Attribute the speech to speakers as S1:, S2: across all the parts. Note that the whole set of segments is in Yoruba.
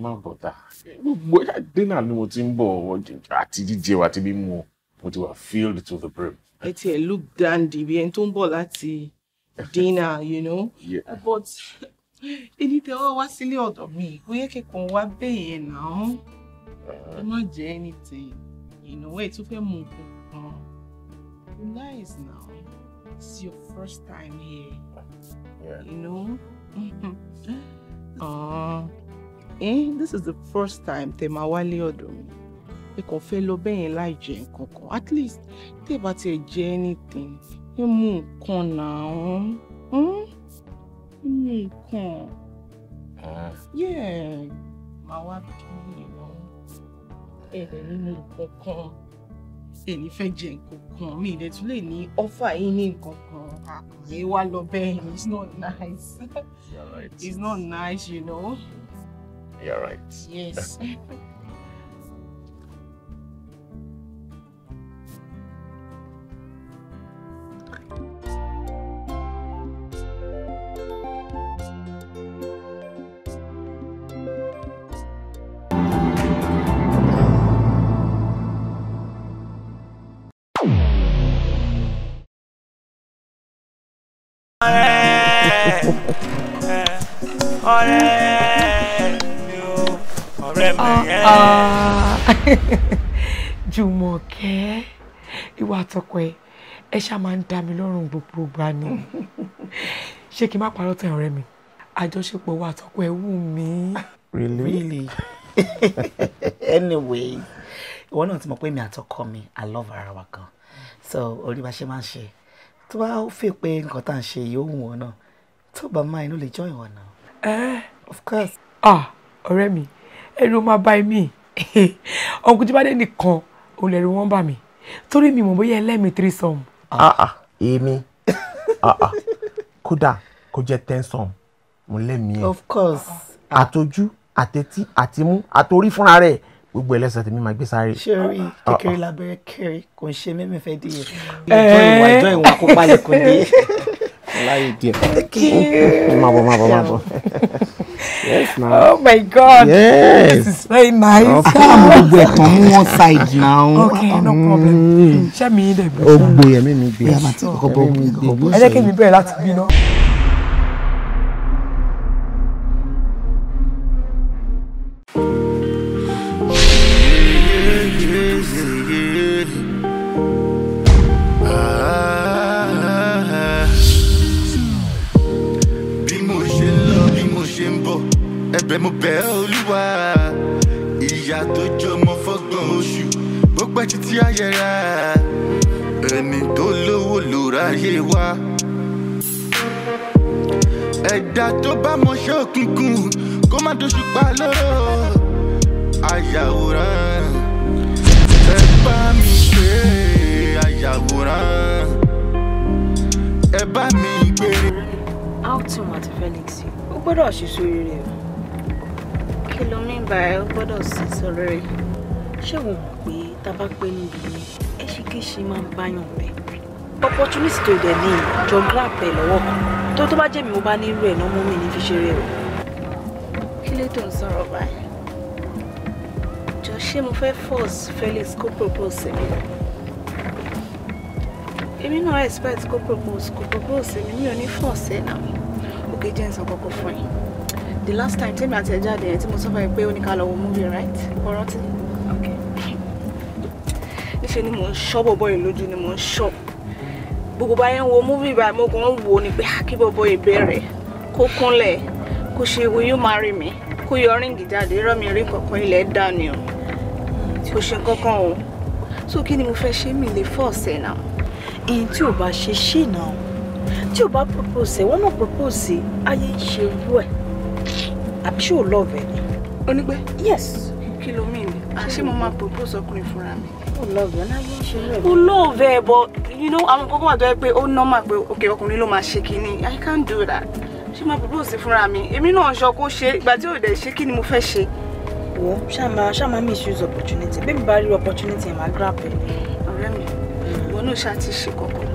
S1: má bọ̀tà
S2: gbogbo dínà ni mo ti ń bọ̀ àti jíjẹ wa àti mímu
S1: mo ti wà filled to the brim. ẹ tiẹ̀ look dandy bí ẹni tó ń bọ̀ láti
S3: dínà you know yeah. but ẹni tẹ wá wá sílé ọ̀dọ̀ mi kò yẹ kí kan wá bẹ́ẹ̀ yẹn náà ẹ má jẹ́ anything ìnáwó ẹ̀ tún fẹ́ mú nǹkan
S1: kan nice now it's your first time here
S3: yeah. you know. uh, eh, this is the first time tẹ máa wálé ọ̀dọ̀ mi ẹ kàn fẹ́ lọ bẹ́ẹ̀ yẹn láì jẹ nǹkan kan
S1: at least tẹ bá tiẹ̀ jẹ anything ẹ mú nǹkan náà hmm? Hmm? ẹ mú nǹkan hmm. yeah máa wá bí ìlú ẹ lè ní mú nǹkan kan
S3: ẹ ní fẹ́ jẹ nǹkan kan mi ìdẹ tún lè ní ọ́fà yín ní nǹkan kan àkàyè wá lọ bẹ́ẹ̀ yẹn it's not nice it's not nice you know. You're right. Yes.
S4: Ah.
S3: Jùmọ̀kẹ́ ìwà àtọkọ ẹ ẹ ṣáà máa ń dá mi lọ́rùn gbogbo ìgbà ni ṣé kí n má parọ́ tẹ̀ ọ̀rẹ́ mi àjọṣepọ̀ ìwà àtọkọ ẹ wù mí.
S5: really
S3: anyway ìwọ náà ti mọ̀ pé mi àtọkọ mi i love ara wa gan so orí bá ṣe máa ń ṣe tó bá fi pé nǹkan tá à ń ṣe yìí ó wù wọn náà tó bá máa inú lè join wọn náà. Eh? of course. ah ọ̀rẹ́ mi ẹ̀rù máa bá mi ọkùnrin tí bá dé nìkan òun lẹ̀rù wọn bà mí torí mi mọ̀ bóyá ẹlẹ́mi three sum.
S1: Ah, ah, èmi ah,
S2: kódà kó jẹ́ ten sum mo lẹ́mìí ẹ̀. of course. àtọjú àtẹtí àtimú àtorí fúnra rẹ̀ gbogbo ẹlẹ́sẹ̀ tèmi máa gbé sáré. sori kékeré
S3: labẹ́rẹ́ kẹrin
S6: kò ń ṣe mẹ́mẹ́fẹ́ dìé. ìjọ ìwà ìjọ ìwà kó palẹ̀ kò dé. Lie Thank you. Mabo, mabo, mabo. Yes, ma. Oh my God. Yes. This is very nice. Okay. I'm going to on
S1: one side now. Okay, no problem.
S2: Share me the. Oh boy, I mean, me. Yeah, but. I think we
S7: better that, you know.
S8: bẹ́ẹ̀ mo bẹ̀ olúwa ìyá tó jọmọ fọ́gbọ̀n oṣù ó pẹ́ títí ayẹra ẹni tó lówó ló ráyè wá. ẹ̀dá tó bá mọṣẹ́ òkùnkùn kó má doṣù pa lóró ayàwòrán ẹ bá mi pé ayàwòrán ẹ bá mi gbé.
S4: how to matter felix o gbọ́dọ̀ ṣiṣẹ́ rere o kí ló mí bá ẹ gbọ́dọ̀ sí sọ̀rọ̀ rẹ̀ ṣé wọn mọ̀ pé tá a bá pẹ́ níbi ni ẹ ṣe kí ṣe máa ń báyàn bẹ́ẹ̀. opportunity tó dẹ̀ ní john grab ẹ̀ lọ́wọ́ kan tó tó bá jẹ́ mi mo bá ní irú ẹ̀ náà mú mi ní fi ṣeré o.
S3: kí ló tó ń sọ̀rọ̀ báyìí jọ ṣé mo fẹ́ force Felix kó propose mi èmi náà expect kó propose kó propose mi mi ò ní force ẹ̀ náà òkè jẹ́ nsọ kọ́kọ́ fún yín the last time tell me ẹ jáde ẹ tí mo sọ fún ẹ pé ó ní ká lọ wo movie right ó Okay. níṣẹ́ ni mò ń ṣọ́ bọ̀bọ̀ yìí lójú ni mò ń ṣọ́ gbogbo báyẹn wo movie báyìí mo kàn ń wò ó ni pé ah, kí bọ̀bọ̀ yìí bẹ̀rẹ̀ kó kúnlẹ̀ kó ṣe will you marry me kó yọ ríǹgì jáde irọ́ mi rí kankan ilẹ̀ dání o kò ṣe kankan o so kí ni mo fẹ́ ṣe mí lè fọ́ ọ̀sẹ̀ náà. èyí tí ò bá ṣe ṣì náà tí ò bá propose
S4: ẹ wọn náà propose ayé ń ṣe irú ẹ àbí ṣé o love ẹ
S3: onígbẹ́. yes. kí ló mean àṣé mo máa propose ọkùnrin fúnra mi. o love ẹ náà yóò ṣe rẹ. o love ẹ but you know àwọn kókó àtọ́ ẹ pé ó normal pé òkè ọkùnrin ló máa ṣe kínní i can't do that ṣé máa propose fúnra mi èmi náà sọ kó ṣe ìgbà tí ò dẹ̀ ṣe kí ni mo fẹ́ ṣe. wo ṣáàmà ṣáàmà misuse opportunity bẹ́ẹ̀ mi bá rí opportunity yẹn máa grab ẹ̀. ọ̀rẹ́ mi mm. ìwọ náà ṣáà ti ṣe kọ̀ọ̀kan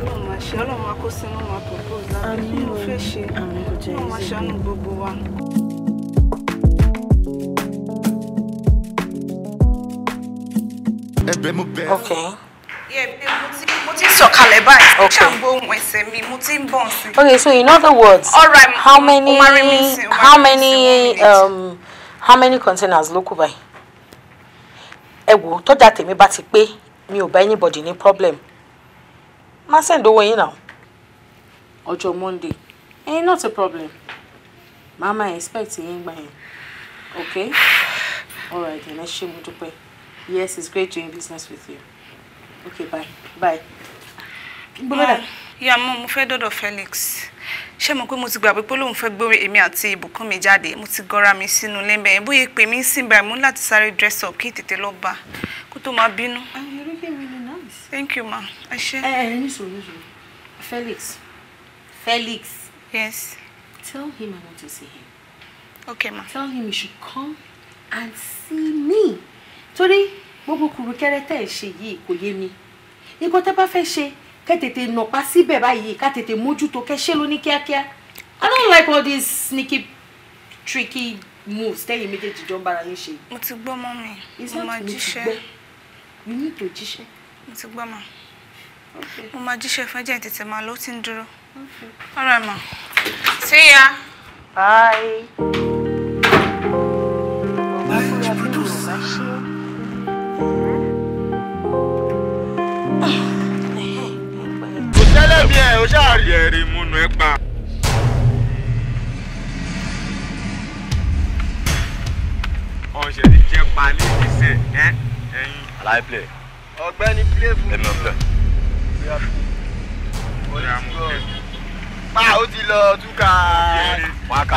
S3: ọlọ́run máa ṣe ọlọ́run máa kó sínú máa propose lábẹ́ kí ni mo fẹ́ ṣe ọlọ́run máa ṣàánú gbogbo wa.
S8: ẹ̀bẹ̀ mo bẹ̀. ok.
S3: mo ti sọ̀kalẹ̀ báyìí mo ṣàǹgbó ohun ẹsẹ̀ mi mo ti ń bọ̀ sí. okay so in other words right,
S4: how many how many um, how many containers ló kù báyìí. ẹ wò tọ́jà tèmi bá ti pé mi ò bá anybody ní problem má send owó yín náà. ọjọ́ monday eh not a problem màá expect yín gbà yẹn ok all right ẹ ṣé mo dúpẹ́. Yes, it's great doing business with you. Okay, bye.
S3: Bye. Bọ́lá. yeah, Mom, mo fẹ́ dọ́dọ̀ Felix. Ṣé mo pé mo ti gbàgbé pé lóun fẹ́ gbórí èmi àti ìbùkún mi jáde? Mo ti gọra mi sínú lẹ́mbẹ̀ yẹn. Bóyá pè mí ń sìn mo ní láti dress up kí tètè lọ bá kó tó máa bínú. Ah, you're really nice. Thank you ma. Ẹ ṣé. Eh, ẹ eh, ní sòrò sòrò. Felix. Felix.
S4: Yes. Tell him I want to see him. Okay ma. Tell him he should come and see me torí gbogbo kùrù kẹrẹtẹ ẹ ṣe yìí kò yé mi nǹkan tẹ́ bá fẹ́ ṣe kẹ́ tètè nàpa síbẹ̀ báyìí ká tètè mójútó kẹ́ ṣe ló ní kíákíá i don't like all these sneaky tricky moves tẹ́yìn méjèèjì
S3: jọ ń bára yín ṣe. mo ti gbọ́ mọ́ mi mo máa jíṣẹ́ mo ní ìtò jíṣẹ́. mo ti gbọ́ mà mo máa jíṣẹ́ fẹ́jẹ̀ tètè máa ló ti ń dúró. all right ma see ya. bye.
S5: bí ẹ o ṣáà rí ẹ̀rí múnú ẹ pa. ọ̀sẹ̀ ti jẹ́ palí ìṣe ẹ ẹyin. aláì play. ọ̀gbẹ́ni play fún mi. ẹ̀mí ọ̀pẹ. pa ó ti lọ túkà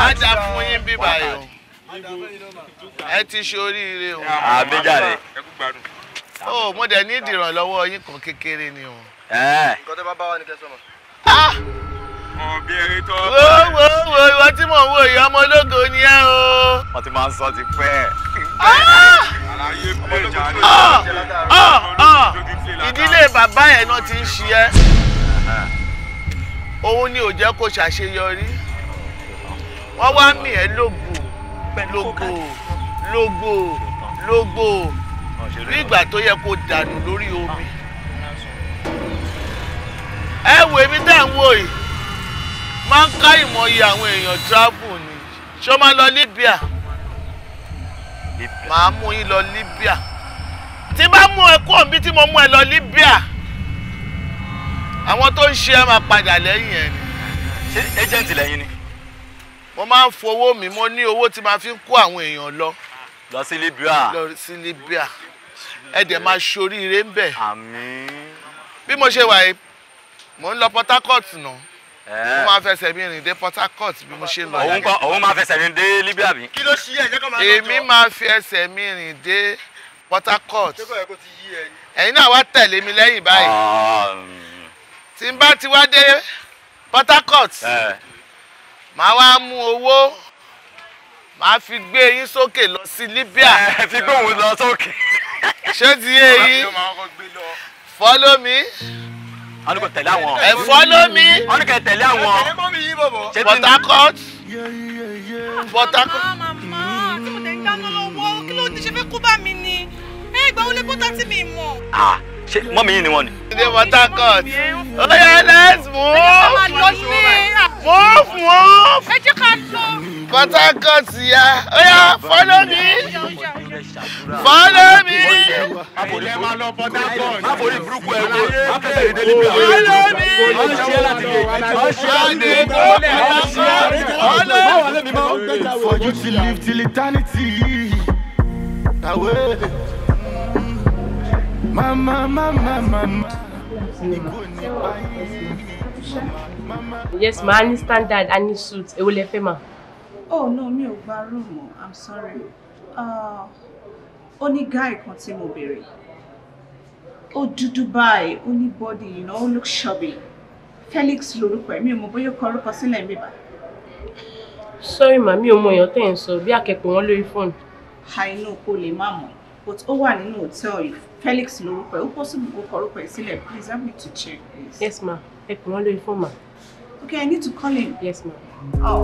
S5: ájà fún yín bí báyìí ẹ ti ṣe oríire o. àmì jàre. ó mo dẹ̀ ní ìdìrànlọ́wọ́ yín kan kékeré ni o. Eh. nǹkan òun ni ò jẹ́ ṣàṣeyọrí wọ́n wá mì ẹ́ lógo lógo lógo lógo nígbà tó yẹ kó dànù lórí omi ẹ wo ibi tẹ́ ń wò yìí máa ń ká ìmọ̀ye àwọn èèyàn travel ni ṣó máa lọ Libya màá mú yín lọ Libya tí bá mú ẹ kúrò níbi tí mo mú ẹ lọ Libya àwọn tó ń ṣe ẹ máa padà lẹ́yìn ẹ ni. ṣé ẹjẹ̀ǹtì lẹ́yìn ni. mo máa ń fowó mi mo ní owó tí màá fi ń kó àwọn èèyàn lọ. lọ sí Libya. lọ sí Libya ẹ dẹ̀ máa ṣoríire ń bẹ̀. àmín. bí mo ṣe wà yìí mo ń lọ Port Harcourt náà mo máa fẹsẹ̀ mi rìn dé Port Harcourt bí mo ṣe lọ yẹn. òun máa fẹsẹ̀ rìn dé Libya bí. kí ló ṣí ẹ jẹ́ kó máa lọ jọ. èmi máa fi ẹsẹ̀ mi rìn dé Port Harcourt ẹ̀yin náà wá tẹ̀lé mi lẹ́yìn báyìí ah, tí n bá ti wá dé Port Harcourt màá wá mú owó màá fi gbé yín sókè lọ sí Libya. ẹ fi gbóhùn lọ sókè. ṣé ti yé yín follow me wọn ní àwọn. ẹ follow me. wọn ní àwọn. Port Harcourt. Port Harcourt. màmá tí mo tẹ̀ ń dáná lọ́wọ́ kí ló ti ṣe fẹ́ kú bá mi ni ẹ gbà wọlé kó tá tí mi mọ̀. Ah, ṣe mọ́mí yìí ni wọ́n ni. ṣe Port Harcourt ó yẹ let's move move move Port Harcourt ya ó yẹ follow me follow me. àbòrí burúkú ẹ wo àbẹ̀rẹ̀ ìdẹ́lẹ̀ bí i. follow me. wọ́n ṣe láti lè ṣe
S8: é follow me. for you to live till eternity. Away. Mama, mama,
S4: mama. Yes, ma, I need
S3: standard, I need suit. Èwo lẹ fẹ́ ma. Oh, no, mi ò gba room I'm sorry. Uh, ó guy kan tí mo béèrè. Ó dúdú báyìí, body, you know, look shabby. Felix lorúkọ ẹ̀, mi ò mọ̀ bóyá kọ orúkọ sílẹ̀ mi bá. Sorry ma, mi ò mọ èèyàn tẹ́ ẹ̀ ń sọ bí akẹ́kọ̀ọ́ wọn lórí fóònù. Àìnú kò lè má mọ̀ but ó wà nínú hòtẹ́ẹ̀lì Felix lórúkọ ẹ̀ ó possible kó kọrúkọ ẹ̀ sílẹ̀ please help me to check please. yes ma ẹ pè wọ́n lórí fún ma. okay I need to call him. yes ma. Oh.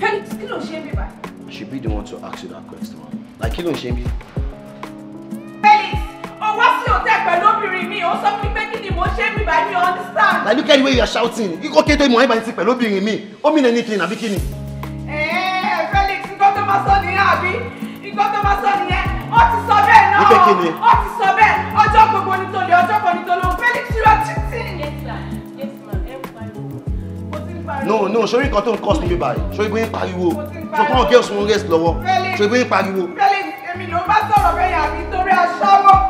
S3: Felix, kí ló ṣe é bí
S5: báyìí? be the one to ask you that question. Like, kí ló ṣe é
S3: obìnrin mi ò sọ fún mi pé kí ni by me understand.
S5: like look at the way you are shouting You kí tó ìmọ̀ ẹ̀ bá ti pẹ̀lú obìnrin mi ó mìíràn ní kiri àbí kíni.
S3: ẹ̀ẹ́ Felix nǹkan tó máa sọ nìyẹn àbí nǹkan tó máa sọ nìyẹn ó ti sọ bẹ́ẹ̀ náà wípé kí ni ó ti sọ bẹ́ẹ̀ ọjọ́ gbogbo ni tó lè ọjọ́ kan ni tó lóhùn Felix you are cheating. yes ma yes ma ẹ pariwo mo ti ń pariwo. no no sori
S5: nǹkan tó ń cause níbi báyìí sori gbé ń pariwo ṣùgbọ́n girls wọn rest lọ́wọ́ sori gbé ń pariwo.
S3: Felix èmi ló bá sọ̀rọ̀ bẹ́ẹ̀ yàrá nítorí aṣáwó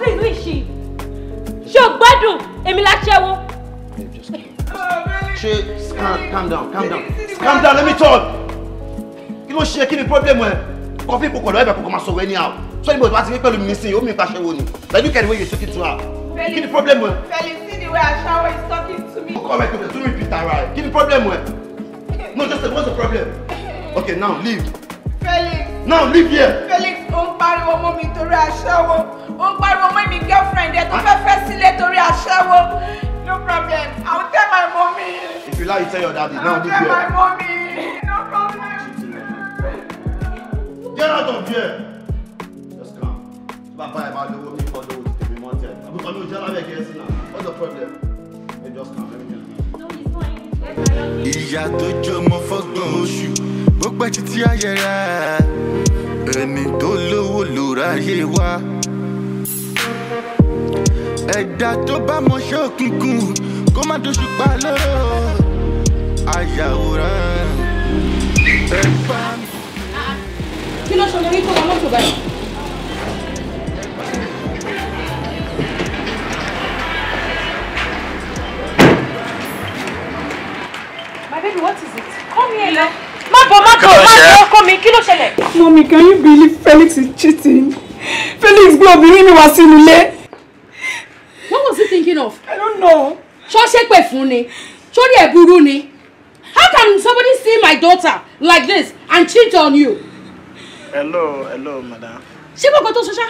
S4: gbé
S1: ìlú ìṣe ṣé o gbádùn èmi láṣẹ́wó.
S5: ṣe calm down calm down calm down let me talk kí ló ṣe kí ni problem ẹ kọfí ìpokòrò ẹ̀bẹ̀ kò kò máa sọ̀rọ̀ ẹni àwọn sọ ìbò ìbá ti pẹ́ pẹ̀lú mi nísìnyí ó mi pa aṣẹ́wó ni pẹ̀lú kẹ́ni wey you talking to her kí ni problem ẹ.
S3: felicity wey aṣáwó is talking to me.
S5: ọkọ rẹ kò tẹ̀ tún mi Peter. ara ẹ kí ni problem ẹ no just say what's the problem okay now leave. felix now leave here.
S3: felix ó ń pariwo mọ́ mi torí aṣẹ́wó ó ń pariwo mọ́ mi girlfriend ẹ̀ tó fẹ́ fẹ́ sílé torí aṣẹ́wó no problem i will tell my mommy.
S5: if you like tell your daddy now do there. i will tell my
S3: mommy no
S7: problem.
S5: get out of here. just calm tí bàbá ẹ̀ máa lówó mi kọ́ lówó tèmi mọ́ tẹ̀ àbúkọ mi ò jẹ́ alábẹ̀ kí ẹ sí náà what's the problem. Hey, just calm let me
S8: tell you. ìyá tó jọmọ fọ́gbọ̀n oṣù gbogbo ẹ̀ títí ayẹra ẹni tó lówó lòráyé wá ẹ̀dá tó bá mọṣẹ́ òkùnkùn kó má doṣù pa lóró ayàwòrán
S4: kí ló ṣọlẹ wípé wọn mọ́tò báyìí. baby, what is it? Come here now. Má bọ̀, má bọ̀, má
S3: Mommy, can you believe Felix is cheating? Felix gbé obìnrin mi wá sínú ilé.
S4: What was he thinking of? I don't know. Ṣọ́ṣẹ́ pè fún ni, ṣórí ẹ̀ burú ni. How can somebody see my daughter like this and cheat on you? Hello, hello, madam. Ṣé gbogbo tó ṣọṣá?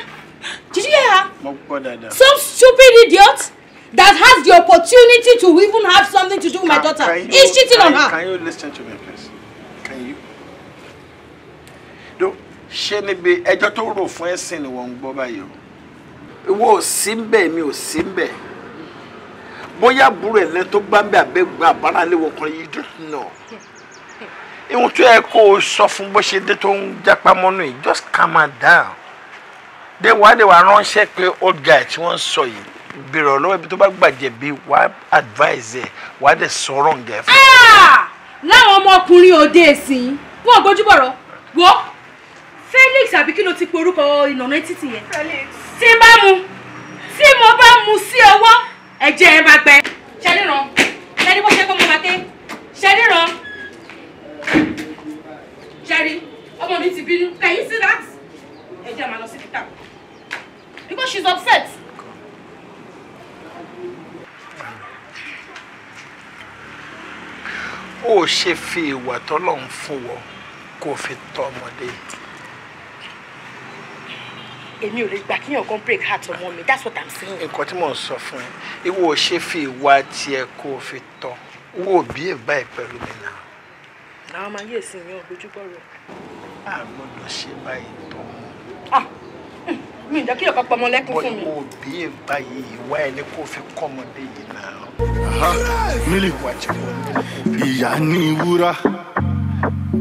S4: Did you hear her?
S2: Mo gbọ́ dáadáa.
S4: Some stupid idiot that has the opportunity to even have something to do with my daughter is cheating on her.
S2: Can you listen to me please? ṣé níbi ẹjọ́ tó rò fún ẹ̀sìn ni wọ́n ń gbọ́ báyìí o ìwọ ò sí ń bẹ̀ mi ò sí ń bẹ̀ bóyá àbúrò ẹ̀ lẹ́nu tó gbá ń bẹ̀ àbẹ́gbẹ́ àbáralẹ́wò kan yìí dùn nà ìwọ̀n tó yẹ kó o sọ fún bó ṣe dé tó ń jápá mọ́nú yìí just calm her down dé wàá dé wàá ránṣẹ́ pé old guy tí wọ́n ń sọ yìí bèrè ọlọ́wọ́ ibi tó bá gbàjẹ́ bí wàá advise ẹ̀ wàá dẹ̀ sọ̀rọ̀ ǹgẹ̀ fún.
S4: Ah! láwọn ọmọkùnrin òde èsì wọn ò wọ́ọ́ Felix àbí kí ló ti pe orúkọ ìnànà títì yẹn. Felix. tí n bá mu tí mo bá mu sí ọwọ́ ẹ̀jẹ̀ ẹ máa gbẹ. ṣẹ́ríran ṣẹ́rí bó ṣe kó mo máa ké ṣẹ́ríran ṣẹ́rí ọmọ mi ti bínú can you see that ẹ̀jẹ̀ máa lọ sí títà because she's upset.
S2: ó ṣe fi ìwà tọ́lọ́run fún wọn kó fi tọ́ ọmọdé
S4: èmi ò lè gbà kíyàn kan break heart ọmọ mi that's what i'm saying. nǹkan
S2: tí mò ń sọ fún ẹ ìwọ ò ṣe fi ìwà tiẹ̀ kó o fi tọ wo òbí ẹ báyìí pẹ̀lú mi náà.
S4: làwọn máa yé èsì yẹn ògbójúbọ rẹ.
S2: a gbọ́dọ̀ ṣe báyìí tọ.
S4: Ah, mi ò jẹ́ kí ọ̀kan pọmọ lẹ́kún fún mi.
S2: òbí ẹ báyìí ìwà ẹ ní kó o fi kọ́mọdé yìí náà. mílì
S8: ìyá ni wúrà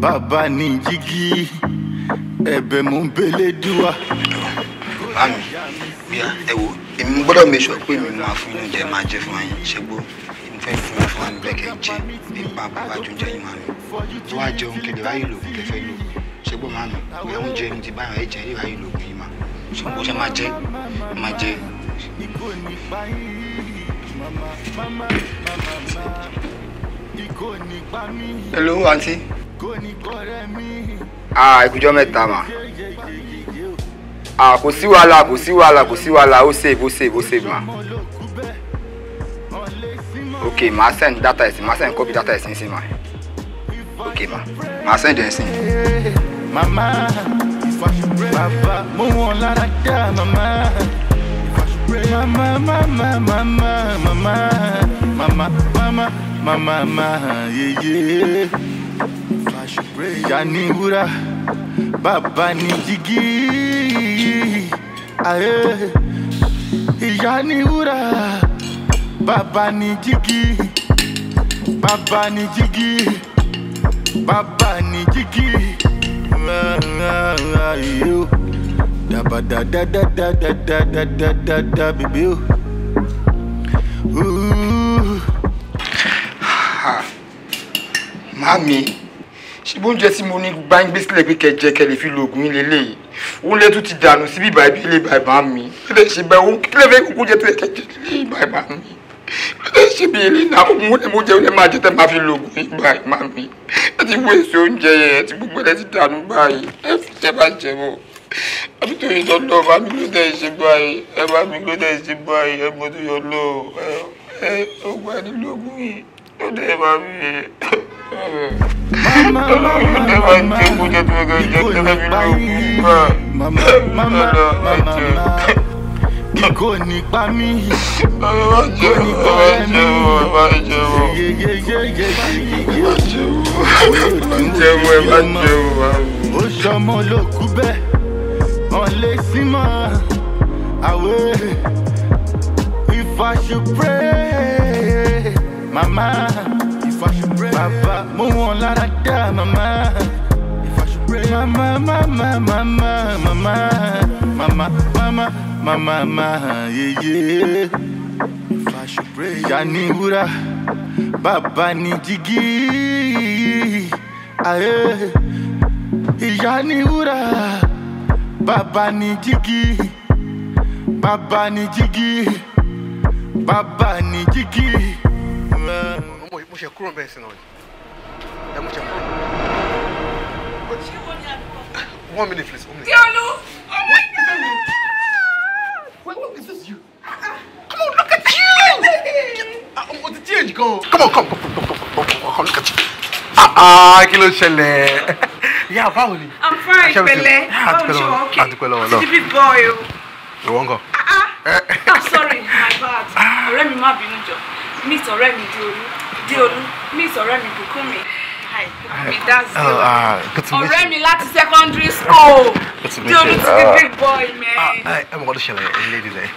S8: bàbá ni jígí
S6: ẹ̀bẹ̀ mò ń belé àmì bíyà ẹ wo èmi gbọ́dọ̀ mi sọ pé mi máa fún yín jẹ máa jẹ fún yín ṣé gbó mo fẹ́ fún yín fún yín bẹ́ẹ̀ kẹ́ jẹ nípa bàbá tó ń máa mi tó wá jẹun kẹlẹ̀ ráyè lògùn kẹfẹ́ lògùn ṣé gbó máa mi òye oúnjẹ mi ti báyọ̀ ẹ jẹ ẹ ráyè lògùn yín máa ṣé gbó ṣe máa jẹ máa jẹ. hello aunty. ah ìkújọ́ mẹ́ta mà à kò sí wàhálà kò sí wàhálà kò sí wàhálà ó save ó save ó save ma ok màá send data ẹ̀sìn màá send copy data ẹ̀sìn sí ma ok ma màá send ẹ̀sìn. mama baba mo wọn lára dá mama
S8: mama mama mama mama mama mama mama mama yeye ìyá ni wúrà bàbá ni jígí ayé ìyá ni wúrà bàbá ni jígí bàbá ni jígí bàbá ni jígí ayé o dabadadadadadadadadada bèbè
S6: bóúnjẹ tí mo ní gbáǹgbé pé kẹjẹ kẹ fi lo oògùn yín òun lè tún ti dànù sí bíbá ibi ilé bàbá mi lè ṣe bẹ òun kí lè fẹ́ kúkú jẹ tó yẹ kẹjẹ mi lè ṣe bí ilé náà òun lè mú jẹ òun lè máa jẹ tẹ máa fi lo oògùn ìgbà ìmá mi láti wo èso oúnjẹ yẹn àti gbogbo ẹ ti dànù báyìí ẹ fi jẹ bá jẹ mọ àbí tó yẹ lọ́dọ̀ ọba mi ló dẹ̀ ṣe báyìí ẹ bá mi ló dẹ̀ ṣe báyìí ẹ mọ tó yọ lọ ẹ ọgbà
S7: nílògùn yìí
S6: ló dẹ̀ bá mi Mama, mama, mama, Mama. Mama.
S8: Mama. Mama. Mama. Mama. ọba jẹ́wọ́ ọba jẹ́wọ́. jẹ́wọ́ Mama. Mama. Mama. Mama. Mama. Mama. kú bẹ́ẹ̀ wọ́n lè sí mọ́ àwẹ̀ if I should pray mama. Papa, move on la dá màmá. Mama, mama, mama, mama, mama, mama, mama, mama, yeah, yeah. If I should pray, Yanni Wura, Baba ni jigi, aye. Ìyá ni wúrà, bàbá ni digi, bàbá ni digi, bàbá ni jígí.
S2: ṣe kúrò bẹ́ẹ̀ sí náà ẹ mú ṣe
S5: one minute please one minute. Diolu oh my god. wait come on look at you. I'm ah, going oh, change gan. come on come
S2: come come come come come look at you. ah ah kilo ló Yeah, ìyá báwo ni.
S3: I'm fine pele. Ah, báwo ni ṣe okay. àti pẹ̀lẹ́ wọn lọ. stupid boy o.
S2: ìwọ ń gọ. ah ah.
S3: ah sorry my bad ọ̀rẹ́ mi má bínú jọ meet ọ̀rẹ́ mi Diolu. Deolu miss ọ̀rẹ́ mi Bùkúnmi Bùkúnmi that's Deolu ọ̀rẹ́ mi secondary school Deolu ti di big boy man. Ah, ah,
S2: ẹ mọ̀ ọdún ṣẹlẹ̀ lady rẹ̀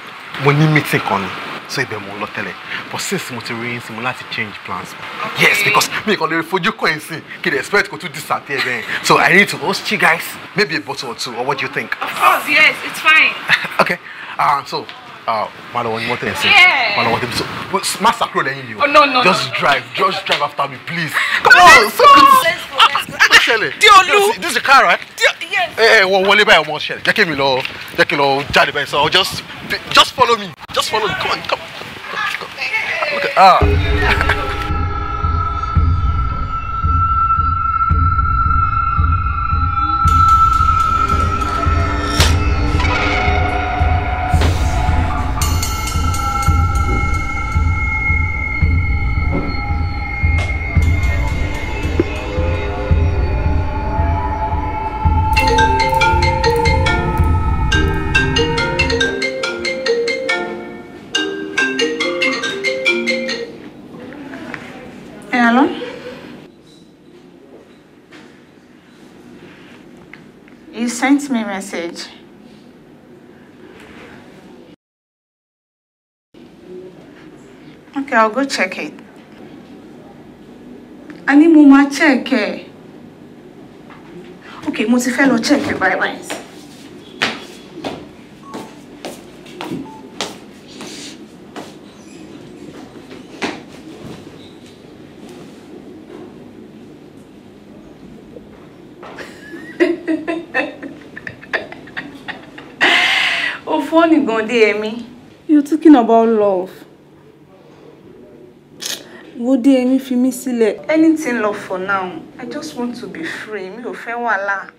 S2: mo ní meeting kan ni so ibẹ̀ mo lọ tẹ́lẹ̀ but since mo ti rí yín sí change plans yes because mi kàn lè fojú kàn yín sí kí the expect kò tún disappear then so i need to host you guys maybe a bottle or two or what do you think. of
S3: course yes it's fine.
S2: okay uh, so máa lọ wọ ní mọ́tò ẹ̀sìn máa lọ wọ tẹ̀sí má sàkúrò lẹ́yìn mi o just drive just drive after me please. come on so
S7: good.
S2: Diolu this is the car right. ẹ ẹ eh, eh, wọ wọlé báyìí ọmọ ṣẹlẹ̀ jẹ́ kí mi lọ jẹ́ kí n lọ jáde báyìí so just
S7: just follow me just follow me come on come on. Look at, ah.
S3: sent me a message. Okay, I'll go check it. A ní mo máa check ẹ̀. Okay, mo ti fẹ́ lọ check ẹ̀ bye bye. funny gan dé Yẹmí. You're talking about love. Wo dé Yẹmí fi mí sílẹ̀. Anything love for now. I just want to be free. Mi ò fẹ́ wàhálà.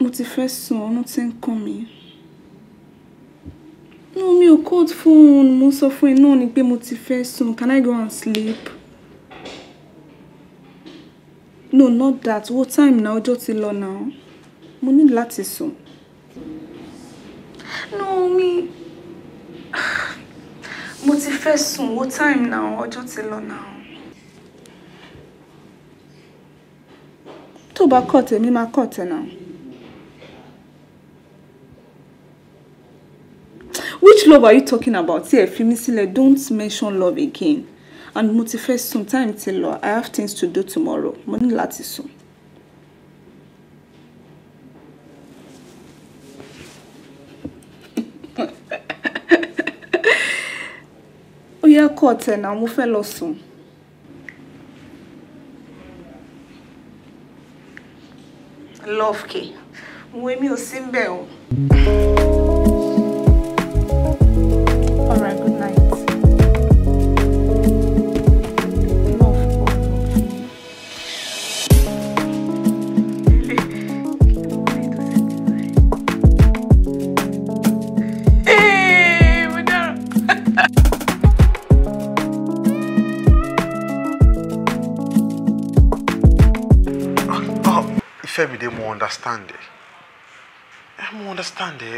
S3: Mo ti fẹ́ sùn, ọ̀run ti ń kàn No, mi ò cold phone. Mo sọ fún ẹ náà ni pé mo ti fẹ́ sùn. Can I go and sleep? no not that What time now? Just ti lọ náà mo ní láti sùn. no me. mo ti fẹ́ sùn wo time na ọjọ́ ti now. náà. tó cut kọ̀ tèmi máa kọ̀ tẹ̀ náà. Which love are you talking about? Here, it, don't mention love again and mo ti fẹ́ sùn time ti lọ i have things to do tomorrow mo ní láti sùn. ó yẹ kọ́ ọ̀tẹ̀ náà mo fẹ́ lọ sùn. love key mo èmi ò sí ń o.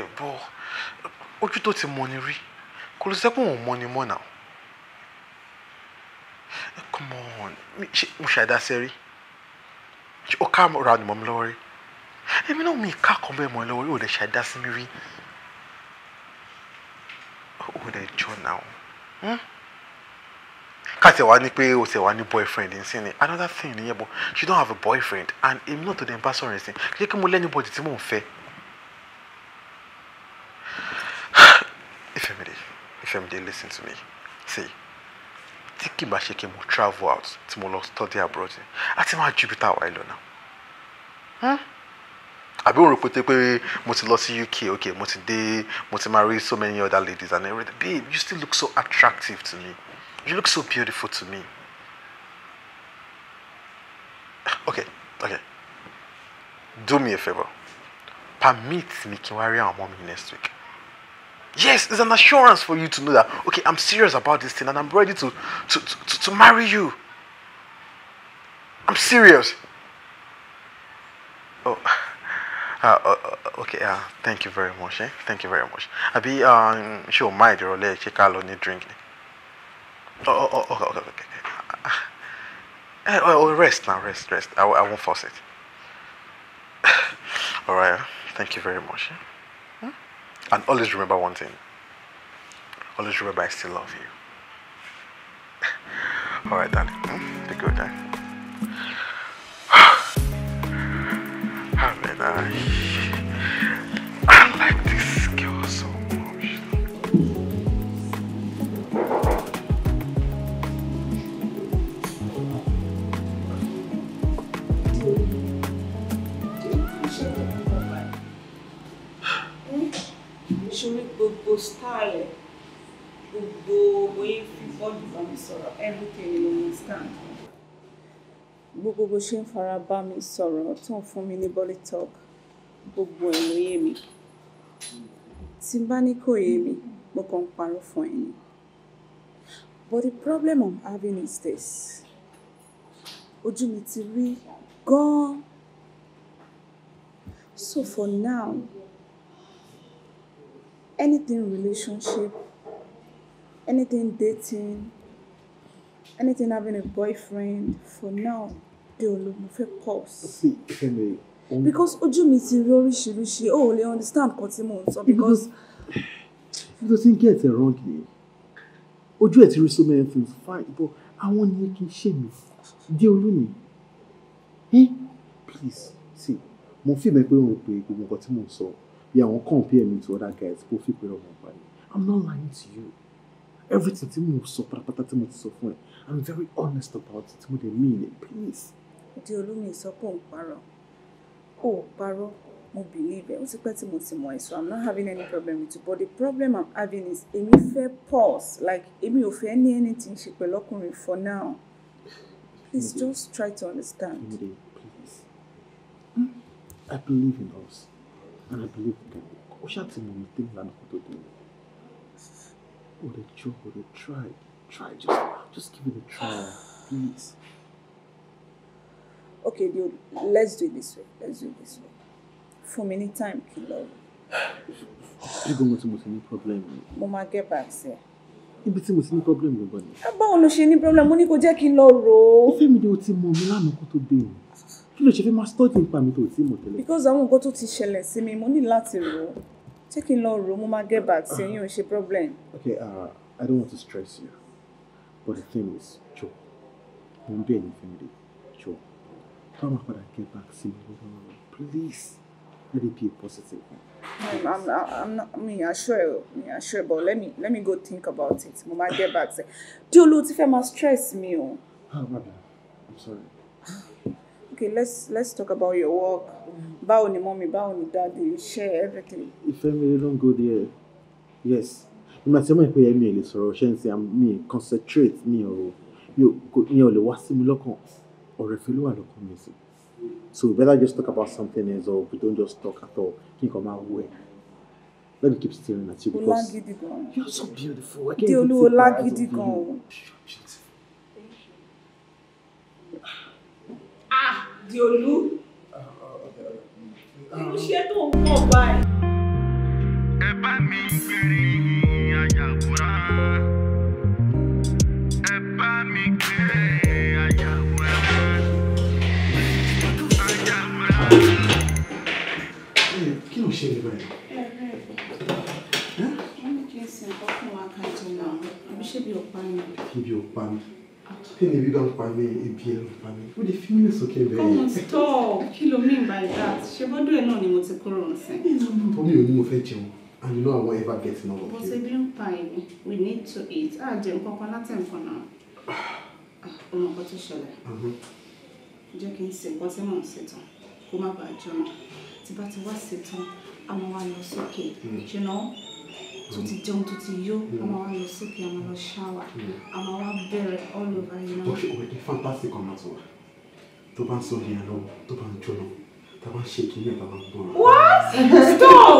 S2: ẹ̀ bọ́ ojú tó ti mọ ni rí kò ló sẹ́kùn òun mọ ni mọ́ náà come on ṣe mo ṣàdáṣe rí ṣe ó ká ra ni mọ́ mi lọ́wọ́ rí èmi náà mi ká kan bẹ́ẹ̀ mọ́ ẹ lọ́wọ́ rí ò lè ṣàdáṣe mi rí ò lè jọ náà hmm? káàtì ẹ̀ wá ní pé o ti ẹ̀ wá ní boyfriend nsìn ni another thing nìyẹn bọ́ she don't have a boyfriend and èmi náà tó dẹ̀ ń bá sọ̀rọ̀ ẹ̀sìn kí kí mo lẹ́ni bọ́dì tí mò ń fẹ́ Ifemide, Ifemide, listen to me. See, tí kì bá ṣe kí mo travel out tí mo lọ study abroad ni a ti máa ju ibi tá a wà lọ
S4: náà.
S2: àbí òun rò pété pé mo ti lọ sí UK okay mo ti dé mo ti marry so many other ladies and everything babe you still look so attractive to me you look so beautiful to me. okay okay do me a favor. permit me kí n wá rí àwọn ọmọ mi next week. Yes, it's an assurance for you to know that, okay, I'm serious about this thing and I'm ready to, to, to, to marry you. I'm serious. Oh, uh, uh, uh, okay, uh, thank you very much. Eh? Thank you very much. I be um, sure my dear, let check out on drink. Oh, oh, oh, okay, okay, okay. i eh, oh, oh, rest now, rest, rest. I, I won't force it. All right, thank you very much. Eh? And always remember one thing. Always remember I still love you. Alright, darling. Hmm? Take good time. I mean, uh,
S3: nítorí gbogbo style gbogbo bóyá fi bọ́ọ̀lù bá mi sọ̀rọ̀ everything ni mo stand. gbogbo bó ṣe ń fara bá mi sọ̀rọ̀ tó ń fún mi ní body talk gbogbo ẹ̀ ló yé mi tí bá ní kò yé mi mo kàn parọ́ fún ẹ but the problem I'm having is this ojú mi ti rí gan-an so for now anything relationship, anything dating, anything having a boyfriend for now de olo mo fẹ́ pause. Fẹ́mi. Um, because ojú mi ti rí oríṣiríṣi, o ò understand kan tí mò so? sọ because.
S2: You don't think get it wrong ni. Eh? Ojú ẹ̀ ti rí so many things
S3: fine but àwọn ni kì í ṣe mi. Dé olú
S2: Eh? Please see, mo fi mi pé òun pé gbogbo nǹkan tí mò ń Yeah, wọ́n compare me to other guys kó fi pé ọmọ ọba I'm not lying to you. Everything tí mo sọ I'm very honest about it. Mo dey mean
S3: please. Di olómi sọ pé òun parọ́. Ó parọ́, mo believe ẹ̀. Ó ti pẹ́ so I'm not having any problem with you but the problem I'm having is èmi fẹ́ pause like if you offer any anything she will lock me. for now. Please just try to understand.
S2: please. Hmm? I believe in us and I believe in them. Ó ṣàtìmọ̀ mi tẹ́mi lánàá joke,
S3: o dey try, try just just give it a try, please. Okay, deal. Let's do it this way. Let's do it this way. For many time kí n lọ.
S2: Ṣùgbọ́n mo ti problem.
S3: Mo get back sí ẹ
S2: níbi tí mo ti ní problem gbogbo ni.
S3: Ah, báwo ló ṣe ní problem mo ní kó jẹ́ kí n lọ rò mi ni o ti mọ̀ mi lánàá
S2: kó tó dé kí ló ṣe fẹ́ máa study nípa mi tó ti mọ̀ tẹ́lẹ̀. because
S3: àwọn nǹkan tó ti ṣẹlẹ̀ sí mi mo ní láti rò ó ṣé kí n lọ rò ó mo máa get back sí ẹ̀yin ò ṣe problem.
S2: okay uh, I don't want to stress you but the thing is jọ mo ń bẹ̀ ní fẹ́mi jọ bá wa padà get back sí mi lọ́wọ́ please let me be a positive.
S3: I'm, I'm, I'm not, I mean, I'm sure, I'm sure, but let me, let me go think about it. Mo máa get back. Diolo, ti fẹ́ máa stress mi o.
S5: Oh, my bad. I'm sorry
S3: okay let's let's talk about your work báwo ni mommy, báwo ni daddy. Share
S1: everything.
S2: ìfẹ́ mi don go there yes ìgbà tí ọmọ ìpè yẹn mi ò lè sọ̀rọ̀ ṣe ń sìn mi concentrate mi ò mi ò lè wá sí mi lọ́kàn ọ̀rẹ́ fi ló wà lọ́kàn mi sí so we better just talk about something else or we don't just talk at all kí n kàn máa wọ let me keep staring at you because
S3: you are so beautiful i can't even see my eyes on you. Diolu. Irú ṣé tó ń wọ̀
S8: báyìí? Ẹ bá mi gbèrè ìyìn àyàwòrán. Ẹ mi
S2: Wọ́n ní kí n sin nǹkan fún wa ká jẹ náà. Àbí ṣé bí o pa ni? Bí o pa ni. Pain ebi don pa mi, ebi ẹ ló pa mi. Ó dey fi mí sókè bẹ́ẹ̀. Come on
S3: stop, kí ló mean by that? Ṣé bọ́dọ̀ ẹ̀ náà ni mo ti kúrò nsìn? Omi ò
S2: ní mo fẹ́ jẹun and you know I won't ever get enough of you. But
S3: ebi ń we need to eat. A jẹ nǹkan kan láti nǹkan náà. O ah, mọ̀ nǹkan tó ṣẹlẹ̀. Uh huh. n ṣe nǹkan tí mò ń ṣe tán, kó má bàa jẹun. Tí bá ti wá ṣe tán, a máa wá lọ You know? Hmm tó ti jẹun tó ti yó hmm. a máa wá lọ sókè a máa lọ ṣáwà hmm. a máa wá all over you. náà. bọ́sẹ̀
S2: òwe fantastic kan máa tó wà tó bá ń sọ ìyá lọ́wọ́ tó bá ń jóná tá a bá ń ṣe kí ní ẹ̀ bàbá ń gbọ́n.
S3: what stop.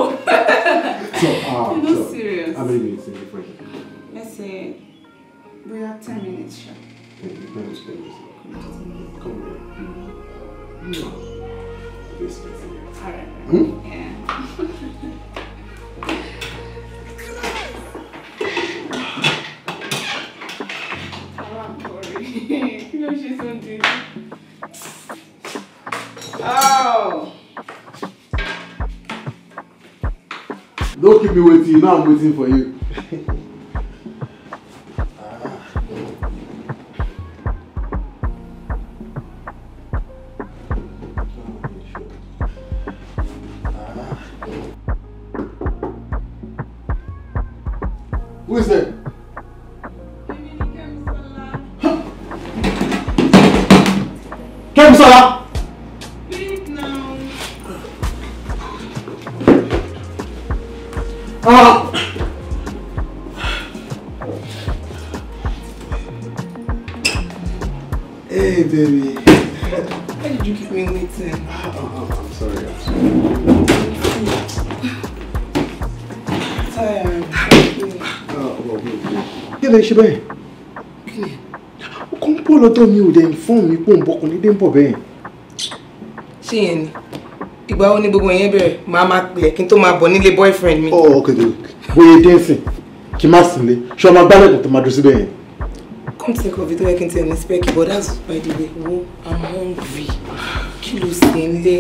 S3: so ah uh, so how many minutes is it for you. let's say bóyá ten minutes ṣá. ten minutes ten minutes come
S7: on. Mm. Mm. All right. Hmm? Yeah.
S2: don't keep me waiting Now i'm waiting for you ọjọ́ mi ò dẹ̀ inform mi pò ń bọ́ ọkùnrin dé ń bọ̀ bẹ́ẹ̀.
S3: ṣé yẹn ni ìgbà wo ni gbogbo yẹn bẹ̀rẹ̀ máa máa pè é kí n tó máa bọ̀ nílé boyfriend
S2: mi. ọ̀ oh, ok bóyá dé nsìn kí n má sìn lé ṣé ọmọ agbálẹ̀kùn tó máa dùn síbẹ̀ yẹn.
S1: come take off it ó yẹ kí but that's by the way wo i'm
S3: hungry kí ló sì ń lé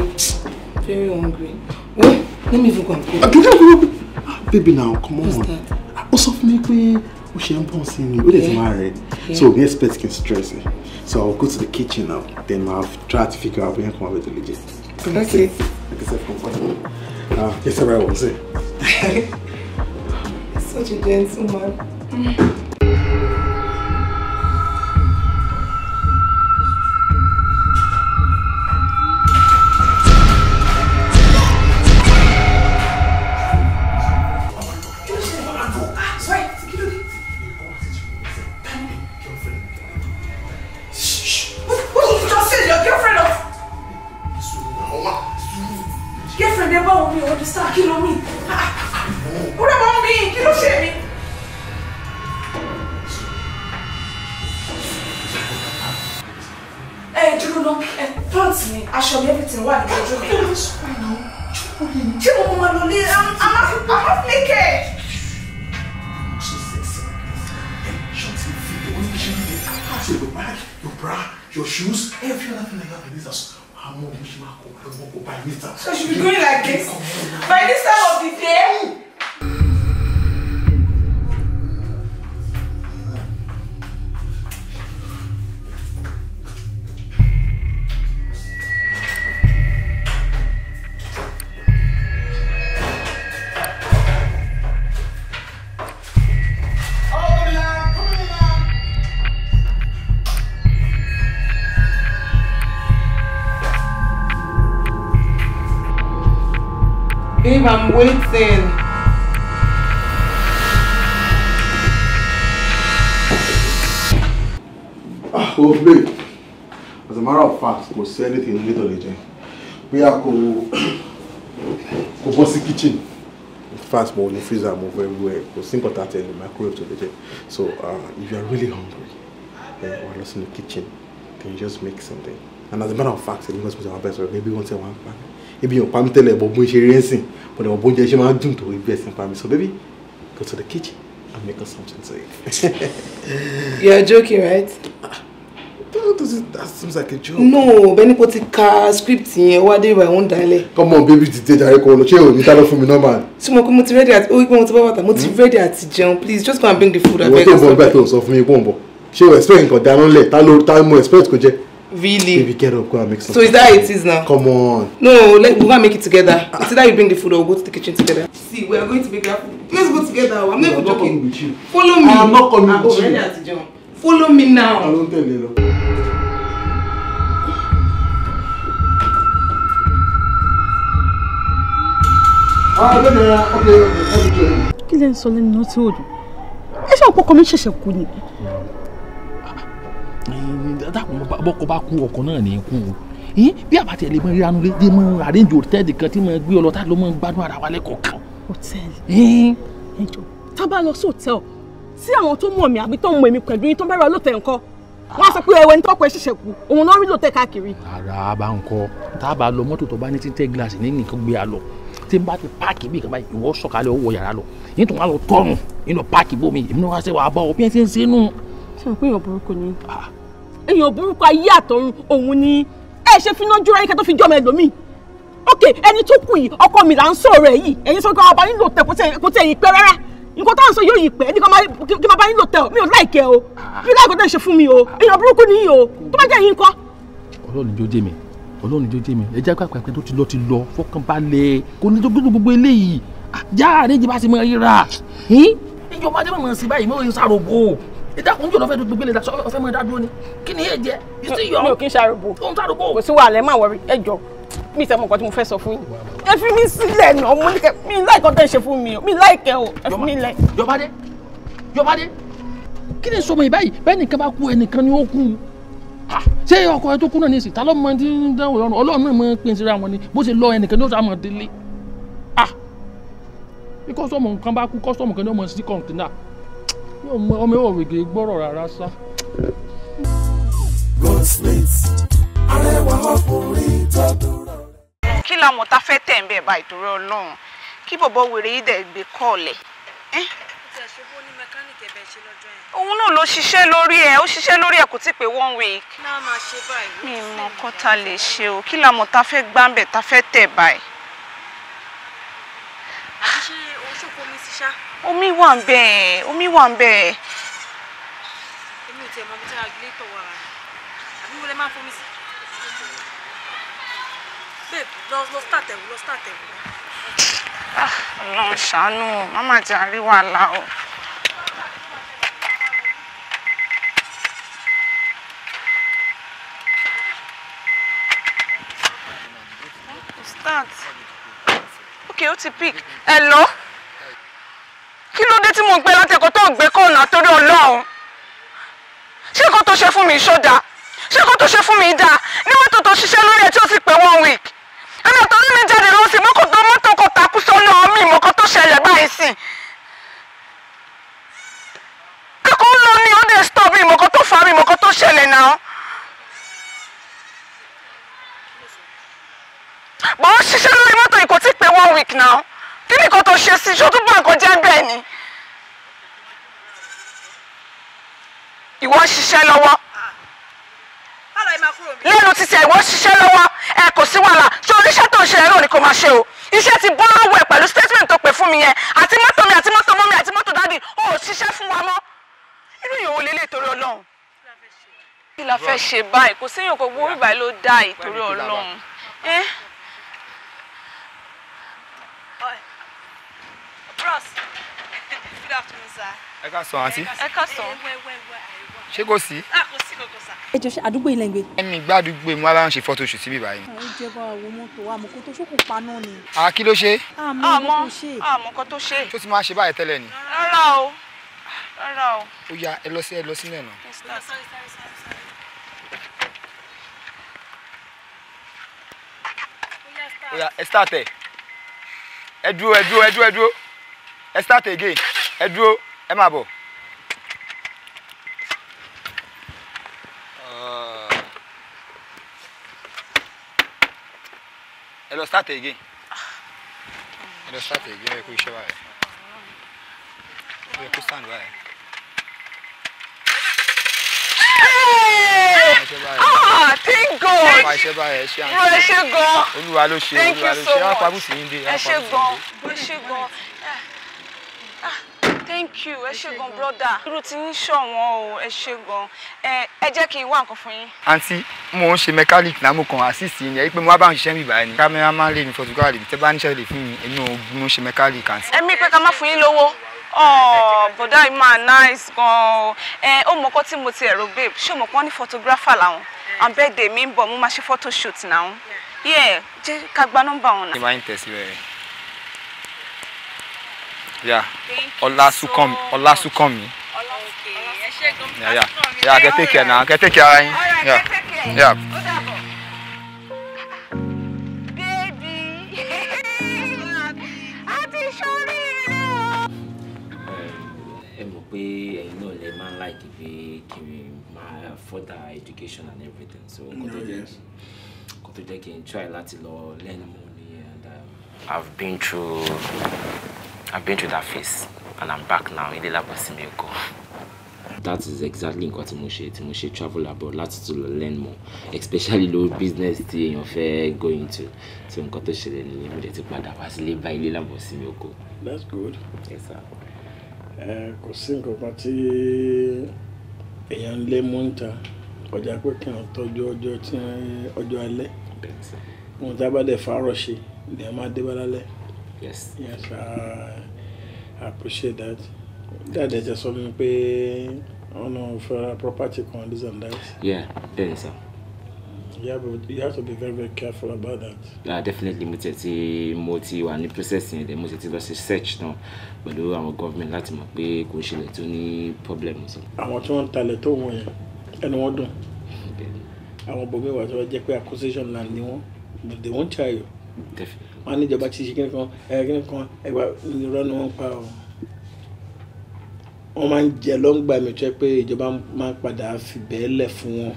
S3: very hungry wo let me even complain.
S2: baby now come on
S3: ó sọ fún
S7: mi pé
S2: ó ṣe ń bọ̀ sí mi ó dẹ̀ ti máa rẹ̀ so we expect kí n stress it. So I'll go to the kitchen now. Then I'll try to figure out where I come up with the legit. Okay. Like I said, comfortable. Uh, it's all right, was it?
S3: Such a gentleman. aṣọ mi everything wà ní ojú mi. ṣé mo mọ lò ní amáfíkẹ́.
S2: Your bra, your shoes, every other thing I have in this house. I'm not going to buy this house.
S9: So she be going
S3: like this. By this time of the day.
S2: anything nílé tó lè jẹ bóyá kò kò bọ́ kitchen fast mo the freezer move everywhere. well kò sí nǹkan tá microwave tó lè so uh, if you are really hungry then we're lost in the kitchen then you just make something and as a matter of fact must be our best. maybe wọ́n ti one family. mí your family tell you tẹ́lẹ̀ bọ̀ but ń ṣe rí ẹ̀sìn bọ̀ dẹ̀ bọ̀ bó ń so baby go to the kitchen and make us something to eat.
S3: you joking right. Ah.
S7: That doesn't, that
S3: seems like a joke. No, Benny put kò ti ka script yẹn do you want ìwọ̀n dalẹ̀.
S2: Come on baby today I kò lọ ṣé o ní tá lọ fún mi normal.
S3: Ṣé mo kọ́ mo ti ready at. Oh, pé mo to bá bàtà mo ti hmm? ready àti jẹun please just go and bring the food abeg. Ìwọ tó bọ̀ nígbà
S2: tó sọ fún mi pọ̀ ń bọ̀. Ṣé o expect nǹkan dáná lẹ̀ tá ló tá mo expect kò jẹ? Really? Baby
S5: get up go and make something. So is that how it is now? Come
S3: on. No, let's. we go and make it together. It's either you bring the food or we we'll go to the kitchen together. See, we are going to be careful. Let's go together. I'm not joking. Follow me. I'm not coming ah, with oh, you. I'm already at the gym. Follow me now. Ta ló ń tẹ̀lé lọ?
S4: Ah, Kí lẹ ń sọ lẹ́nu náà tí ò dùn? Ẹ ṣe ọ̀pọ̀ ọkọ mi ṣẹ̀ṣẹ̀ kú
S3: ni.
S9: Eh, Dàpọ̀ bọ́kọ bá kú ọkọ náà ní kú o eh, yín bí àbàtì ẹ̀lẹ́mọ̀ ìranu lè dé mọ́ àrẹ́jù hòtẹ́ẹ̀lì kan tí mo gbé ọ lọ tá ló mọ́ gbádùn ara wa lẹ́kọ̀ọ́ kan.
S3: hòtẹ́ẹ̀lì eh. ẹ tá a bá lọ sí hòtẹ́ẹ̀lì sí àwọn tó mọ̀ mí àbí tó mọ̀ èmi pẹ̀lú yín tó bẹ̀rẹ̀ olóòtẹ̀ nǹkan wọ́n sọ pé ẹwẹ́ ní tọ́pọ̀ ẹ ṣẹ̀ṣẹ̀ kú òun náà rí lòtẹ̀ káàkiri.
S9: ara bá ń kọ tá a bá lọ mọ́tò tó bá ní títẹ́ gíláàsì ní nìkan gbé a lọ tí n bá ti páàkì bí ìkàbá ìwọ sọ̀kalẹ̀ ó wọ yàrá lọ yín tó wà lọ tọrùn nínú páàkì bómi èmi náà wá sẹ́wà bá ọ bí
S4: ẹ ti ń sínú. ṣé o pé èèyàn burúkú ni ah.
S3: èèyàn burúkú ayé àtọ̀run òun ni
S1: ẹ ṣe finá jura yín kẹ́ tó fi jọmọ ẹlòmíì ok ẹni tó kù yìí ọkọ mi là ń sọ̀rọ̀ ẹ̀ yìí ẹ̀yin nǹkan táwọn sọ yóò yí pẹ́ ní kí máa bá yín lò tẹ
S4: ọ mi ò láìkẹ́ o mi ò láìkọ́ tẹ̀ ṣe fún mi o èèyàn burúkú nìyí o tó bá jẹ́ yín kọ́. ọlọ́run
S9: jó jẹ́ mi ọlọ́run jó jẹ́ mi ẹ jẹ́ pàpà pé tó ti lọ ti lọ fọkànbalẹ̀ kò ní tó gbọ́dọ̀ gbogbo eléyìí ah, já àrèjì bá ti mọ ríra. ìjọba adé mọ̀ sí báyìí mọ̀ ń sàrògbò ìdákun jọ̀lọ́ fẹ́ dúdú gbélé dasọ ọ̀fẹ́ mọ̀ dá dúró ni kí ni èjẹ yìí sì yọ. mi ò kí ń ṣàrògbò. ó ń
S3: ṣàrògbò. kò sí wàhálà ẹ má mi tẹ́ mọ̀ nǹkan tí mo fẹ́ sọ fún yín ẹ fi mí sílẹ̀ nà mo ní kẹ́ mi láìkọ́ tẹ́ ṣe fún mi o mi láìkẹ́ o ẹ fi mí lẹ̀. Jọbádé Jọbádé
S9: kí ni sọmọ ìbáyìí bẹ́ẹ̀ nìkan bá kú ẹnìkan ni ó kú ṣé ọkọ ẹ tó kú náà ní ìsìn ta ló mọ ti ń dánwò lọ́rùn Ọlọ́run náà mọ pé ń ṣe wọn ni bó ṣe lọ ẹnìkan ní ó sá mọ délé bí kọ́sọ́mù nǹkan bá kú kọ́sọ́mù kan ní ọmọ sí kọ̀ǹtínà ọmọ ìwọ̀ wègè gbọ́rọ̀ rárá sá.
S3: Goldsmith arẹwà ọkùnrin tó dúró kí làwọn ta fẹ́ tẹ̀ ń bẹ̀ báyìí torí ọlọ́run kí bọ̀bọ̀ wèrè yìí dẹ̀ gbé kọ́ọ̀lẹ̀. òun náà ló ṣiṣẹ́ lórí ẹ̀ ó ṣiṣẹ́ lórí ẹ̀ kò tí ì pé one week. mi mọ kọ́ ta lè ṣe o kí làwọn ta fẹ́ gbá ń bẹ̀ ta fẹ́ tẹ̀ báyìí. àti ṣe oṣù omi ti ṣá. omi wà ń bẹ̀ omi wà ń bẹ̀.
S4: èmi ò tiẹ̀ mọ ibi tí agilé tọ̀ wà àbí wọlé máa fomi sí babe lọ lọ start ẹ̀wù lọ start ẹ̀wù.
S3: ọlọ́run ṣàánú mama ti àrí o. start ti pick hello kí ló dé tí mo ń pẹ́ látẹ̀kọ́ tó ń gbé kọ́ọ̀nà torí ọlọ́run ṣé kó tó ṣe fún mi ṣó dáa ṣé kó tó ṣe fún mi dáa níwọ̀n tó tó ṣiṣẹ́ lórí ẹ̀ tí ó ti pé one week ẹni tó ní mi jáde lọ sí mọ́kò tó mọ́tò kò takú sọ́nà mi ìmọ̀kọ́ tó ṣẹlẹ̀ báyìí sí. kíkọ́ ń lọ ní ọdẹ stop mi tó fa mi tó ṣẹlẹ̀ náà. bọ́ ó ṣiṣẹ́ lórí mọ́tò yìí tí pé one week náà kí ni kò tó ṣe sí ṣó tún bá jẹ́ bẹ́ẹ̀ ni. ìwọ ṣiṣẹ́ lọ́wọ́ lẹ́nu títí ẹ̀wọ́ ṣiṣẹ́ lọ́wọ́ ẹ kò sí wàhálà ṣé oníṣẹ́ tó ń ṣe ẹ̀rọ ni kò máa ṣe o iṣẹ́ ti bọ́ lọ́wọ́ ẹ̀ pẹ̀lú statement tó pè fún mi yẹn àti mọ́tò mi àti mọ́tò mọ́mi àti mọ́tò dábì ó ṣiṣẹ́ fún wa mọ́ inú ìyòwò lélẹ̀ torí ọlọ́run. kí la fẹ́ ṣe báyìí kò séyàn kò gbórí báyìí ló dá ìtorí ọlọ́run. bros good afternoon sir. ẹ ká sọ àǹtí. ẹ ká sọ ṣé kò sí. Ah, kò sí kankan sá.
S6: ẹ jọ ṣe àdúgbò ilẹ̀ ń gbé. ẹni gbàdúgbò mu aláwọ̀ ṣe fọ́tò ṣù síbí báyìí.
S4: àwọn ìjọba àwọn mọ́tò àmọ́kò tó ṣókùn paná ni.
S6: à kí ló ṣe. àmọ́kò tó ṣe. tó ti máa ṣe báyìí tẹ́lẹ̀ ni.
S4: rárá o
S6: rárá o. ó yá ẹ lọ sí ẹ lọ sílẹ̀ náà. ó yá ẹ start ẹ ẹ dúró ẹ dúró ẹ dúró ẹ dúró ẹ start again ẹ dúró ẹ máa bọ̀. ẹ lọ start again ẹ lọ start again We kú iṣẹ́ báyìí ẹ stand báyìí.
S3: Ah, thank God. Ẹ
S6: ṣe báyìí, ẹ ṣe àǹtí. Ẹ ṣe
S3: thank you ẹ ṣé gan broda irú ti ń ṣọ̀wọ́n o ẹ ṣé gan ẹ jẹ́ kí n wá nǹkan fún yín.
S6: àǹtí mo ń ṣe mechanic náà mo kàn assist yín yẹn pé mo wá bá ń ṣiṣẹ́ mi báyìí ni kámẹ́rà máa ń lè ní photography tẹ́ bá níṣẹ́ lè fún mi èmi ò mo ń ṣe mechanic àǹtí.
S3: ẹ̀mí pé ká má fún yín lówó bọ̀dá yìí máa nice gan-an ó mọ̀ọ́kọ́ tí mo ti ẹ̀rọ babe ṣé o mọ̀ pọ́n ní photographer làwọn and birthday mi ń mo máa ṣe photo shoot now. yeah jẹ́ ká gba nọ́mbà wọn náà. ṣé
S6: máa ń Yeah. Olasukomi. Olasukomi. Yeah, yeah. Yeah, get take care now. Get take care. Yeah. Yeah.
S1: pé ẹ̀yin náà lè máa ń láìkí pé kí n máa further education and everything so kò tó jẹ́ kò tó jẹ́ kí n learn more and um, I've been through I've been through that phase and I'm back now. Ilé lábọ̀sí mi kọ́. That is exactly what tí mo ṣe tí travel abroad lots to learn more especially lórí business tí you're going to, so tí nǹkan tó ṣẹlẹ̀ nílé mi dẹ̀ ti padà wá sílé bá ilé lábọ̀sí mi
S2: That's good. Yes, sir. Kò sí nǹkan kan tí èèyàn lé mú ń ta ọjà pé kí wọ́n tọ́jú ọjọ́ tí ọjọ́ alẹ́. Bẹ́ẹ̀ sẹ́. Mo tábàdẹ̀ fàárọ̀ ṣe ni a máa dé bá lálẹ́. Yes. Yes, uh, I appreciate that. That Dad just sọ mi pé for fẹ́ra property kan and that.
S1: Yeah, bẹ́ẹ̀ ni sir.
S2: Yeah, but you have to be very very careful about that.
S1: Yeah, definitely mo tẹ̀tí mo ti wà ní processing ẹ̀dẹ̀ mo tẹ̀tí lọ sí search náà pẹ̀lú àwọn government láti mọ̀ pé kò ṣẹlẹ̀ tó ní problem sọ.
S2: Àwọn tí wọ́n ń talẹ̀ tó wọ̀n yẹn ẹnu wọn dùn. Àwọn bòmíwà to jẹ́ pé acquisition land ni but they won't tell you wọn ní ìjọba ti ṣe kíni kan kíni kan ẹgbà irọ́ ni wọ́n pa ọ́ wọ́n máa ń jẹ lọ́ngbà mi tó yẹ pé ìjọba máa ń padà fi bẹ́ẹ̀ lẹ̀ fún wọn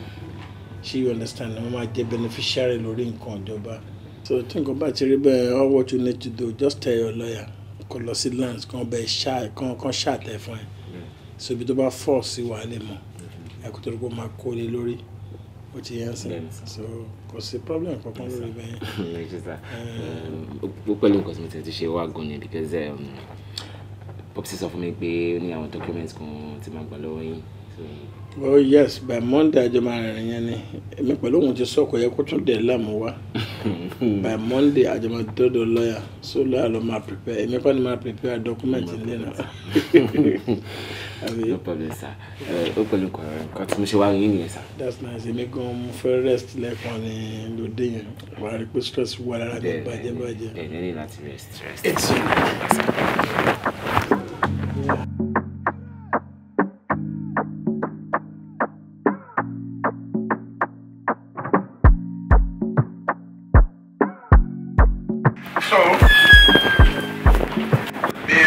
S2: ṣé you understand wọ́n máa jẹ beneficiary lórí nǹkan ìjọba so tí nǹkan bá ti rí bẹ́ẹ̀ all what you need to do just tell your lawyer kó lọ sí lands kan bẹ ṣáà kan kan ṣáà tẹ̀ fún ẹ so ibi tó bá fọ́ sí wàá lè mọ̀ ẹ̀kú tó ló kó máa kó lé lórí ó ti yẹn sìn so kò sí problem kankan lórí bẹ́ẹ̀.
S1: Eh. Um, ó pẹ̀lú nǹkan tí mo ti ṣe wá gan ni because um, popsi sọ fún mi pé ó ní àwọn documents kan tí máa gbà lọ́wọ́ yín.
S2: oh yes by monday àjọ máa rìnrìn yẹn ni èmi pẹ̀lú òun ti sọ kò yẹ kó tún dẹ̀ láàmú wá by monday àjọ máa dọ́dọ̀ lọ́yà so lọ́yà ló máa prepare èmi kọ́ ni máa prepare document nílẹ̀ náà.
S1: no problem sir eh, ó pẹ̀lú nǹkan tí mo ṣe wá yín nìyẹn sir.
S2: that's nice You make mo fẹ́ rest like ní lóde yẹn day. á rí pé stress wà lára mi bàjẹ́ bàjẹ́. ẹ ní láti rest rest. so bí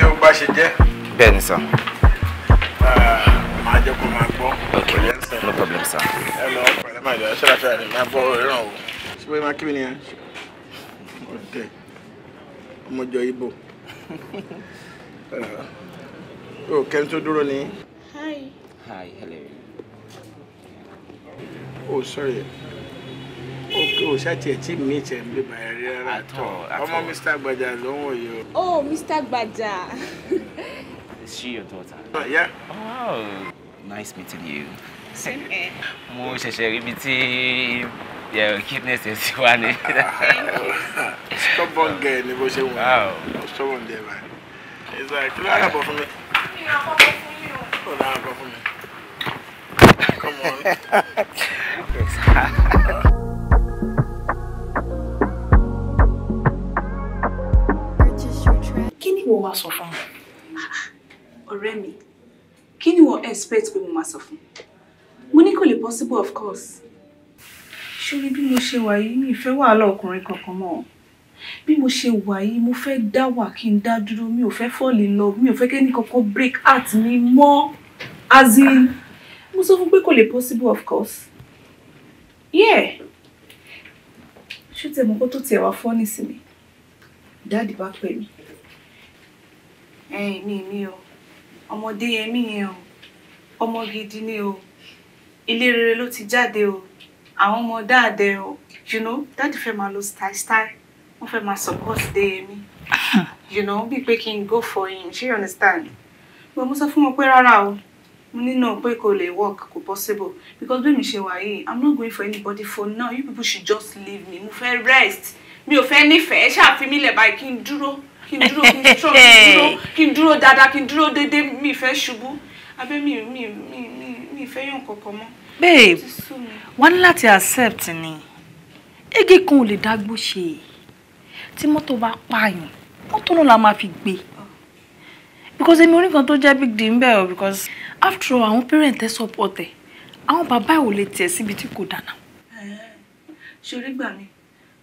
S2: o bá ṣe sọ. látara
S3: hi.
S1: hi hello.
S2: oh sorry okay Oh, ṣáà tiẹ̀ tí mi tiẹ̀ ń bí bàyà rí rárá mr gbajà ló ń
S5: oh
S3: mr gbajà.
S1: is she your daughter. Uh, yeah. oh nice meeting you mo ṣẹ̀ṣẹ̀ rí ibi tí kidness ẹ̀ sì wá ní. stubborn girl ni bó ṣe wù ú stubborn
S2: girl báyìí ẹ̀sà kí ló àgàbọ̀ fún mi. kí ni àkọ́kọ́ fún mi. come on.
S3: kí ni wọ́n wá sọ fún un. ọ̀rẹ́ mi kí ni wọ́n expect pé mo máa sọ fún un possible of course. Surely, bí mo ṣe wà yìí mi ìfẹ́ wàhálà ọkùnrin kankan mọ́ bí mo ṣe wà yìí mo fẹ́ dá wà kí n dá mi ò fẹ́ fall in love mi ò ke ni kankan break heart mi Mo as in mo so fún pé kò lè possible of course. yeah ṣó tiẹ̀ mọ́ kó tó tiẹ̀ wá fọ́ nísìnyí dáàdì bá pè mí ẹ̀yin mi mi o ọmọdé yẹn mi yẹn o ọmọ gidi ni o ilé rere ló ti jáde o àwọn ọmọ dáadẹ o you know dáàdì fẹ́ máa lo style style wọ́n fẹ́ máa support Deyemi you know bíi pé kí n go for him she understand but mo sọ fún wọn pé rárá o mo ní náà pé kò lè work kò possible because bí mi ṣe wà yìí i'm not going for anybody for now you people should just leave me mo fẹ́ rest mi ò fẹ́ nífẹ̀ẹ́ ṣàfimílẹ̀ báyìí kí n dúró kí n dúró kí n strong kí n dúró kí n dúró dáadáa kí n dúró déédéé mi ìfẹ́ ṣubú abẹ́ mi mi mi mi ìfẹ́ yàn kankan mọ́ babe
S4: wọ́n ní láti accept ni ege kan ò lè dágbó ṣe tí mọ́tò bá pààyàn mọ́tò náà la máa fi gbé because èmi oníkan tó jẹ́ big deal ń bẹ̀ because after all àwọn parents ẹ support ẹ àwọn bàbá ẹ ò lè tiẹ̀ síbi tí kò dáná.
S3: ṣorí gbà mí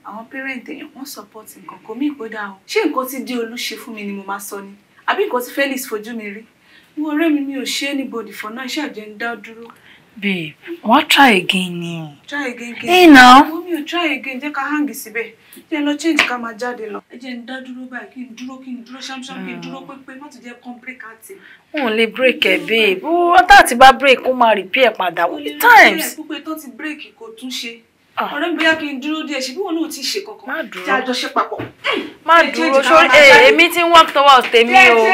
S3: àwọn parent èèyàn wọ́n support nǹkan kò mí ìkódà o ṣé nǹkan tí dé olú ṣe fún mi ni mo máa sọ ni àbí nǹkan tí Felix fojú mi rí wọn ọ̀rẹ́ mi mi ò ṣe anybody for now iṣẹ́ àjẹ́ ń dá dúró.
S4: Babe, wá try again ni.
S3: Try again again. Hey now. Mọ́mí ò try again jẹ́ ká hang síbẹ̀. Jẹ́ lọ change ká máa jáde lọ. Ẹ jẹ́ ń dá dúró báyìí kí n dúró kí n dúró ṣámṣám kí n dúró hmm. pépé má ti jẹ́ kán break àti.
S4: N ò break ẹ̀ babe. Wọ́n tá àti bá break ó máa repair padà. All the times.
S3: Gbogbo ètò ti break kò tún ṣe. Ah. ọ̀rẹ́ mi bóyá kí n dúró díẹ̀ ṣe bí wọn náà ti ṣe kankan tí a jọ ṣe papọ̀. má dúró sórí eh, èmi tí ń
S4: work towards tèmi o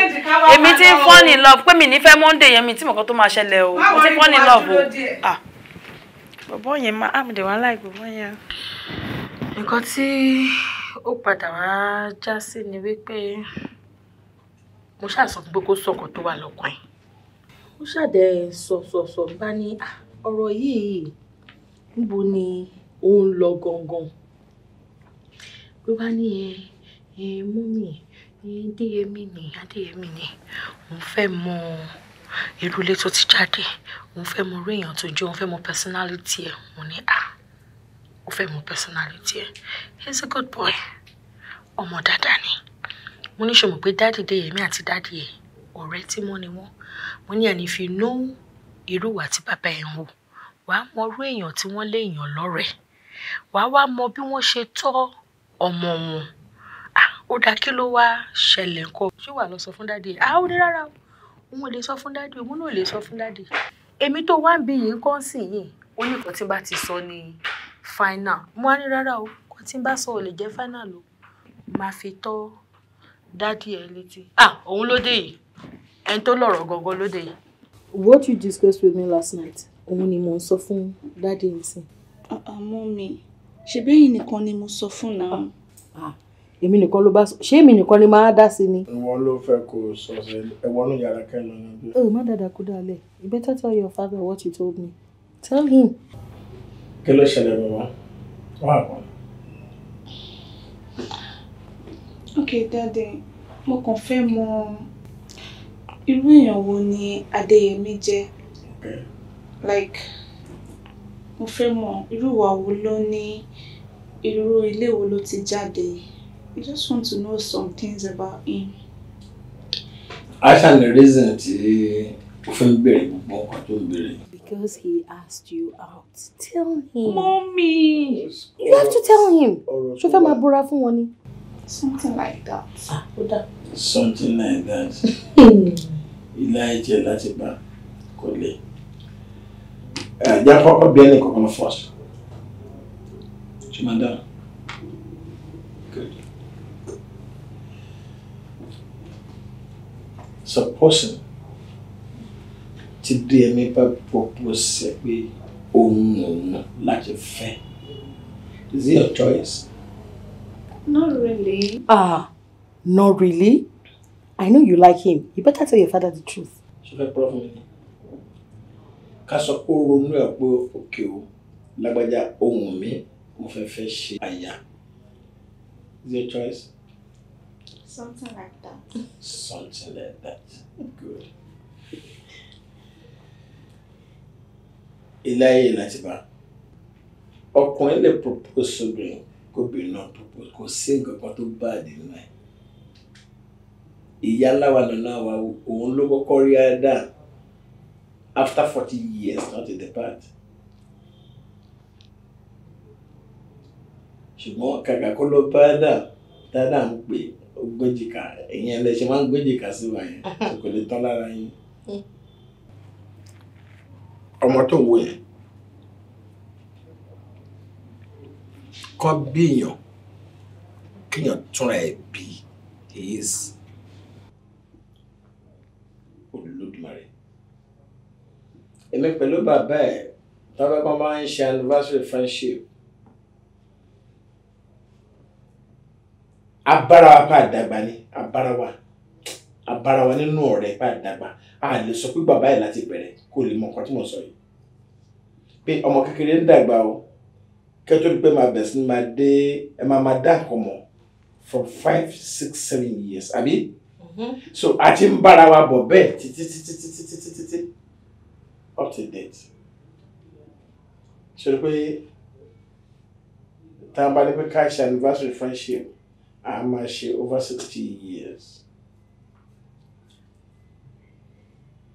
S4: èmi tí ń fall in love pé mi nífẹ̀ẹ́ Monday yẹn mi tí mo kàn tó máa ṣẹlẹ̀ o mo ti fall in love o. Ah. bọ̀bọ̀ yẹn máa àmì dẹ̀ wá láì bọ̀bọ̀ yẹn. nǹkan tí ó padà wá já sí ni wípé mo ṣàṣọ pé kó sọkàn tó wà lọ́kàn ẹ̀ ó ṣàdẹ̀ sọ̀sọ̀sọ̀ bá ní ah, ọ̀rọ̀ yìí níbo ni ó ń lọ gangan ló bá ní ẹ ẹ mọ́mì adéyẹmí ni adéyẹmí ni òun fẹ́ mọ irú ilé tó ti jáde òun fẹ́ mọ orí èèyàn tó jẹ́ òun fẹ́ mọ personality ẹ̀ òun ni a ó fẹ́ mọ personality ẹ̀ he's a good boy ọmọ dáadáa ni mo ní ṣòmọ̀ pé dáàdì déyẹmí àti dáàdì ẹ̀ ọ̀rẹ́ tímọ́ ni wọ́n mo ní ẹni fi nó irú ìwà tí bàbá ẹ̀ ń wò wàá mọ irú èèyàn tí wọ́n léèyàn lọ́rẹ̀ẹ́ wàá wá mọ bí wọ́n ṣe tọ́ ọmọ wọn ó dá kí ló wá ṣẹlẹ̀ ńkọ́ ṣé wàá lọ sọ fún dáàdì ẹ̀ àwọn ní rárá òun ò lè sọ fún dáàdì òun náà ò lè sọ fún dáàdì èmi tó wá ń bí yìí kọ́ sí yìí ó ní nǹkan bá ti sọ ní final mo á ní rárá o nǹkan bá sọ ò lè jẹ́ final o máa fi tọ́ dáàdì ẹ̀ létí. ah òun ló dé yìí ẹni tó lọ̀rọ̀ gangan ló dé yìí. what you discussed with me last night òun ni mò ń sọ fún dáàdì yìí sìn.
S3: Ah, ah, mummy ṣebí ẹ̀yin nìkan ni mo sọ fún náà. Ah,
S4: èmi nìkan ló bá sọ ṣé èmi nìkan ni màá dá sí ni. ìwọ ló fẹ́ kó o sọ ṣe ẹwọ ní yàrá kẹlọ ni. o má dàda kú dalẹ̀ you better tell your father what you told me tell him.
S2: kí ló ṣẹlẹ̀ mọ́ wá
S3: àpọ̀. okay daddy mo kàn fẹ́ mọ irú èèyàn wo ni Adéyẹmí jẹ́ like mo fẹ́ mọ̀ irú ìwà wo ló ní irú ilé wo ló ti jáde I just want to know some things about him.
S2: Actually, the reason tí o fẹ́ bẹ̀rẹ̀ gbogbo nǹkan tó ń
S4: bẹ̀rẹ̀. Because he asked you out. Tell him. Mommy! You have to tell him. Ṣo fẹ́ máa búra fún wọn ni? Something like that. Ah,
S2: Something like that. Ilé ayé jẹ́ láti bá kọ́lé. japo ɔbea ne kɔkɔ no force madam good supposing ti deɛ me ba propose sɛ pé òun òun láti fẹ́ is it your choice.
S3: not really. ah
S4: not really i know you like him you better tell your father the truth.
S2: Should I purọ́ fún ká sọ pé ó ronú ẹ̀ pé òkè o lágbájá ohun mi mo fẹ́ fẹ́ ṣe àyà is your choice.
S3: something like that.
S2: something like that good. ilé ayé láti bá ọkùnrin lè propose sóbìnrin kóbìnrin náà propose kò sí nǹkan kan tó bá àdéhùn ẹ̀ ìyá aláwa nàná wa òun ló kọ́kọ́ rí àdá after 40 years, not in the past. ṣùgbọ́n kàkà kó ló bá dà dáadáa ń pè gbèjìkà ẹ̀yin ẹlẹ́ṣẹ̀ máa ń gbèjìkà sí wa yẹn kò lè tán lára yín. Hmm. ọmọ tó wo yẹn kọ́ bí èèyàn túnra ẹ̀ bí èyí sí. èmi pẹ̀lú bàbá ẹ̀ tọ́pẹ́ kan bá ń ṣe anniversary friendship abárawa pa àdàgbà ni abárawa abárawa nínú ọ̀rẹ́ pa àdàgbà a lè sọ pé bàbá ẹ̀ láti bẹ̀rẹ̀ kó lè mọ nǹkan tí mo sọ yìí pé ọmọ kékeré ń dàgbà o kẹ́tọ́ ni pé máa bẹ̀rẹ̀ sí ni máa dé ẹ máa máa dá nǹkan mọ̀ from five six seven years àbí mm-hmm. so a ti ń bára wa bọ̀ bẹ́ẹ̀ títí títí títí títí títí up to date ṣe pé tá a bá ní pé ká anniversary friendship a máa ṣe over sixty years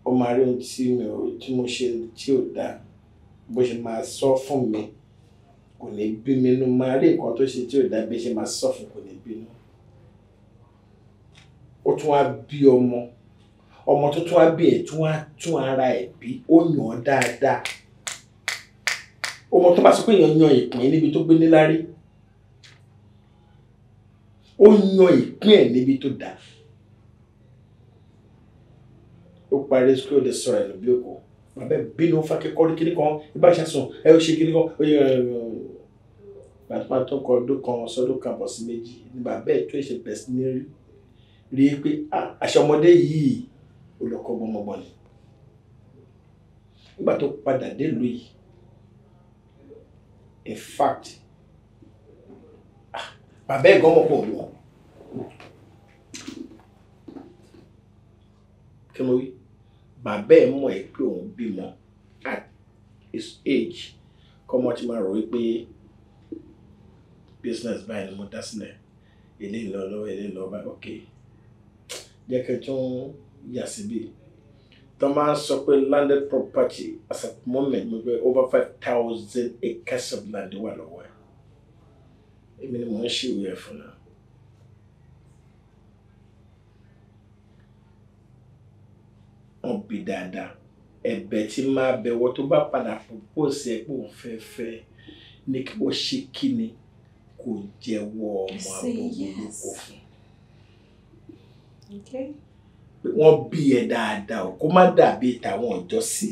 S2: ó máa rí ohun tí mi ò tí mo ṣe tí ò dáa bó ṣe máa sọ fún mi kò ní bí mi nú máa rí nǹkan tó ṣe tí ò dáa bí ṣe máa sọ fún kò ní bínú ó tún wá bí ọmọ ọmọ tuntun abẹ ẹ̀ tún á tún ara ẹ̀ bí ó yàn án dáadáa ọmọ tó bá sọ pé èèyàn yan ìpín níbi tó gbé níláárí ó yan ìpín ẹ̀ níbi tó dà ó parí school de sọ̀rọ̀ ẹ̀ lóbi òkú bàbá ẹ̀ bínú fákẹ́ kọ́ kíní kan ibà ṣàṣùn ẹ ó ṣe kíní kan ó yẹ bàtúmá tó kọ ọdún kan sọdún kan bọ̀ sí méjì bàbá ẹ̀ tó ṣe bẹ̀rẹ̀ ní rí pé àṣọmọdé yìí ó lọ kọ́ gbọ́mọgbọ́n ni nígbà tó padà délùú yìí in fact ah, bàbá ẹ̀ gan mọ̀ pọ̀ wọ̀ kí mo wí bàbá ẹ̀ mọ̀ ẹ́ pé òun bímọ at his age kọ́mọ ti máa rò wípé business báyìí ni mo dá sílẹ̀ eléyìí lọ lọ́wọ́ eléyìí lọ báyìí ok jẹ́ kí tún yàsí bi tọ́ máa sọ pé landed property as at moment mo gbé over five thousand acres of land wà lọ́wọ́ ẹ̀ èmi ni mò ń ṣèwé ẹ̀ fún náà. wọn bí dáadáa ẹ̀bẹ̀ tí máa bẹwọ tó bá padà propose ẹ pé òun fẹ́ fẹ́ ní kí wọn ṣe kíni kò jẹ́wọ́ ọmọ àbọ olùkọ fún. Okay pé wọ́n bí ẹ dáadáa o kó má dàbí tàwọn ọjọ́ sí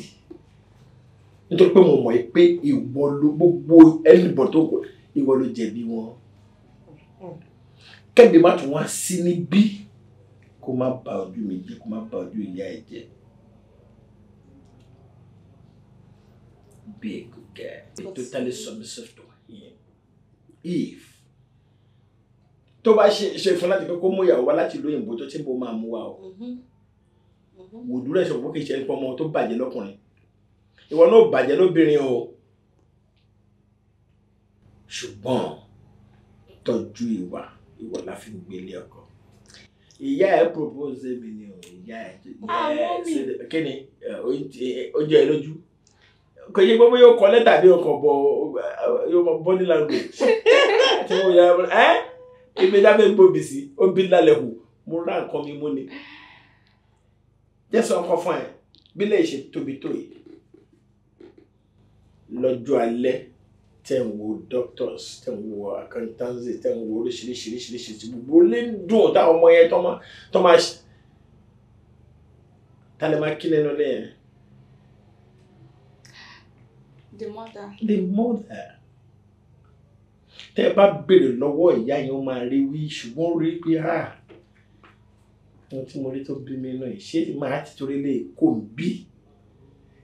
S2: nítorí pé wọ́n mọ̀ ẹ́ pé ìwọ ló gbogbo ẹnìbọ̀ tó kọ ìwọ ló jẹ̀bi wọn kẹ́mi má tún wá sí níbí kó má ba ojú mi jẹ́ kó má ba ojú ìyá ẹ jẹ́. Be guy. totally submissive to him. If tó bá ṣe fún láti pé kó mú ìyàwó wá láti ìlú òyìnbó tó ti ń bo máa mú wa o wòdúrà mm-hmm. mm-hmm. ìṣòro pé kì í ṣe nípa ọmọ tó bàjẹ́ lọ́kùnrin ìwọ náà bàjẹ́ lóbìnrin o ṣùgbọ́n tọ́jú ìwà ìwọ la fi ń gbélé ọkọ ìyá ẹ propose mi ni o ìyá ẹ ah, kí ni ó jẹ lójú kò yẹ gbogbo yóò kọ lẹ́tà bí ọkọ̀ bọ̀ yóò bọ́ ní language ẹ èmi dábẹ́ gbòbì sí obì lálẹ́ wò mo rà nǹkan mi mú ni jẹ́sọ̀ ọkọ̀ fún ẹ bílẹ̀ ìṣe tóbi tó yìí lọ́jọ́ alẹ́ tẹ̀ ń wo doctors tẹ̀ ń wo accountancy tẹ̀ ń wo oríṣiríṣiríṣiríṣi tí gbogbo lè dùn táwọn ọmọ yẹn tọ́ máa tọ́ máa tálẹ̀ máa kí lẹ́nu lẹ́yìn.
S3: the mother. the mother
S2: tẹ́ bá béèrè lọ́wọ́ ìyá yẹn ó máa rí wí ṣùgbọ́n rí pé a ohun tí mo rí tó bí mi náà ṣé màá ti torí lè kó mi bí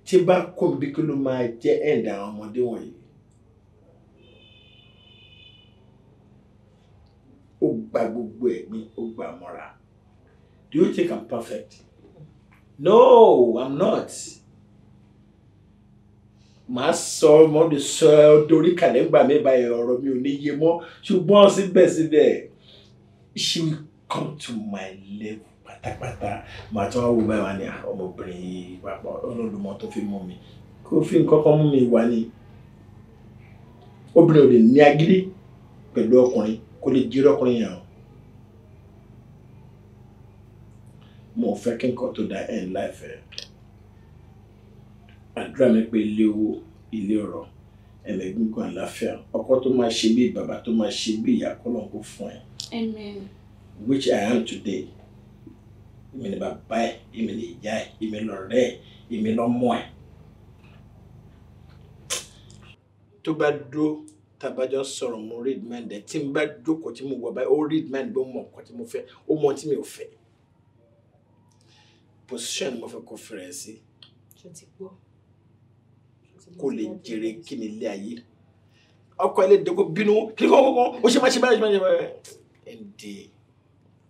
S2: tí bá kó mi bí kí ló máa jẹ́ ẹ̀dà ọmọdé wọ̀nyí. ó gba gbogbo ẹ̀mí ó gba mọ́ra do you think I'm perfect? No, I'm not màá sọ ọmọdé sọ dorí kàlẹ́ ńgbà mi báyìí ọ̀rọ̀ mi ò ní yé mọ́ ṣùgbọ́n síbẹ̀síbẹ̀ she will come to my level pátápátá màá tún wá wo báyìí wá ní ah, ọmọbìnrin papọ̀ ọlọ́dúnmọ tó fi mú mi kó fi nǹkan kan mú mi wá ní obìnrin ò lè ní agídí pẹ̀lú ọkùnrin kó lè jírí ọkùnrin yẹn o mo fẹ́ kí nǹkan tó da ẹ̀ láìfẹ́ àdúrà mi pé ilé owó ilé ọ̀rọ̀ ẹ̀mí gígùn àlàáfíà ọkọ tó máa ṣe bí bàbá tó máa ṣe bí ìyá kọ́lọ̀ kó fún ẹ. Amen. which I am today èmi ni bàbá ẹ èmi ni ìyá ẹ èmi lọ̀rẹ́ ẹ èmi lọ́mọ ẹ. tó bá dúró tàbá jọ sọ̀rọ̀ mo read mind ẹ tí n bá jókòó tí mo wọ báyìí ó read mind bó mọ nǹkan tí mo fẹ́ ó mọ tí mi ò fẹ́ position mo fẹ́ kó fẹ́rẹ̀ sí. ṣe ti gbọ́ kó lè jèrè kí ni ilé ayé ọkọ ilé dẹkọ bínú kí kọ́ kọ́ ó ṣe má ṣe báyìí ṣe má ṣe báyìí ẹ̀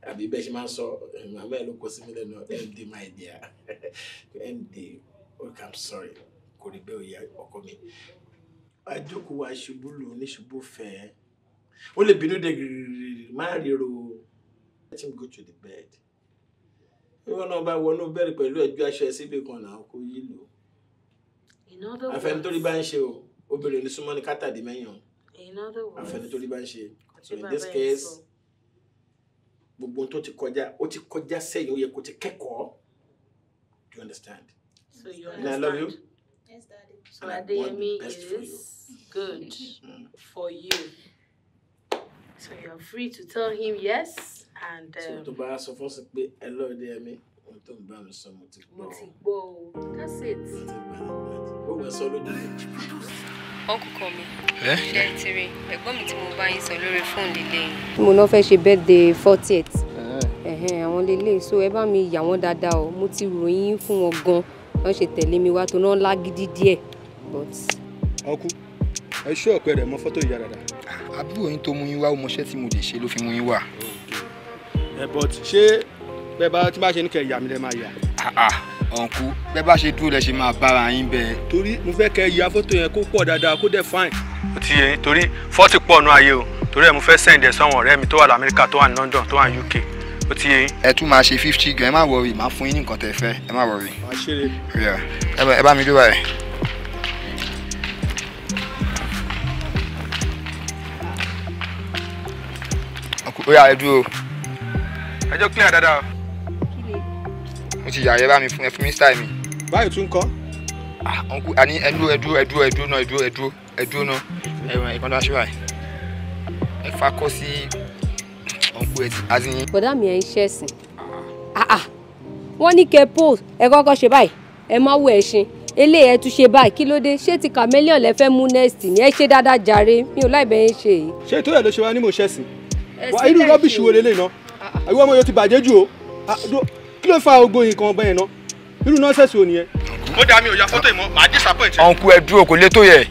S2: àbí bẹ́ẹ̀ ṣe máa ń sọ màmá ẹ̀ ló kó sí lẹ́nu ẹ̀ my dear ẹ̀ okay oh, i'm sorry kò rí bẹ́ẹ̀ òye ọkọ mi àjòkù wa ṣubú lò ní ṣubú fẹ́ ó lè bínú dé gírígírí ríro let him go to the bed bí wọn náà bá wọnú bẹ́ẹ̀ pẹ̀lú ẹjọ́ aṣọ ẹ̀ síbi kan náà kó yí lò afẹnitori bá ń ṣe o obìnrin ní súnmọ́ ní kátàdí mẹ́yìn o afẹnitori bá ń ṣe so in this case gbogbo tó ti kọjá ó ti kọjá sẹ́yìn ó yẹ kó ti kẹ́kọ̀ọ́ do you understand?
S4: so you understand I love you. Yes, Daddy. So Adeyemi is good mm. for you. So you're free to tell him yes and. Um, so to buy some for
S2: I love Adeyemi ohun tó ń bá mi sọ mo ti gbọ́. mo ti
S4: gbọ́ o kásẹ̀tì. mo ti gbà
S2: nígbà tí ó wẹ̀ sọ lójú mi. ọkùnkàn
S4: mi ṣe
S2: ti rí ẹ̀gbọ́n mi tí mo bá
S4: yín sọ lórí fóònù
S3: lílé yìí. mo náà fẹ́ ṣe birthday fortieth
S4: àwọn lélẹ̀ so ẹ bá mi yà wọ́n dáadáa o mo ti ròyìn fún wọn gan wọ́n ṣe tẹ̀lé mi wá tó náà lágídí díẹ̀ but.
S7: ọkú ẹ ṣú ọ̀pẹ rẹ̀ mọ fọ́tò ìyá dada.
S6: àbúrò yín tó mú yín wá ọmọọṣẹ́ tí mo lè ṣe ló fi mú yín wá.
S7: ẹ eh, but ṣé bẹ́ẹ̀ bá tí bá ṣe ní kẹ mi lẹ máa yà.
S6: ọ̀nkú ah, ah, bẹ́ẹ̀ bá ṣe dúró lẹ ṣe máa bára yín bẹ́ẹ̀. torí mo fẹ́ kẹ ya fọ́tò yẹn kó pọ̀ dáadáa kó dẹ̀ fine. ó ti yẹ torí fọ́tì pọ̀ nù ayé o torí ẹ̀ mo fẹ́ send ẹ̀ sọ́wọ́n ọ̀rẹ́ mi tó wà lamẹ́ríkà tó wà ní London tó wà ní UK ó ti yẹ ẹ tún máa ṣe fifty gan ẹ má wọrí màá fún yín ní nǹkan tẹ fẹ́ ẹ má wọrí. ẹ bá mi dúró báyìí. ó yà ẹ dúró. ẹjọ́ clear dáadáa mo ti yà yẹ bá mi fún ẹ fún mi style mi. báyìí tún kọ́. ọ̀nkú ah, àní ẹdúró ẹdúró ẹdúró ẹdúró náà ẹdúró ẹdúró ẹdúró náà ẹ̀wọ̀n ẹ̀kan tó aṣọ àì ẹ fakọ́ sí ọ̀nkú ẹ̀ azin.
S4: bọ̀dá mi ẹ̀ ń ṣẹ̀sìn ah, ah. wọ́n ní kẹ́ pose ẹ kọ́kọ́ ṣe báyìí ẹ má wọ ẹ̀ṣin eléyìí ẹ tún ṣe báyìí kí ló dé ṣé ti chameleon lẹ fẹ́ mú next ni ẹ ṣe dáadáa jàre mi ò láì bẹ́ẹ̀ ṣe yìí. ṣé
S7: tó yẹ ló ṣe wá ní mo ṣẹ̀sìn wà á irú rọ́bìṣì wo lélẹ́yìn náà àwọn ọmọ yóò ti bàjẹ́ jù o kí ló fa ogo yìí kan ọgbẹ́ yẹn náà irú nọ́ọ̀sẹ̀sì ò nìyẹn. ó dá mi ò ya
S6: fọ́tò ìmọ̀ màá disappoint. ọ̀nkú ẹ dúró kò lè tó yẹ.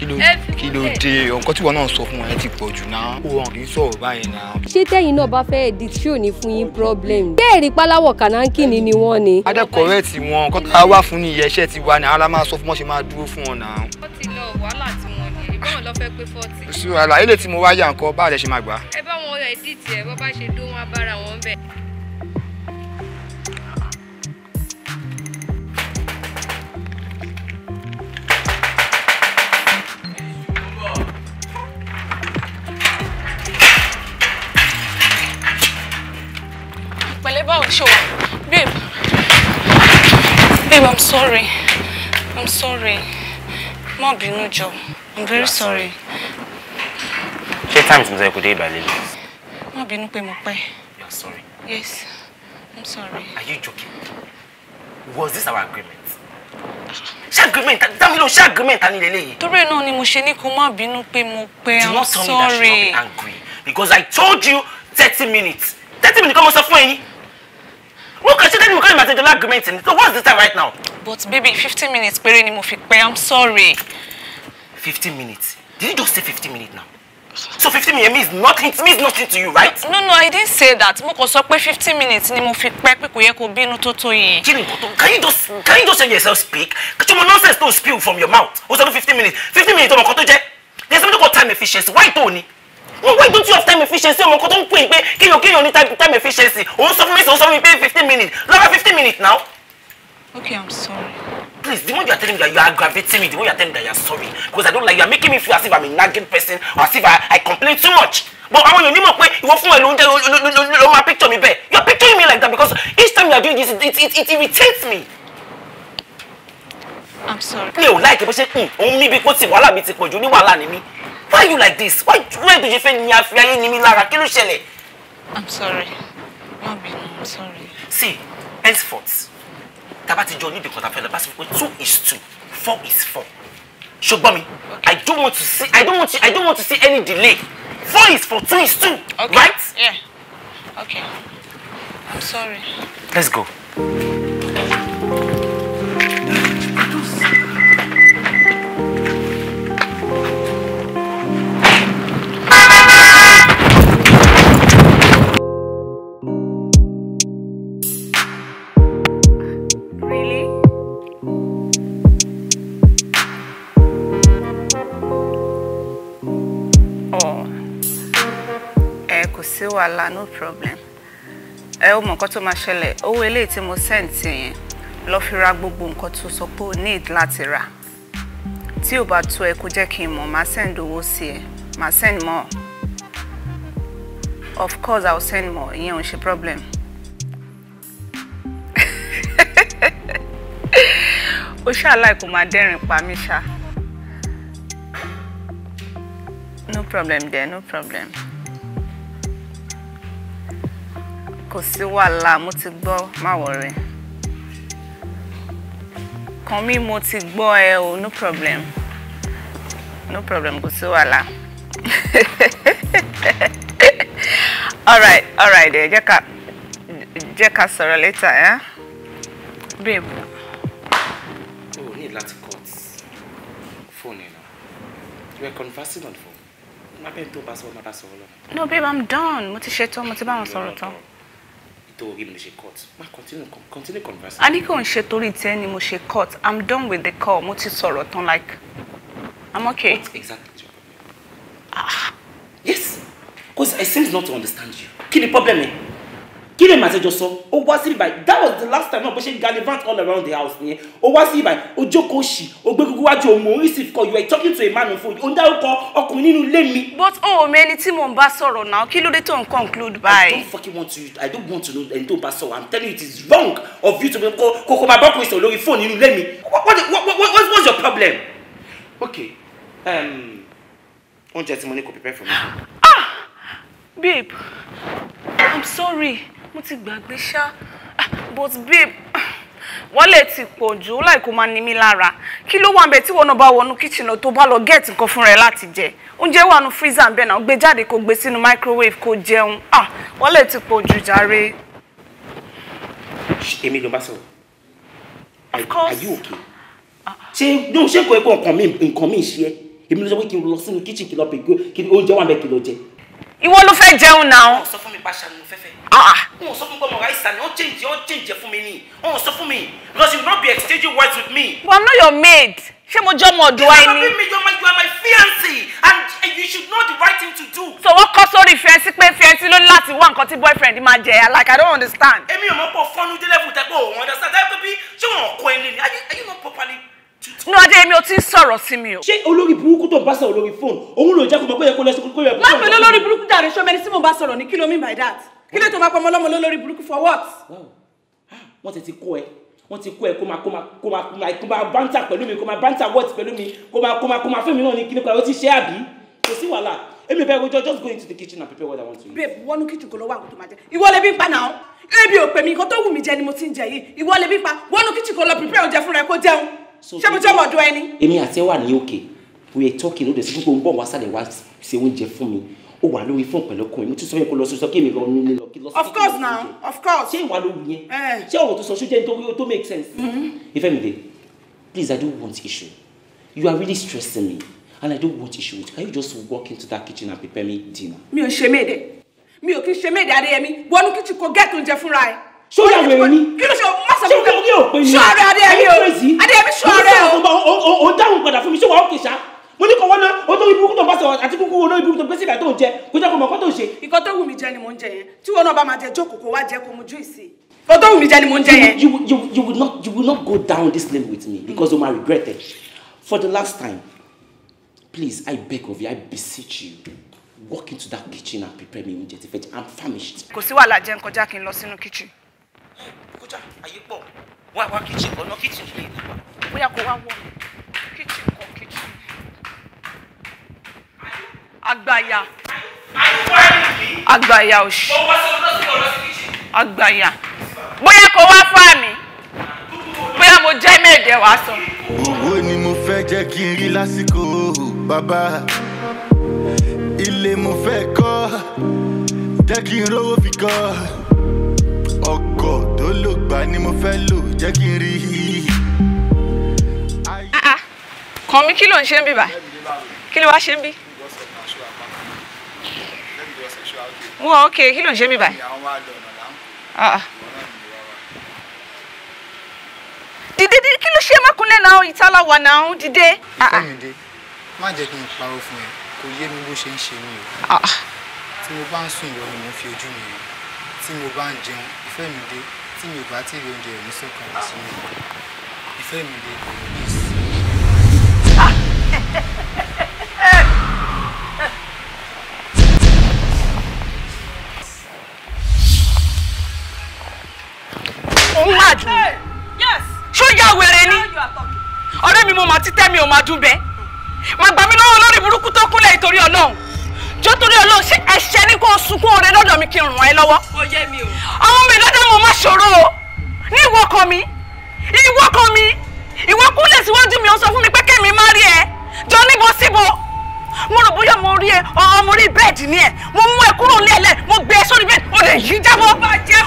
S6: kí ló dé nǹkan tí wọn náà sọ fún wọn ẹ ti pọ̀ jù náà ó hàn kì í sọ̀rọ̀ báyìí náà.
S4: ṣé tẹ́yìn náà bá fẹ́ edit tí ò ní fún yín problem. béèrè pálawọ̀ kànáńkì ni ni wọ́n ni. adé correct
S6: wọn nǹkan tá a wá fún ní iye iṣẹ́ ti wá ni ara máa sọ fún wọn ṣe máa dúró fún wọn náà. wọ́n ti lọ wàhálà tí wọ́n
S4: ní ìbọn lọ fẹ́ pé fọ́ọ̀tì. sùúrù
S6: àlàyé lè tí mo wá yà nǹkan báà lẹ ṣe máa gbà.
S4: ẹ bá wọn edit ẹ bọ́ bá ṣe dó wọn abára wọn bẹ́ẹ̀.
S3: pẹ̀lẹ́ báwo ṣe wà babe babe i'm sorry i'm sorry má bínú jọ i'm very sorry.
S1: ṣé time tí mo sọ kò dé ìbàlẹ̀ lọ.
S3: má bínú pé mo pẹ́. you're sorry. yes i'm
S1: sorry. are you joking was this our agreement. ṣé agreement dámi ló ṣé agreement ta ni lélẹ́yìí.
S3: torí náà ni mo ṣe ní kó má bínú pé mo pẹ́ i'm sorry. do not
S1: tell me that she no be angry because i told you thirty minutes thirty minutes kọ́ mo sọ fún ẹ̀yin. Look, I wọ́n kàn ṣe lẹ́nu ìkọ́ni material agreement ni so what's the time right now.
S3: but baby 15 minutes péré ni mo i'm sorry.
S1: 15 minutes did you just say 15 minutes now.
S3: So 15 minutes means nothing. It means nothing to you, right? No, no, I didn't say that. Mo kàn sọ pé 15 minutes
S1: ni mo fi pẹ́ pé kò yẹ kó bínú tó tó yìí. Can you just can you just let yourself speak? Kí mo nonsense Don't spill from your mouth. Ó sọ 15 minutes. 15 minutes ọmọ kan tó jẹ́. There's something called time efficiency. Why tó ni? wọ́n wọ́n ìdúntì of time efficiency ọmọ nǹkan tó ń pè pé kéèyàn kéèyàn ní time efficiency òun sọ fún mi òun sọ fún mi pé fifteen minutes lọ́wọ́ fifteen minutes now.
S3: okay i'm sorry.
S1: please the one you are telling me that you are aggravating me the one you are telling me that you are sorry because i don't like you are making me feel as if i'm a nagging person or as if i i complain too much but àwọn èèyàn onímọ̀ pé ìwọ fún ẹ ló ń jẹ́ ló máa picture mi bẹ́ẹ̀ you are picturing me like that because each time you are doing this it it it, it irritates me. i'm sorry. mi ò láìkí bó ṣe ń hmm, òun mi bí kó ti wàhálà mi ti pọ̀jù ní wàhálà ni mí why are you like this why why did you fẹ́ ni àfi ayé ni mi lára i'm sorry má i'm sorry. see henceforth taba ti jọ níbi kan ta fẹ́ lọ bá two is two four is four ṣùgbọ́n mi i don't want to see i don't want to, i don't want to see any delay four is four two is two okay. right.
S3: Yeah. okay i'm sorry. let's go. wàhálà no problem ẹ ó mọ nǹkan tó máa ṣẹlẹ̀ owó eléyìí tí mo send yẹn lọ fi ra gbogbo nǹkan tó sọ pé o need láti rà tí ò bá tó ẹ kó jẹ́ kí n mọ̀ máa send owó sí ẹ máa send more of course i will send more ìyẹn ò ṣe problem. ó ṣàlàyé kò máa dẹ́rìn pa mí ṣá. no problem there no problem. kò sí wàhálà mo ti gbọ́ máwọ̀ rẹ̀ kàn mí mo ti gbọ́ ẹ o no problem no problem kò sí wàhálà alright alright ẹ jẹ́ ká jẹ́ ká sọ̀rọ̀ later ẹ́ eh? babe.
S1: o oh, ní láti cut phone yẹn you were conversing on phone má bẹ́ẹ̀ tó bá sọ ọ́ má bá sọ ọ́ lọ. no babe
S3: i'm done mo ti ṣetán mo ti bá wọn sọ̀rọ̀ tán
S1: tó rí mi cut má continue continue conversation. a ní kò
S3: ń ṣe torí tiẹ̀ ni cut i'm done with the
S1: call mo ti sọ̀rọ̀ tán like i'm okay. what exactly is your problem. ah yes because i seem not to understand you kí the problem eh? kí lè máa ṣẹjọ sọ ó wá sí ibà that was the last time náà bó ṣe gallivant all around the house nìyẹn ó wá sí ibà ó jókòó ṣì ó gbé gbogbo wájú òun òun receive call you are talking to a man on phone ó ń dárúkọ ọkùnrin nínú ilé mi. but
S3: o oh, ò mọ ẹni tí mò ń bá sọ̀rọ̀ náà kí ló dé tó ń conclude by. i don't
S1: fucking want to i don't want to know ẹni tó ń bá sọ̀rọ̀ i'm telling you it is wrong of you to be kó kó máa bá ọkùnrin sọ̀rọ̀ lórí fóònù nínú ilé mi what what what what what's your problem. okay Um. tí mo ní prepare for me. ah
S3: babe i'm sorry mo ti gbàgbé ṣá ah, but babe wọ́n lè ti pọ̀ jù láì kó máa ní mi lára kí ló wà ń bẹ tí wọn náà bá wọnú kíchìnà tó bá lọ gẹ́ẹ̀tì nǹkan fúnra ẹ láti jẹ oúnjẹ wà nù freezer bẹ́ẹ̀ náà gbé jáde kó gbé sínú microwave kó jẹun ah, wọ́n lè ti pọ̀ jù jàre.
S1: èmi ló bá sọ̀rọ̀ are you okay ah. ṣé ní o ṣe kọ ẹ̀kọ́ nǹkan mi nǹkan mi ṣe ẹ èmi ló sọ pé kí n lọ sínú kíchìn kí n lọ pè kí oúnjẹ wà ń bẹ kí n lọ jẹ. ìwọ ló fẹ́ jẹun náà. sọ fún mi pàṣẹ mo fẹ́ fẹ́ Ah, ah. wọn sọ fún gbọmọ raisa ni wọn change wọn change fún mi ni wọn sọ fún mi because you not be exchanging words with me. but i'm not your
S3: maid ṣé mo jọ́ mọ̀ ọ̀dùn wa ni. you are
S1: my you are my fiancé and you should know the right thing to do. so wọ́n kọ́ sórí fiancé pé fiancé ló ní láti wá nǹkan tí boyfriend máa jẹ like i don't understand. èmi ò mọ̀ pọ̀ fọ́nú délẹ̀ fún tẹ́gbọ́ òun understand. sáà dábẹ́ bí ṣé wọn kọ ẹni ni are you not properly. nínú ọjọ́ èmi ò ti ń sọ̀rọ̀ sí mi o. ṣé olórí burúkú tó ń bá sọ̀rọ̀ lórí fóònù òun ló jẹ́ kó mọ̀ pé yẹ kó lẹ́sìn kó yẹ kó that kí ló tó máa pọmọ lọ́mọ lórí burúkú for what. Hmm. wọ́n ti ti kó ẹ wọ́n ti kó ẹ kó máa kó máa kó máa kó máa báńtà pẹ̀lú mi kó máa báńtà wọ́ọ̀tì pẹ̀lú mi kó máa kó máa kó máa fún mi náà ní kíní kan ó ti ṣe àbí kò sí wàhálà èmi bẹ́ẹ̀ wọ́n just go into the kitchen and prepare what I want to eat.
S3: babe wọnú kitchen kò lọ wá àwọn tó máa jẹ
S1: ìwọ lè bí pa náà ebi
S3: ò pè mí nǹkan tó wù mí jẹ ni mo ti ń jẹ yìí ìwọ lè bí pa wọnú kitchen kò lọ prepare oúnjẹ fúnra ẹ kó jẹun ṣé mo jẹ́ ọmọ ọ̀dọ́ ẹni.
S1: èmi àti ẹ wà ní òkè we are talking ó dẹ̀ sí gbogbo ń bọ̀ wá sálẹ̀ wá ṣe oúnjẹ fún mi ó wà lórí fún pẹ̀lú mo ti sọ yẹn kó lọ sọ kí èmi lọ nílé lọ kí lọ sọ. of course now of course. ṣé ìwà ló wù yẹn eh. ṣé ọ̀rọ̀ tó sọ ṣó jẹ́ nítorí tó make sense. Mm-hmm. Ifemide please I don't want issue you are really stressing me and I don't want issue with you can you just walk into that kitchen and prepare me dinner.
S3: mi ò ṣe méde mi ò kí ṣe méde Adéyẹmí wọnú kitchen kò gẹ́ẹ̀tì oúnjẹ fúnra ẹ̀.
S1: sórí àwọn èrò ni kí ló ṣe má sọ fún mi. ṣé o ní òpin ni ṣọ́ ọ̀rẹ́ Adéyẹmí o Adéyẹmí ṣọ́ ọ̀rẹ́ o. o dáhùn padà fún mi ṣé wàá ó kè ṣá mo ní kò wọ́n náà ó tó ibú tó ń bá sọ àti kúkú wọn náà ibú tó gbé sílẹ̀ tó ń jẹ kó jẹ́ kó mọ̀ kó tó ń ṣe.
S3: ìkan tó wù mí jẹ ni mò ń jẹ yẹn
S1: tí wọn náà bá máa jẹ jókòó kó wá jẹ kó mu júìsì ìkan tó wù mí jẹ ni mò ń jẹ yẹn. you you you will not you will not go down this lane with me because o ma regret it for the last time please i beg of you i beseech you walk into that kitchen and prepare me oúnjẹ ti fẹ́ jẹ i'm famished.
S3: kò sí wàhálà jẹun kọjá kí n lọ sínú kitchen. kọjá
S1: àyè pọ̀ wá wá kitchen ọ̀nà kitchen lè wá bóyá kò
S5: àgbàyà
S3: àgbàyà òṣì àgbàyà
S1: bóyá kò wá fún àmì bóyá mo jẹ́ mẹ́ẹ̀dẹ̀ wá sọ.
S8: owó ni mo fẹ́ jẹ́ kí n rí lásìkò bàbá ilé mo fẹ́ kọ́ jẹ́ kí n rówó fi kọ́ ọkọ̀ tó lò gbà ni mo fẹ́ lò jẹ́ kí n rí i.
S3: Ah, ah. kàn mí kí ló ń ṣe ń bíbá kí ló wá ṣe ń bí.
S6: wọ́n ok kí ló ń ṣe mí báyìí.
S3: Ah, ah. dìde dìde kí ló ṣe mákúnlẹ̀ náà ìtàlá wà náà dìde. ìfẹ́mìdé
S6: ah, má jẹ́ kí n parọ́ fún ẹ kò yé mi bó ṣe ń ṣe mí o tí mo bá ń sùn ìwọ ni mò ń fi ojú mi rí tí mo bá ń jẹun ìfẹ́mìdé tí mi ò bá tí rí oúnjẹ mi sọ̀kan lọ sínú ìfẹ́mìdé kò ní í sí.
S3: òun máa dùn ṣó yá wèrè ni ọ̀rẹ́ mi mo máa ti tẹ́ mi ò máa dùn bẹ́ẹ̀ máa gbà mí lọ́wọ́ lórí burúkú tó kúnlẹ̀ ìtorí ọlọ́run jọ torí ọlọ́run ṣé ẹ̀ṣẹ̀ ní kó o sunkún ọ̀rẹ́ lọ́dọ̀ mi kí n ràn ẹ́ lọ́wọ́ ọmọ mi lọ́dọ̀ mo má ṣòro o ní ìwọ kan mi ìwọ kan mi ìwọ kúnlẹ̀ síwájú mi ó sọ fún mi pé kẹ́mi má rí ẹ jọ níbo síbo mo rò bóyá mo rí ẹ ọmọ orí bẹ́ẹ̀dì ni ẹ mo mú ẹ kúrò lẹ́lẹ̀ mo gbé ẹ sórí bẹ́ẹ̀dì o lè yí jábọ́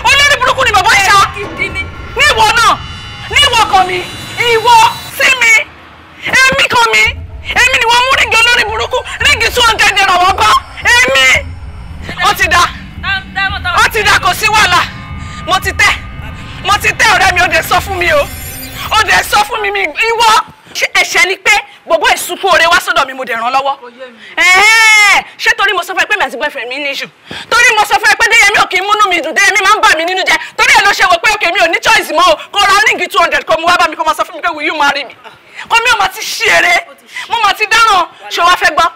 S3: olórí burúkú ni bàbá ṣá ní ìwọ náà ní ìwọ kan mi ìwọ sí mi èmi kan mi èmi ni wọ́n mú rígi olórí burúkú rígi two hundred naira wọ́n gbọ́ èmi ó ti da
S4: ó ti da kò sí wàhálà
S3: mo ti tẹ́ mo ti tẹ́ ọ̀rẹ́ mi ó dẹ̀ sọ fún mi o ó dẹ̀ sọ fún mi ìwọ ẹ̀ṣẹ̀ ni pé gbogbo ìsúnfún oore wá sọ́dọ̀ mi mo dẹ̀ ràn lọ́wọ́ ṣé torí mo sọ fún ẹ pé mi àti boyfriend mi ní ìṣù torí mo sọ fún ẹ pé déyẹmí ò kì í múnú mi dùn déyẹmí máa ń bà mí nínú jẹ́ torí ẹ ló ṣe wò pé òkè mi ò ní choice mọ́ o kó ra ríǹgì two hundred kó mu wá bá mi kó máa sọ fún mi pé will you marry me kó mi ò máa ti ṣeré mo máa ti dáràn ṣé wàá fẹ́ gbọ́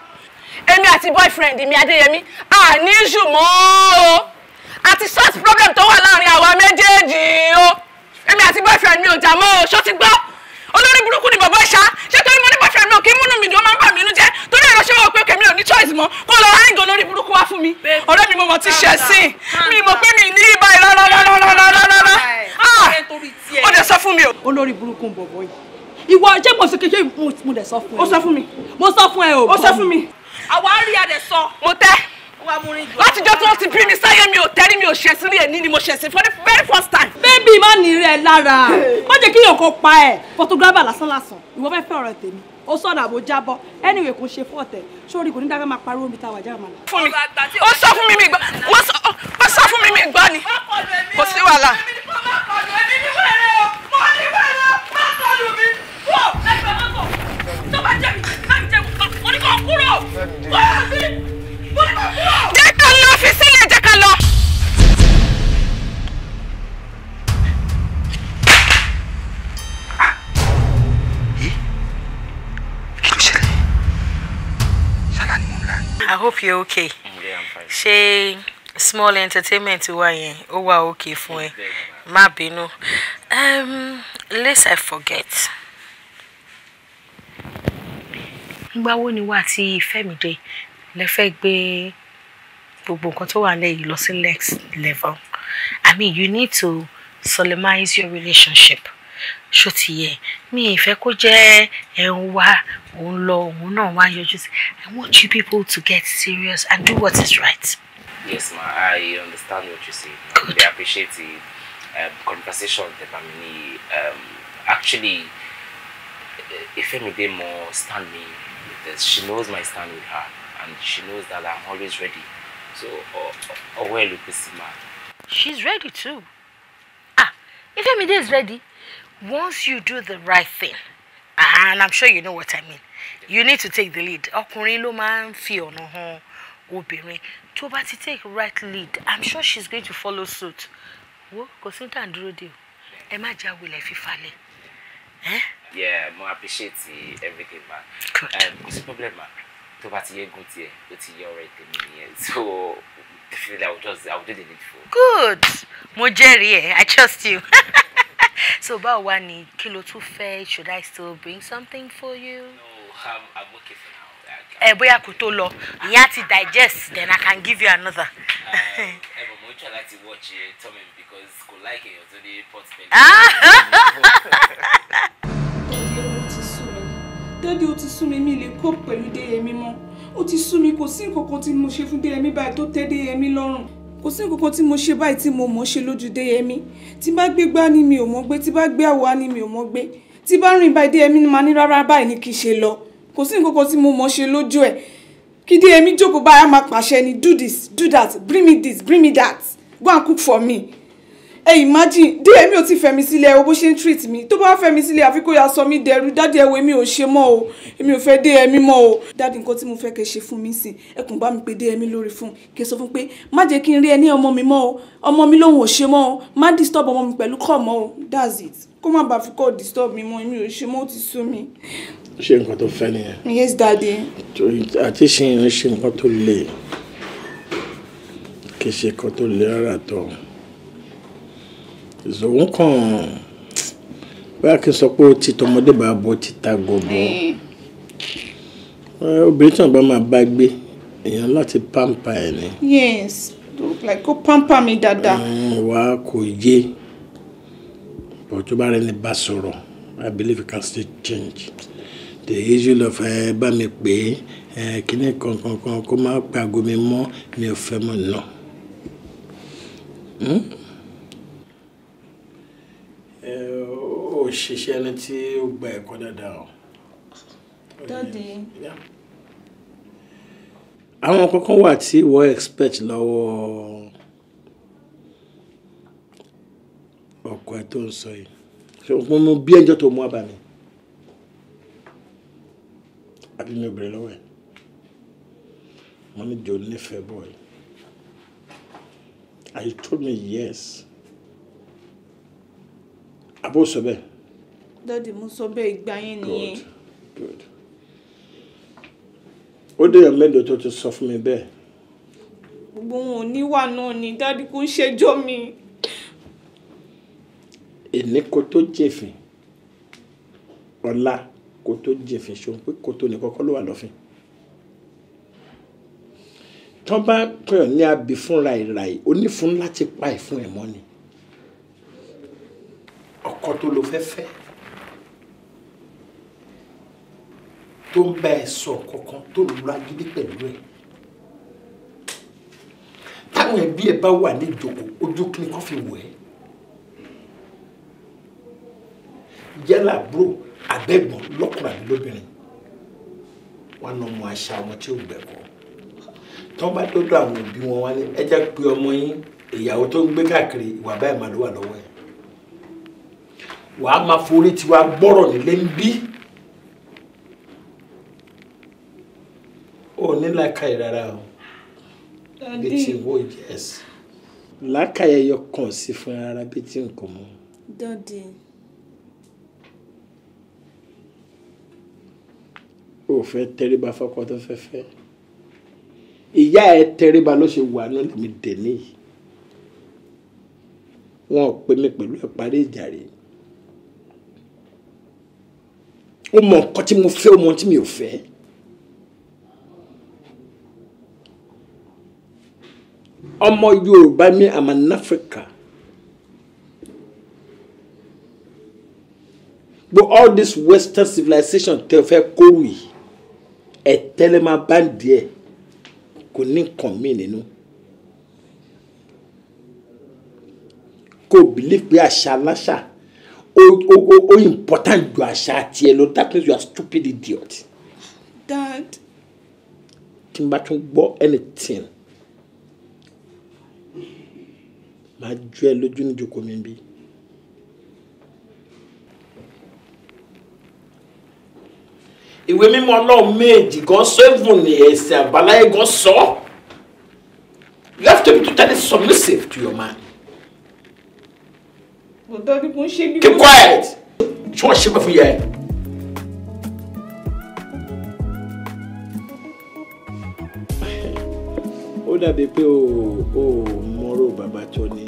S3: èmi àti boyfriend mi adéyẹmí à ní ìṣù mọ́ o àti source problem to wà láàrin àwa méjèèjì o èmi àti boyfriend mi ò jà mọ́ o ṣó ti gbọ́ olórí burúkú ni bàbá ṣá ṣé torí mo ní boyfriend náà kí múnú mi dùn ó máa ń bà mí inú jẹ́ torí ẹ̀rọ ṣé wọ́n pé kẹ̀mí ò ní choice mọ́ kó lọ hang olórí burúkú wá fún mi ọ̀rẹ́ mi mo mọ̀ ti ṣẹ̀ sí mi mọ̀ pé mi ní ibà ìrọ̀rọ̀rọ̀rọ̀rọ̀rọ̀
S1: ah! ó dẹ̀ sọ fún mi o.
S3: olórí burúkú ń bọ̀bọ̀ yìí ìwọ jẹ́ mo ṣe mo dẹ̀ sọ fún ẹ. ó sọ fún mi. mo sọ fún ẹ o. ó sọ fún mi.
S1: àwa rí adẹ̀ sọ. mo
S3: tẹ́ láti jọ́ tí wọ́n ti bí mi sáyé mi ò tẹ́rí mi ò ṣẹ̀sìn rí ẹ̀ní ni mo ṣẹ̀sìn for the very first time. bébì má ní rẹ lára má jẹ́ kí èèyàn kan pa ẹ̀
S4: photographer lásán lásán ìwọ fẹ́ fẹ́ ọ̀rọ̀ tèmi ó sọ̀rọ̀ àbò jábọ́ anyway kò ṣe fọ́ọ̀tẹ̀ sórí kò ní dáká máa pariwo mi ta wà jáàmà lọ.
S3: fún mi ó sọ fún mi mi gbọ́ ni
S4: kò sí wàhálà. hope you're okay. Yeah, I'm fine. Ṣé small entertainment Why? Oh, wow, okay fún ẹ no. um lest I forget. Ìgbà wo ni wà tí Fẹ́midé lè fẹ́ gbé gbogbo nǹkan tó wà lẹ́yìn lọ sí next level? I mean you need to solemnize your relationship ṣó ti yẹ mi ìfẹ́ kó jẹ́ ẹ̀hún wa òun lọ òun náà wá yọjú sí I want you people to get serious and do what is right.
S1: Yes ma I understand what you say. Good. I appreciate the um, conversation the family um, actually Ifemide mo stand me with this she knows my stand with her and she knows that I'm always ready so ọwọ́ ẹ̀ ló pèsè ma.
S4: She's ready too. Ah Ifemide is ready once you do the right thing uh-huh, and i'm sure you know what i mean you need to take the lead ọkùnrin ló máa ń fi ọ̀nà hàn obìnrin tó bá ti take right lead i'm sure she's going to follow suit wo kò sí dàn dúró de o ẹ má já wulẹ̀ fífalẹ̀.
S1: yeah mo appreciate everything ma um, kò sí problem ma tó bá ti yẹ gùn tiẹ̀ ó ti yẹ ọ̀rẹ́ tèmi nìyẹn so definitely i will just i will do the needful.
S4: good mo jẹ́rìí ẹ i trust you. so about one kilo kí ló should I still bring something for you. no um,
S1: I'm okay for now.
S4: ẹ eh, bóyá kò tó You ìyẹn á ti digest then I can give you another. ẹ um, bọ̀
S1: eh, mo ń try láti watch eh, Tommy because kò láìkè èèyàn tó ní pot belly. Ah!
S3: dádì ó ti sú mi mi lè kó pẹ̀lú déyẹmí mọ́ ó ti sú mi kò sí nǹkan kan tí mo ṣe fún déyẹmí báyìí tó tẹ́ déyẹmí lọ́rùn kò sí nǹkan kan tí mo ṣe báyìí tí mo mọ̀ ṣe lójú déyẹmí tí bá gbé gbá ni mi ò mọ̀ gbé tí bá gbé àwa ni mi ò mọ̀ gbé tí bá rìn báyìí déyẹmí ni màá ní rárá báyìí ni kì í ṣe lọ kò sí nǹkan kan tí mo mọ̀ ṣe lójú ẹ̀ kí déyẹmí jókòó báyà máa pàṣẹ ni do this do that bring me this bring me that go and cook for me ẹ imagine dé èmi ò ti fẹ́ mi sílẹ̀ o bó ṣe ń treat mi tó bá fẹ́ mi sílẹ̀ àfi kó ya sọ mí dẹrú dáàdì ẹ̀wọ̀ èmi ò ṣe mọ́ o èmi ò fẹ́ dé ẹ̀mí mọ́ o dáàdì nǹkan tí mo fẹ́ kẹ́ ṣe fún mi sìn ẹ kàn bá mi pé dé ẹ̀mí lórí fún kẹ́ sọ fún pé má jẹ́ kí n rí ẹni ọmọ mi mọ́ o ọmọ mi lòun ò ṣe mọ́ o má disturb ọmọ mi pẹ̀lú kọ̀ mọ́ o that's it kó má bàa fi kọ́ disturb mi mọ́ èmi ò ṣe mọ́ ó ti sú mi.
S2: ṣé nǹkan tó fẹ́ nìyẹn. yes daddy. àti ṣe ìrìn ṣe nǹkan tó le kì í ṣe nǹkan tó le rárá tó òun kàn báyà kí n sọ pé ó ti tọmọdé bá bọ́ ti ta gọ̀bọ́ obìnrin tí wọn bá máa bá gbé èèyàn láti pampa ẹ ni.
S3: yes like kó pampa mi dáadáa.
S2: wà á kò yé bọ̀ tó bá rẹ ní bá sọ̀rọ̀ I believe you can still change the issue of ẹ bá mi pè é ẹ kíní kankan kan kó má pàgọ́ mi mọ́ mi ò fẹ́ mọ̀ náà. Hmm? ṣiṣẹ́ ẹni tí ó gba ẹ̀kọ́ dáadáa o. dọ́dí. àwọn kankan wà tí ìwọ expect lọ́wọ́ ọkọ ẹ tó ń sọ yìí ṣùgbọ́n mo bí ẹjọ́ tó mú abàmì àbí mi ò bèrè lọ́wọ́ ẹ̀ mo ní jò nífẹ̀ẹ́ bọ́ọ̀ yìí you told me yes. Abo sọ bẹ́ẹ̀
S3: dọ́dì mú sọ bẹ́ẹ̀ ìgbà yẹn nìyẹn.
S2: ó dèèyàn mélòó tó ti sọ fún mi bẹ́ẹ̀.
S3: gbogbo wọn ò níwà náà ni dádì kò ń ṣẹjọ́ mi.
S2: èmi kò tó jẹ̀fìn ọ̀la kò tó jẹ̀fìn ṣòun pé kò tó nìkan kọ́ ló wà lọ́fìn. tọ́ bá pẹ̀yàn ní abì fúnra ìràyè onífun láti pa ìfun ẹ̀ mọ́ ni ọkọ tó lo fẹ́ fẹ́. Fe tó ń bá ẹ sọ kankan tó lura gidi pẹ̀lú ẹ táwọn ẹbí ẹ bá wà ní ìjókòó ojú kí ni kò fi wọ̀ ẹ́ yálà bro àbẹ̀gbọ̀n lọ́kùnrin àbí lóbìnrin wọn nà ọmọ àṣà ọmọ tí ó gbẹ̀kọ́ tó bá dọ́dọ̀ àwọn òbí wọn wá ní ẹjẹ́ pé ọmọ yín ìyàwó tó ń gbé káàkiri ìwà báyìí máa ló wà lọ́wọ́ ẹ̀ wàá máa forí tiwa gbọ́rọ̀ nílé ń bí. ò ní làákàyè rárá o bí ti wo yes làákàyè yọ kàn sí fún ara bí ti nǹkan mu. dọ́dí. o fẹ́ tẹríba fọ́kọ tó fẹ́ fẹ́ ìyá ẹ tẹríba ló ṣe wà náà lèmi dè níyì wọn ò pè mí pẹ̀lú ẹ̀ parí ìjà rèé ó mọ nǹkan tí mo fẹ́ ó mọ tí mi ò fẹ́ ọmọ yorùbá mi I'm an African but all this western civilization tẹ fẹ́ kóru yìí ẹ tẹ́lẹ̀ máa bá ń díẹ̀ kò ní nǹkan mí nínú kò believe pé àṣà aláṣà o o o o important ju àṣà tiẹ̀ lọ that means you are stupid idiot. dad. tí n bá tún gbọ́ anything màá ju ẹ lójú níjókòó mi bí. ìwé mímọ́ ọlọ́run méjì gan sẹ́fùn ní ẹ̀sìn àbáláyé gan sọ you have to be totally submissive to your man.
S3: ọ̀dọ́ ni mo ń ṣe bí keep
S2: quiet ṣé wọ́n ṣe pé yẹ. ó dàbí pé o ò àbúrò bàbá tó ní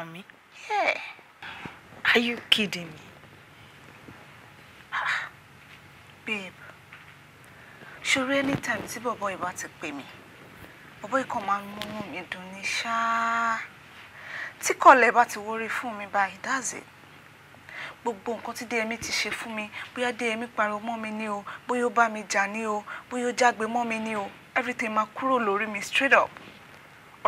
S3: ọkàn mi. Yeah. Are you kidding me? Ah, babe, ṣòro anytime tí bọ̀bọ̀ ìbá ti pè mí, bọ̀bọ̀ ikọ̀ máa ń múnú mi dùn ní ṣáá. Tí kọ̀lẹ̀ bá ti wọrí fún mi báyìí, that's it gbogbo nǹkan tí Déyẹmí ti ṣe fún mi bóyá Déyẹmí pariwo mọ́ mi ní o bóyá ó bá mi jà ní o bóyá ó jágbe mọ́ mi ní o everything máa kúrò lórí mi straight up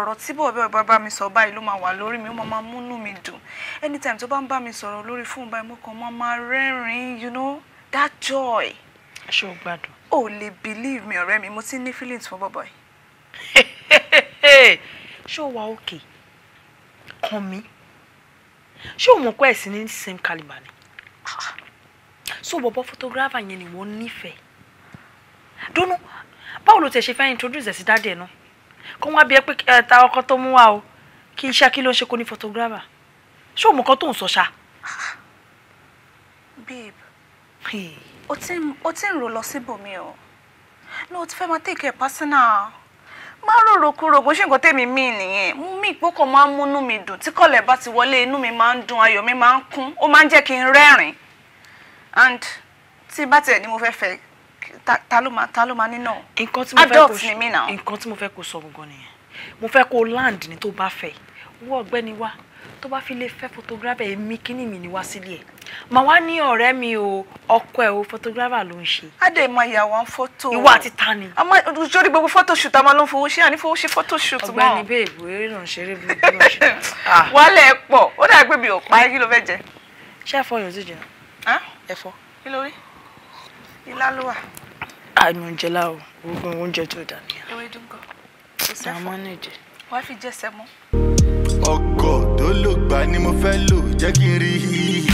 S3: ọ̀rọ̀ tí bọ̀bẹ́ ọba bá mi sọ báyìí ló máa wà lórí mi ó máa máa múnú mi dùn anytime tó bá ń bá mi sọ̀rọ̀ lórí fóònù báyìí mo kàn máa máa rẹ́rìn-ín you know that joy. aṣọ ò o lè believe mi ọ̀rẹ́ mi mo ti ní feelings fún bọ̀bọ̀ yìí. ṣé o wà òkè kan mi
S4: ṣé o mọ̀ pé ẹ̀sìn ní same calibre ni so bọ̀bọ̀ photographer yẹn ni wọ́n nífẹ̀ẹ́ dúnú báwo ló ti ṣe fẹ́ introduce ẹ̀ sí dáadé náà kó wá bí ẹ pé ẹ ta ọkọ tó mú wa o kí iṣẹ́ kí ló ń ṣe kó ní photographer ṣé o mọ̀ kan tó ń sọ ṣá.
S3: babe o ti o ti ń rò lọ síbòmí o ní o ti fẹ́ máa take ẹ̀ personal má rorò kúrò bó ṣe nǹkan tèmi mí nìyẹn mú mi ìpókò máa ń múnú mi dùn tí kọ̀lẹ̀ bá ti wọlé inú mi máa ń dùn ayọ̀ mi máa ń kún ó máa ń jẹ́ kí n rẹ́rìn-ín and tí bá tiẹ̀ ni mo fẹ́ fẹ́ taluma taluma máa ta ló máa nínà adult ni mí náà.
S4: nǹkan tí mo fẹ́ kó sọ gangan nìyẹn mo fẹ́ kó land ni tó bá fẹ́
S3: wọ́n ọ̀gbẹ́ni wá tó bá fi lè
S4: fẹ́ photographer èmi kíní mi ni wá sílé ẹ̀ mà wá ní ọ̀rẹ́ mi o ọkọ ẹ̀ o
S3: photographer ló ń ṣe. adé máa yà wá fọ́tò. ìwọ àti ta ni. a máa sórí gbogbo photo shoot a máa ló ń fowó ṣe àní fowó ṣe photo shoot mọ́. ọ̀gbẹ́ni babe eré náà ṣeré bí wọ́n ṣe. Ah. wálé ẹ pọ̀ ó dàbí pé mi ò pa kí ló fẹ́ jẹ. ṣé ẹ̀fọ́ yóò ti jẹun. ẹ̀fọ́ kí ló rí ilá ló wà
S4: àmì ah, oúnjẹ oògùn oúnjẹ tó dà ní.
S3: ewé dúnkọ ìsàmọ́ nìjẹ. wá fi jẹ sẹ́mọ́.
S4: ọkọ̀ tó lò gbà ni mo
S8: fẹ́ lò jẹ́ kí n rí i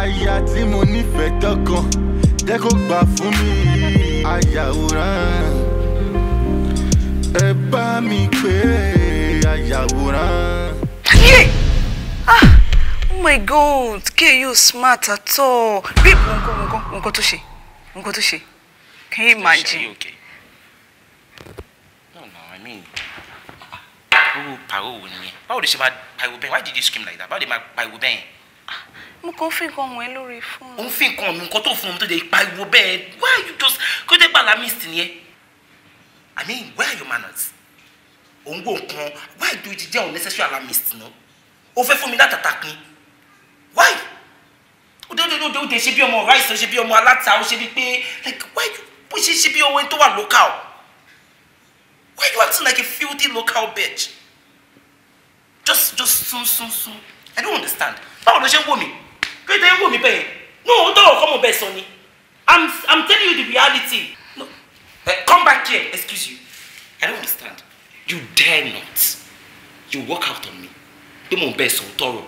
S8: aya tí mo nífẹ̀ẹ́ tọkàn jẹ́ kó gbà fún mi ayàwòrán ẹ bá mi pé ayàwòrán.
S3: Ah! oh my god kí èyí smart at all bí nǹkan nǹkan nǹkan tó ṣe nǹkan tó ṣe can you imagine. ṣe okay
S1: no no i mean owó pàrọ̀ wò nìyẹn báwo lè ṣe why did you scream like that báwo did máa pariwo bẹ́ẹ̀.
S3: mo kàn fi nǹkan wọn lórí fóònù. òun
S1: fi nǹkan mi nǹkan tó fún mi ben? Why are you just Could ló dé gbàlá mist nìyẹn i mean where are your manners òun gbọ́ nǹkan why do you jẹ́ unnecessary alarmist No, over fẹ́ fún mi látàtà pin why òdododo ó dé ṣe bí ọmọ rice ṣe bí ọmọ aláta ó ṣe bí pé like why you bó ṣe ṣe bí ọmọ tó wà local why you acting like a filthy local bitch just just sun sun sun i don't understand báwo ló ṣe ń wò mí kí ló ṣe ń wò mí bẹ́ẹ̀ no ó tọrọ kọ́ mo bẹ́ẹ̀ sọ ni i'm i'm telling you the reality no uh, come back here excuse you i don't understand you dare not you walk out on me pé mo bẹ́ẹ̀ sọ tọrọ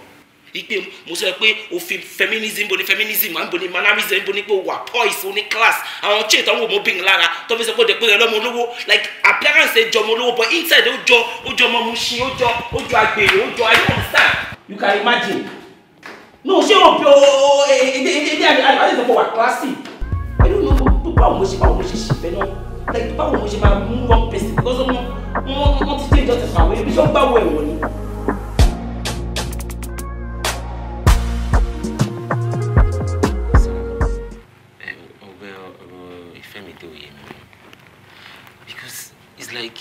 S1: ipe mo sọ pé òfin feminism bo ni feminism à ń bo ni mannerism bo ni pé wà poise o ní class àwọn chain tó ń wò mọ́ bìnrin lára tó fi sọ pé dẹ̀pẹ́ rẹ̀ lọ́mọ olówó like appearance ẹ̀ jọ ọmọ olówó but inside ó jọ ó jọ ọmọ musin ó jọ ó jọ agbèrè ó jọ ayé understand you can imagine no ṣé o bí o èdè èdè èdè àdìbàdì tó fọ wà classy pẹ̀lú ní báwo mo ṣe báwo mo ṣe ṣì fẹ́ náà like báwo mo ṣe máa mú one person because wọ́n ti change justice my way ibi tí wọ́n gbà wọ ẹ̀wọ̀ ni. like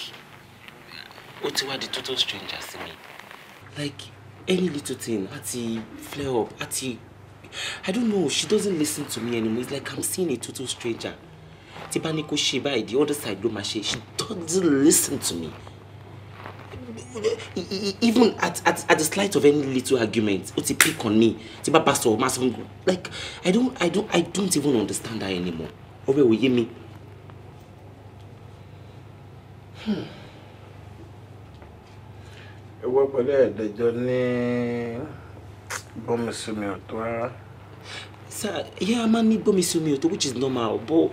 S1: Otiwa, the total stranger to me. like any little thing àti flare up àti i don't know she doesn't listen to me anymore it's like i'm seeing a total stranger tí bá ní kó ṣe the other side ló máa she doesn't listen to me even at at at the slight of any little argument Oti pick on me Tiba pastor bá like i don't i don't i don't even understand her anymore ọ̀rẹ́ will yé me?
S2: ẹwọ́ pẹ̀lú ẹ̀ẹ́dẹ́jọ́ ní
S1: gbọ́mísùmí ọ̀tọ̀ rárá. sir ìyá a máa ní gbọ́mísùmí ọ̀tọ̀ which is normal But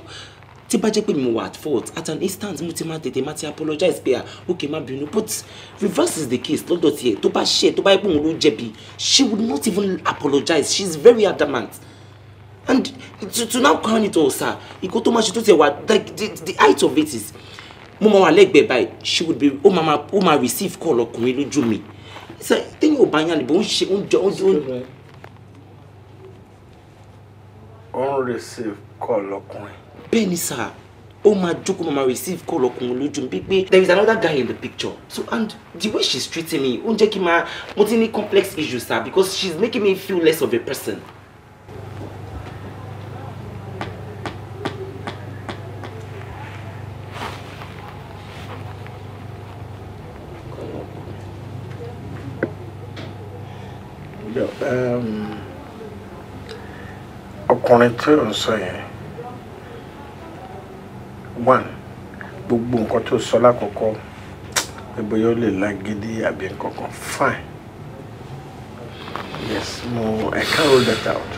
S1: tí bá jẹ́ pé mo wà at fault at an instant mo ti máa tètè máa ti apologize pé ah ok má bínú but reverse is the case lọ́dọ̀ tiẹ̀ tó bá ṣe tó bá yẹ pé òun ló jẹ̀bi she would not even apologize she is very adamant and to to now crown it all sir ìkó tó máa ṣe tó tiẹ̀ wà like the the height of it is mo máa wà lẹ́gbẹ̀ẹ́ báyìí she would be ó máa ó máa receive call ọkùnrin lójú mi ṣe téyìn ò bá yan àlè bó ń ṣe oúnjẹ oúnjẹ. ó ń receive call ọkùnrin. bẹ́ẹ̀ ni sà ó máa jókòó máa receive call ọkùnrin lójú mi pé there is another guy in the picture so and the way she's treating me ó ń jẹ́ kí n máa mo ti ní complex issues sir because she's making me feel less of a person.
S2: Ehm, ọkùnrin tí ò ń sọ yẹn one gbogbo nǹkan tó sọ lákòókò gbogbo yóò lè lágídí àbí nǹkankan fine yes mo i can roll that out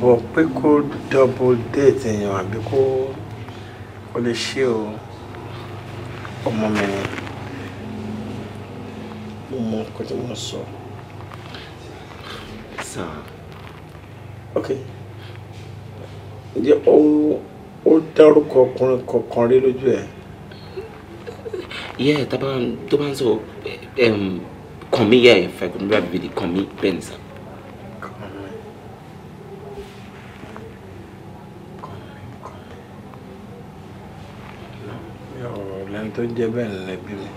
S2: bọ̀ pé kó double date èèyàn àbí kó kó lè ṣe o ọmọ mi ni mo mọ nǹkan tí mo sọ. So sir. okay ǹjẹ́ ó ó dárúkọ ọkùnrin kankan rí lójú ẹ̀.
S1: yẹ tábà tó bá ń sọ um, kàn mí yẹ ẹ̀fẹ̀ kò ní bá bèbè kàn mí bẹ́ẹ̀ ni sir.
S2: lẹ́ni tó jẹ́ bẹ́ẹ̀ lẹ́bí mi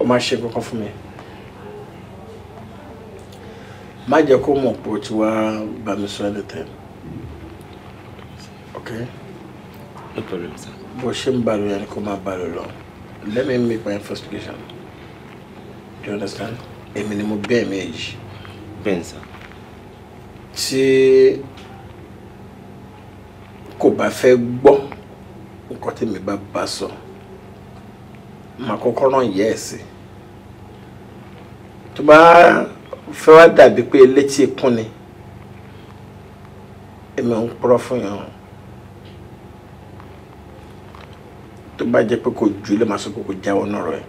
S2: ọ máa ṣe kankan fún mi má jẹ́ kó mọ̀ pé o ti wá mi sọ anything okay no problem sir bó ṣe ń balùwẹ̀ yẹn kó máa let me make my investigation do you understand èmi ni mo bẹ́ẹ̀ méjì. bẹ́ẹ̀ sir. tí kò bá fẹ́ gbọ́ nǹkan tí mi bá bá sọ màá kọ́kọ́ ràn yẹ́ ẹ̀ tó bá fẹ́ wá dàbí pé létí ikún ni èmi ń purọ́ fún yàn tó bá jẹ́ pé kò ju ilé màá sọ kò jáwọ́ nọ̀rọ̀ ẹ̀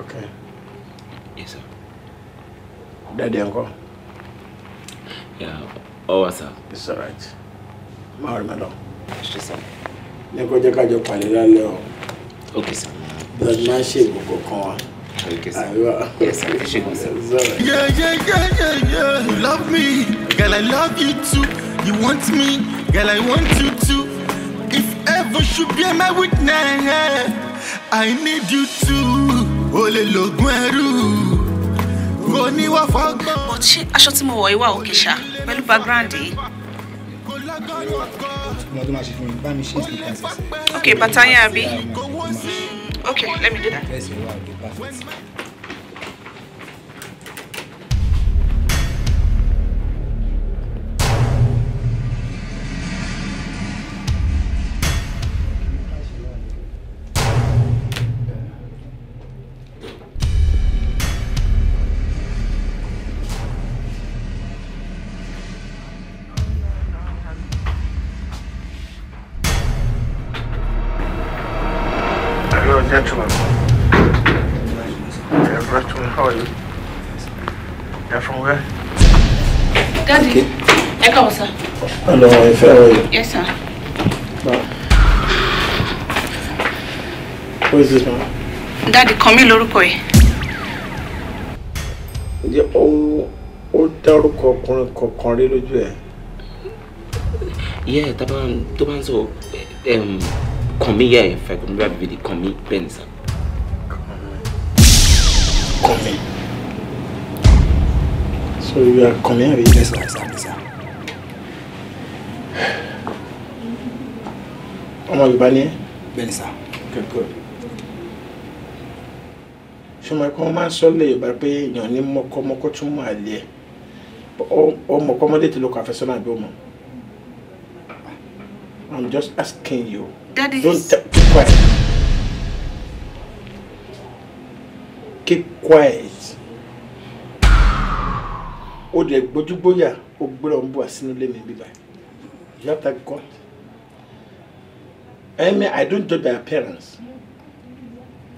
S2: ok dadi ẹ̀ ń kọ́.
S1: yeah all it's alright
S2: máa rí mi ṣe sọ. ní kó jẹ́ ká pàdé lálẹ́ o. ok sir. bí ọdún ṣe
S1: ìgbòkò kan wa. Yes. Yes,
S2: yeah, yeah, yeah, yeah,
S8: yeah. love me, girl. I love you too. You want me, girl. I want you too. If ever should be my witness, I need you too.
S3: Olè lògùn ẹrú. Oníwà fọ́gbọ́n. Bọ̀ ṣé aṣọ tí mo wọ̀ yìí wà òkè ṣá pẹ̀lú background Ok, bàtà yẹn àbí. Okay, let me do that. Yes, you are. Perfect.
S2: Fairway. Yes, sir. Ma'am. Who is this, ma'am?
S3: Daddy, kàn mí lórúkọ ẹ̀.
S2: Ǹjẹ́ ó ó dárúkọ ọkùnrin kankan rí lójú ẹ̀?
S1: Yẹ́ tá tó bá ń sọ kàn mí yẹ́ ẹ̀fẹ̀ kò ní bá bìbí kàn mí bẹ́ẹ̀ ni sá. Kàn mí. So you
S2: are coming here with this sir. ọmọ Yorùbá ni ẹ́. bẹ́ẹ̀ni sá. kẹ́kọ̀ọ́ sọmọ ẹ̀kọ́ máa ń sọ lè Yorùbá pé èèyàn ní mọ́kọ́mọ́kọ́ tún mọ́ àlẹ́ ọmọkọ́mọdé ti lóko àfẹ́sọ́nà àbí ọmọ. I'm just asking you. Daddy, don't keep quiet. Keep quiet. ó dẹ̀ gbójúgbóyà ó gbọ́dọ̀ ń bọ̀ sínú lẹ́mìí bíbá. You have that God. I mean, I don't judge by appearance.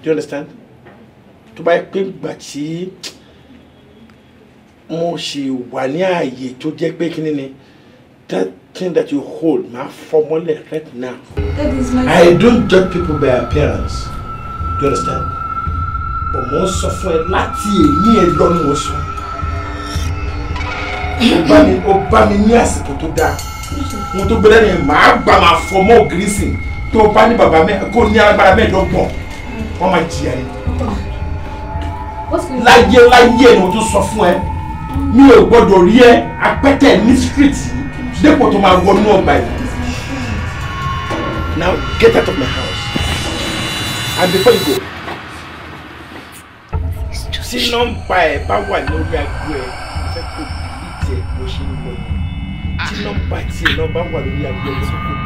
S2: Do you understand? To buy yẹ pé gbà tí mo ṣì wà ní ààyè tó jẹ́ pé kí that thing that you hold máa fọ́ mọ́lẹ̀ right now. That is my. I don't judge people by appearance. Do you understand? Bọ̀ mo ń sọ fún ẹ láti èyí ẹ lọ́nu mo sọ. Ó bá mi ó bá mi ní àsìkò tó dáa. Mo ni màá gbà máa fọ́ mọ́ tó bá ní bàbá mẹ́ kó ní agbára mẹ́ẹ̀ẹ́dọ́gbọ̀n wọ́n máa jìyà ẹ̀
S9: láyé
S7: láyé ni mo tún sọ fún ẹ mi ò gbọ́dọ̀ rí ẹ apẹ́tẹ̀ ní street dépò tó máa wọnú ọgbà yìí.
S2: Now get out of my house and before you go tí nọ́mbà ẹ bá wà lórí agbo ẹ fẹ́ kó bìlì tiẹ̀ bó ṣe ń wọlé tí nọ́mbà tiẹ̀ náà bá wà lórí agbo ẹ fẹ́ kó bìlì.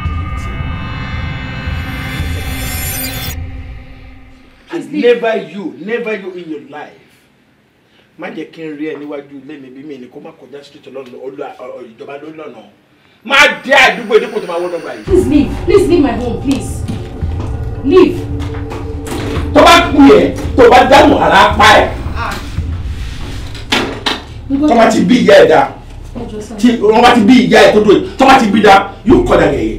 S7: and never
S2: you never you in your life má jẹ́ kí n rí ẹ níwájú ilé mi bí mi ní kó má kọjá street ọlọ́nà ìjọba lọ́nà má dé àdúgbò ìdíkùn tó máa wọ́n nọ́mbà yìí.
S4: please leave please leave my home please leave.
S7: tó bá kú yẹ tó bá dánù ara pa ẹ tó bá ti bí ìyá
S2: ẹ dá tí wọ́n bá ti bí ìyá ẹ tó dòye tó bá ti bí dá yóò kọ́ dàgẹ̀ yẹ.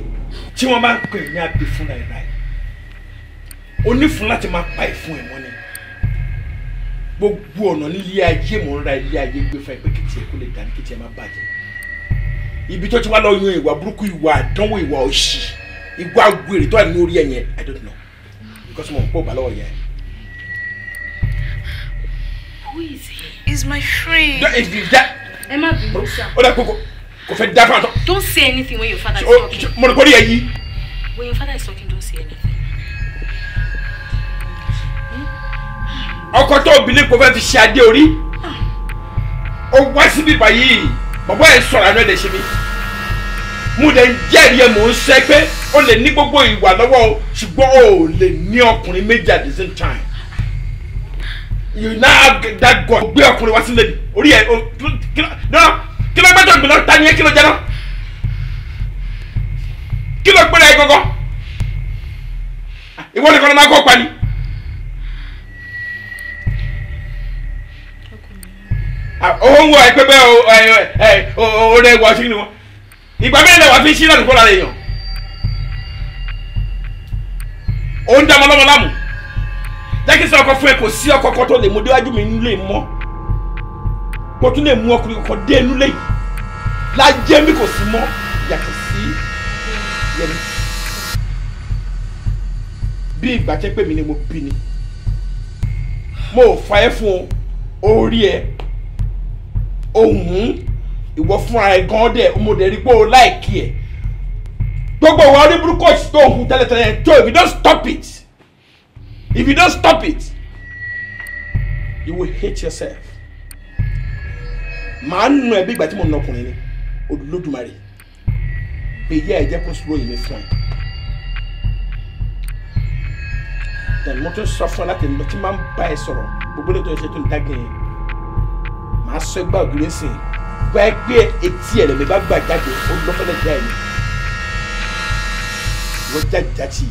S2: tí wọ́n bá ń pè ní abẹ fúnra ẹ̀ báyìí o ní máa pa ìfún ẹ̀ mọ́ ni gbogbo ọ̀nà nílé ayé mò ń ra ilé ayé gbé fún ẹ pé kìtì ẹ kó lè dà ní kìtì ẹ má bàjẹ́ ibi tó ti wá lọ yan ìwà burúkú ìwà àdánwò ìwà òṣì ìwà gbèrè tó wà ní orí ẹ i don't know because mo ń pọ̀ bá yẹn.
S3: who is he? he's my friend. don't if you da. ẹ
S4: má bínú sá.
S2: ó dà kókó kò fẹ́ dá fún àtọ.
S4: don't say anything when your father is talking. mo ní kó rí ẹ yí. when your father is talking don't say anything.
S2: ọkọ tó obìnrin kò fẹ́ fi ṣe adé orí ó wá síbí báyìí bàbá ẹ̀ sọ̀rọ̀ àná ẹ̀ ṣe mi mo dẹ̀ ń jẹ́rìí ẹ̀ mò ń sẹ́ pé
S7: o lè ní gbogbo ìwà lọ́wọ́ o ṣùgbọ́n o lè ní ọkùnrin méjì at the same time you na have that gun gbé ọkùnrin wá sílẹ̀ orí ẹ̀ o
S2: kí ló gbẹ́jọ́ gbìlọ́ ta ni ẹ kí ló jẹ́ náà kí ló gbẹ́rẹ́
S7: ẹ gọ́gọ́ ìwọ nìkan ló máa gọ́ pa ni. owó ń wọ ẹ pé
S2: bẹ́ẹ̀ o rẹ wà sí ni wọn ìgbà mẹ́rin náà wà fi sílẹ̀ nìkó lára èèyàn ó ń dámọ́ lọ́mọ láàmú jẹ́ kí n sọ ọkọ fún ẹ kò sí ọkọ kan tó lè mú déwájú mi nílé mọ́ kó tún lè mú ọkùnrin kan dé
S7: inú lé yìí lájẹ́ mi kò sí mọ́ yàtọ̀ sí yẹmi bí ìgbà tẹ́ pé mi ni mo bí ni
S2: mo fà ẹ́ fún orí ẹ ohun ìwọ fúnra ẹ gan dẹ ọmọdé rí pé o láìkí ẹ gbogbo ìwà oníburúkú ọ̀sì tó ohun tẹ́lẹ̀tẹ́lẹ̀ tó if you don't stop it if you don't stop it you will hate yourself màá nù ẹ bí ìgbà tí mo nà ọkùnrin ni olùlódùmarè pèyí ẹ jẹ́ kó sùúrù yìí mi fún ẹ. tẹ̀lé mọ́tò sọ fún ẹ láti lọ tí máa ń bá ẹ sọ̀rọ̀ gbogbo lè tó ẹ ṣe tó ń dá gẹ̀ẹ́ màá sọ ẹgbà ògiri ńsìn bá ẹ gbé etí ẹ lẹ́mẹ̀ bá gbà jáde ó ń lọ́fẹ́lẹ́ já ẹ ní wọ́n já jàtì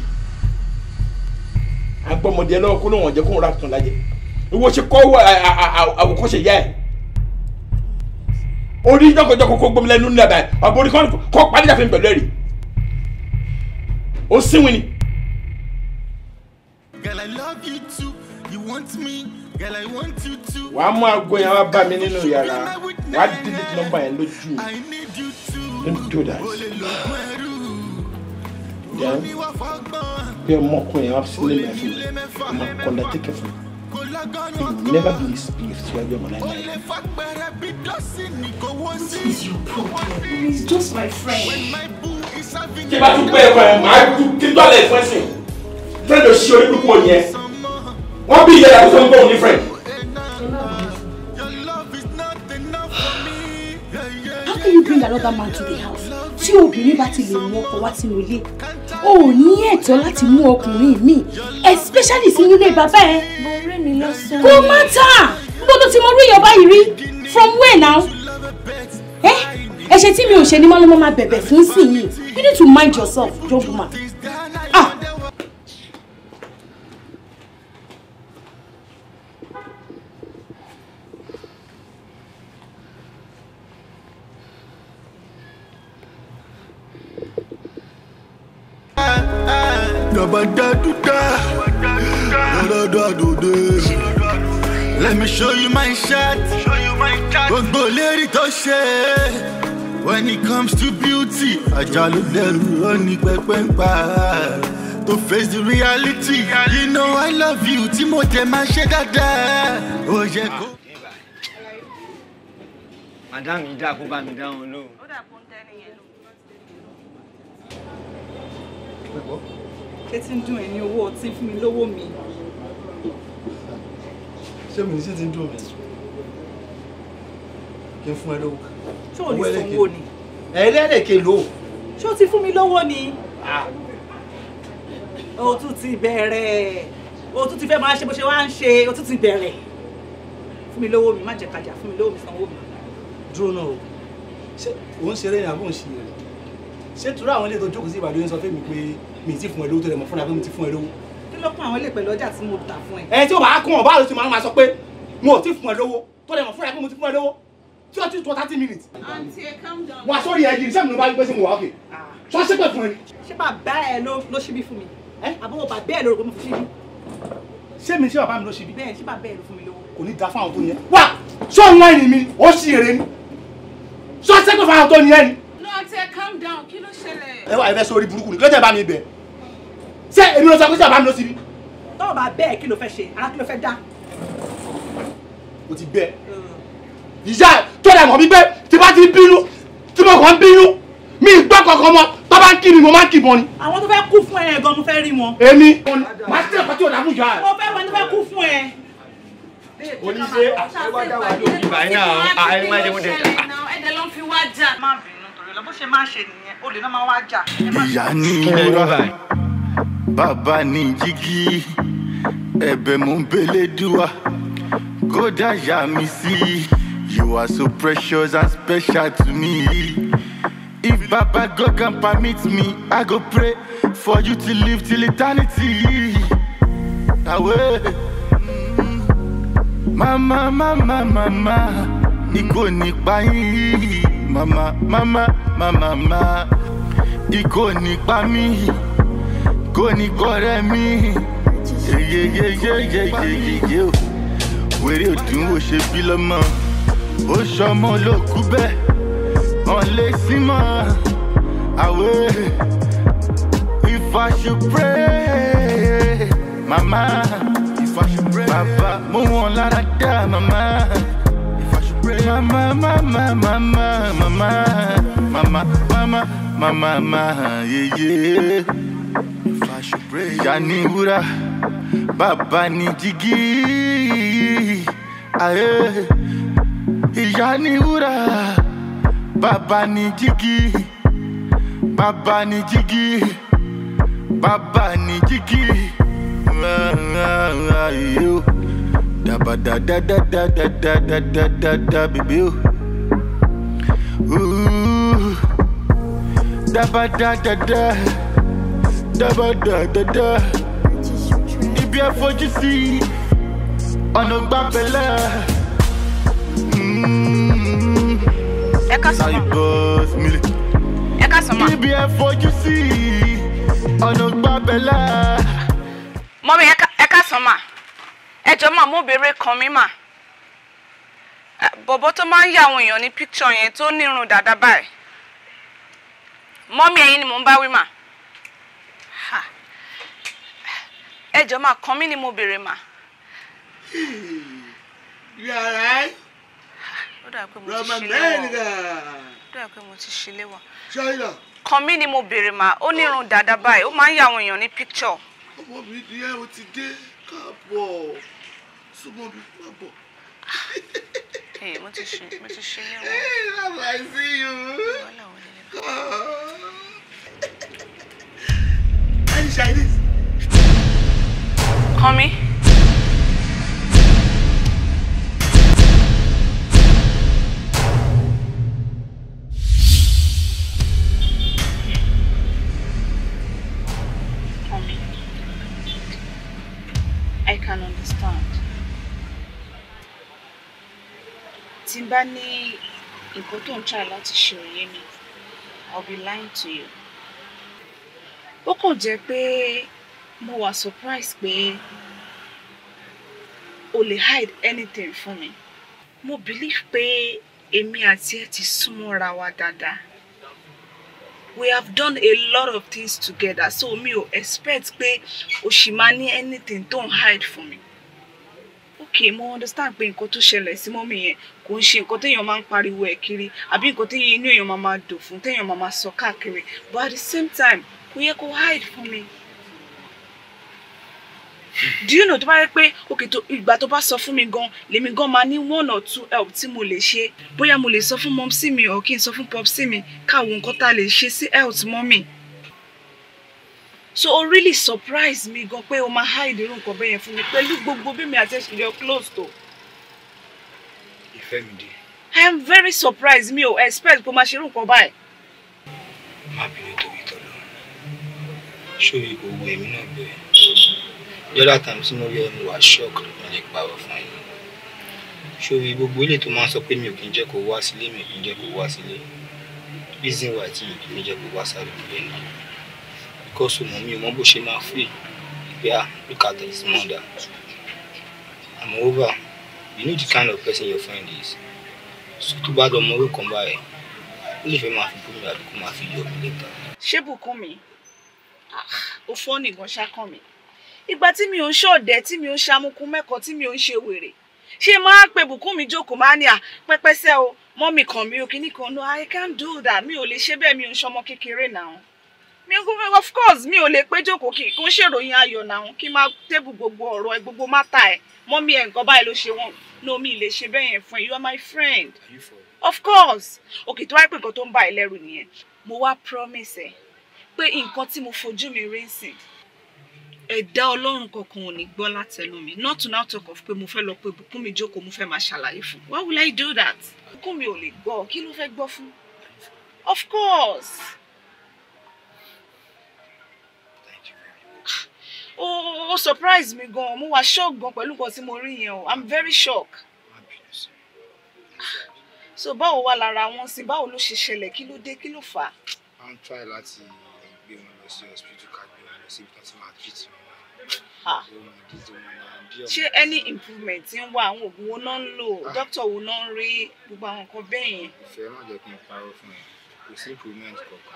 S2: agbọ́mọdé ẹ lọ́wọ́ kó náà wọ́n jẹ́ kó ń ra kàn lájẹ ìwọ ṣe kọ́ àwòkọ́ṣe yá ẹ orí jọkọjọkọ kó gbomi lẹ́nu nílẹ̀ báyìí ọ̀bọ̀ orí kọ́ parí jáfe pẹ̀lú ẹ̀rí ó sínwìn ni.
S8: Girl, I love you too. You want me? Girl, I want
S2: you too wà á mú aago yẹn wá bá mi nínú yàrá wà á delete number yẹn lójú don't do that then bí ọmọkùnrin yẹn wá sí ilé mi fún mi ọmọ kọlá tẹkẹ fún mi. You will never be spiritual your man. What
S3: is your problem? He's just my friend. Tí bá tún pẹ́ ẹ̀kọ́
S7: ẹ̀ máa kú kí tọ́lẹ̀ fún ẹ̀sìn. Fẹ́ẹ́ lọ sí orí púpọ̀ yẹn. Wọ́n bí ìyá ìyàwó tó ń bọ̀ ní friend.
S4: why you bring another man to the house tí obìnrin bá ti lè mú ọkọ wá sínú ilé o ò ní ẹ̀tọ́ láti mú ọkùnrin mi especially sínú ilé bàbá ẹ.
S3: mo rí mi lọ́sàn-án. kó má
S4: tà gbọ́dọ̀ tí mo rí ìyọba yìí rí from where now. ẹ eh? ẹ̀ṣẹ̀ tí mi ò ṣe ni mọ́lọ́mọ́ máa bẹ̀bẹ̀ fún sí yìí you need to mind yourself young woman.
S8: Let me show you my shot. Gbogbo lérí tó ṣe. When it comes to beauty, àjálù dẹrù ó ní pẹpẹ ń pa. To face the reality, you know I love you, tí mo jẹ máa
S6: ṣe dáadáa. Ó yẹ kó. Madam mi dá kó bá mi dáhùn lóhùn. Ó dà kó ń tẹ́ nìyẹn
S7: lóhùn
S3: kẹ́tí ń dùn ẹ̀ ní owó mi lówó mi.
S7: ṣé mi ṣe ti ń dùn mí kí n fún ẹ lówó.
S3: ṣé o ní sanwó
S6: ni. ẹlẹ́lẹ̀kẹ̀ lò.
S3: ṣé o ti fún mi lówó ni. o tún ti bẹ̀rẹ̀ o tún ti fẹ́ máa ṣe bó ṣe wá ń o tún ti bẹ̀rẹ̀ fún mi lówó mi má jẹ́ kájà fún mi lówó mi sanwó mi. dúró náà
S7: o ṣé òun ṣeré ni àbò ń ṣe se ṣé tura àwọn ilé tó jókòó sí Ìbàdàn yẹn sọ fún mi
S1: pé mi ti fún ẹ lówó tó lẹ̀ mọ́ fúnra mi ti fún ẹ lówó.
S3: kí ló kún àwọn ilé pẹ̀lú ọjà mo tà fún ẹ. ẹ tí o bá kún ọba àlòsí máa sọ
S1: pé mo ti fún ẹ lówó tó lẹ̀ mọ́ fúnra mo ti fún ẹ lówó o ti tó thirty minutes. aunty calm down. wà á sọ rí ẹ jìnnì sẹ́mi ló bá gbé sí mi wà ókè. sọ ah. ṣé pé fún ẹ. ṣé bàbá ẹ ló ṣíbí fún mi? àbúrò bàbá ẹ ló rògbò mi fún ṣíbí. ṣé mi ṣé bàbá mi ló ṣíbí?
S3: bẹ́ẹ̀ ṣé bàbá ẹ ló fún mi lówó. kò ní da fún àwọn tó yẹ. wá
S7: sọ wọn ẹni mi ó ṣì èrè ni
S5: sọ ṣé pé fún àwọn tó yẹ ni.
S3: no aunty calm down kí ló ṣẹlẹ̀.
S5: ẹ wá ẹ fẹ́ sọ ni kí ló tẹ̀ mi bẹ̀ ṣé èmi ló sọ pé sí àbámi ló síbi.
S3: tọ́wọ́ bá bẹ́ẹ̀ kí ló fẹ́ ṣe ara kí ló fẹ́ dá.
S5: o ti bẹ́ẹ̀ ìyá tó dà mọ́ mi pé tí bá ti bínú tí mo kàn bínú mi gbọ́ kankan mọ́ tó bá ń kí mi mo máa ń kì mọ́ ni.
S1: àwọn tó fẹ́ kú fún ẹ gan mo fẹ́ rí wọn.
S5: èmi máa tẹ̀ pàtó ọ̀dà fún ìyá rẹ̀. mo
S1: fẹ́ wọn tó fẹ́ kú fún ẹ. oníṣe àṣewájáwá ló ń
S5: bá yín náà àìmọ́ ẹ̀dẹ́mọ́dé.
S3: ẹ̀dẹ̀ ló ń fi bó ṣe máa ṣe nìyẹn olè náà máa wá jà.
S8: ìyá ni ìrora báyìí. Baba ní jígí ẹ̀bẹ̀ mò ń belédùá kódà yà mí sí you are so precious and special to me if baba God can permit me I go pray for you to live till eternity awe mama mama mama ikó nípa yín mama mama mama mama ikó nípa mi. kò ní kọ́rẹ́ mi yeyeyeyeyeyeye o wèrè òdùn wò ṣe bí lọ́mọ ó ṣọmọ ló kú bẹ́ẹ̀ wọn lè sí mọ́ àwẹ̀ if I should pray mama if I should pray baba mo wọn lára dá mama if I should pray mama mama mama mama mama mama mama yeye. Yeah, yeah yanni wúrà bàbá ni jígí ayé ìyá ni wúrà bàbá ni jígí bàbá ni jígí bàbá ni jígí daba da da da da da da da da da da bèbè o. Daba da da da. da, da, da, da, da, da, da, da Da ba da da da. Ibi àfojú sí ọ̀nà gbàpẹ̀lẹ̀. Ẹ ká Ẹ ká sọ mọ́. Ibi àfojú sí
S3: ọ̀nà gbàpẹ̀lẹ̀. Mọ́mí ẹ ká sọ Ẹ jọ kan mi mà. Bọ̀bọ̀ tó máa ń yà àwọn èèyàn ní píkṣọ̀ yẹn tó nírun dàda báyìí. ẹ̀yin ni mò ń bá wí mà. ẹ jọ máa kàn mí You alright? béèrè mà. yàrá rọmọ mẹ́rin dà. ṣọyọ. kàn mí ni mo béèrè hmm. mà ó nírun dáadáa báyìí ó máa ya àwọn èèyàn ní píkṣọ.
S5: ọmọ mi ni ẹ o ti dé káàbọ̀ súnmọ́ mi má bọ̀. mo ti ṣe mo ti ṣe léwọ. love I see you. wàhálà wọlé lẹ́kọ̀ọ́.
S3: ẹni ṣàìlísì. Kànmí. tí n bá ní nǹkan tó ń try láti ṣe òye mi I'll be lying to you. ó kàn mo wà surprise pé o lè hide anything fún mi mo believe pé èmi àti ẹ ti súnmọ́ra wa dáadáa we have done a lot of things together so mi ò expect pé o ṣì máa ní anything tó ń hide fún mi okay mo understand pé nǹkan tó ṣẹlẹ̀ sí mọ́mì yẹn kò ń ṣe nǹkan téèyàn máa ń pariwo ẹ̀ kiri àbí nǹkan téèyàn inú èèyàn máa máa dò fún téèyàn máa máa sọ káàkiri but at the same time kò yẹ kó hide fún mi do you know tó bá yẹ pé òkè tó ìgbà tó bá sọ fún mi gan lèmi gan máa ní one or two help tí mo lè ṣe bóyá mo lè sọ fún mọ́mísí mi or kí n sọ fún pọ́písí mi káwọn nǹkan tá a lè ṣe sí health mọ́mì so o really surprise me. gan pé o máa hide irú nǹkan bẹ́yẹn fún mi pẹ̀lú gbogbo bí mi àti ẹ̀ṣin yọ close to. ìfẹ́ mi dé. I am very surprised mi ò expect kó máa ṣe irú nǹkan báyìí.
S6: má bínú torí tọ́lọ́run ṣó ipò owó èmi náà bẹ̀rẹ̀ the other time tí mo rí ẹnu wà shock mo lè pààrọ̀ fún ẹ ṣòwò gbogbo ilé tó máa ń sọ pé mi ò kí ń jẹ́ kó wá sílé mi ò kí ń jẹ́ kó wá sílé reason why tí mi kì í jẹ́ kó wá sáré nílé ni because mo mi ò mọ bó ṣe máa fi pé ah look at this mother I'm over you know the kind of person your friend is so tó bá lọ mọ orúkọ báyìí
S3: ó
S6: lè fẹ́ máa fi bú mi àbí kó máa fi
S3: yọ mi lẹ́tà. ṣé bùkún mi ah, ó fọ́ nìkan ṣákàn mi ìgbà tí mi ò ń ṣọ̀dẹ tí mi ò ń ṣamukun mẹ́kọ̀ọ́ tí mi ò ń ṣe wèrè ṣé máa pe bùkún mi jókòó máa ní à pẹ́pẹ́sẹ́ o mọ́mì kan mi ò kíní kan no i can't do that mi ò lè ṣe bẹ́ẹ̀ mi ò ń ṣọmọ kékeré náà mi of course mi ò lè pé jókòó kí kó ṣèròyìn ayọ̀ náà kí máa tébù gbogbo ọ̀rọ̀ ẹ gbogbo mátà ẹ mọ́mì ẹ̀ nǹkan báyìí ló ṣe wọ́n no mi lè ṣe bẹ́ẹ̀ yẹn fún ẹ you are my friend of course òkè tó wáyé pé nǹkan tó ń bá ẹ lẹ́rù nìyẹn mo wá promise ẹ pé nǹkan tí mo fojú mi rí ẹ̀dá ọlọ́run kankan ò ní gbọ́ látẹnu mi not now talk of pé mo fẹ́ lọ pé bùkún mi jókòó mo fẹ́ máa ṣàlàyé fún why will I do that bùkún mi ò lè gbọ́ kí ló fẹ́ gbọ́ fún of course. Oh, ó surprise mi gan mo wà shock gan pẹ̀lú nǹkan tí mo rí yẹn o I'm very shocked. so báwo wà lára wọn sí báwo ló ṣe ṣẹlẹ̀ kí ló dé kí ló fà á.
S6: I'm trying láti gbé wọn lọ sí hospital
S1: ká gbé wọn lọ sí ibi tó ti máa treat wọn ṣé
S3: any improvement ti ń wá àwọn oògùn wo náà ń lò dókítà wo náà ń rí gbogbo àwọn nǹkan bẹ́ẹ̀ yẹn. ìfẹ́ má
S6: jẹ́ kí n parọ́ fún ẹ kò sí improvement kankan gbogbo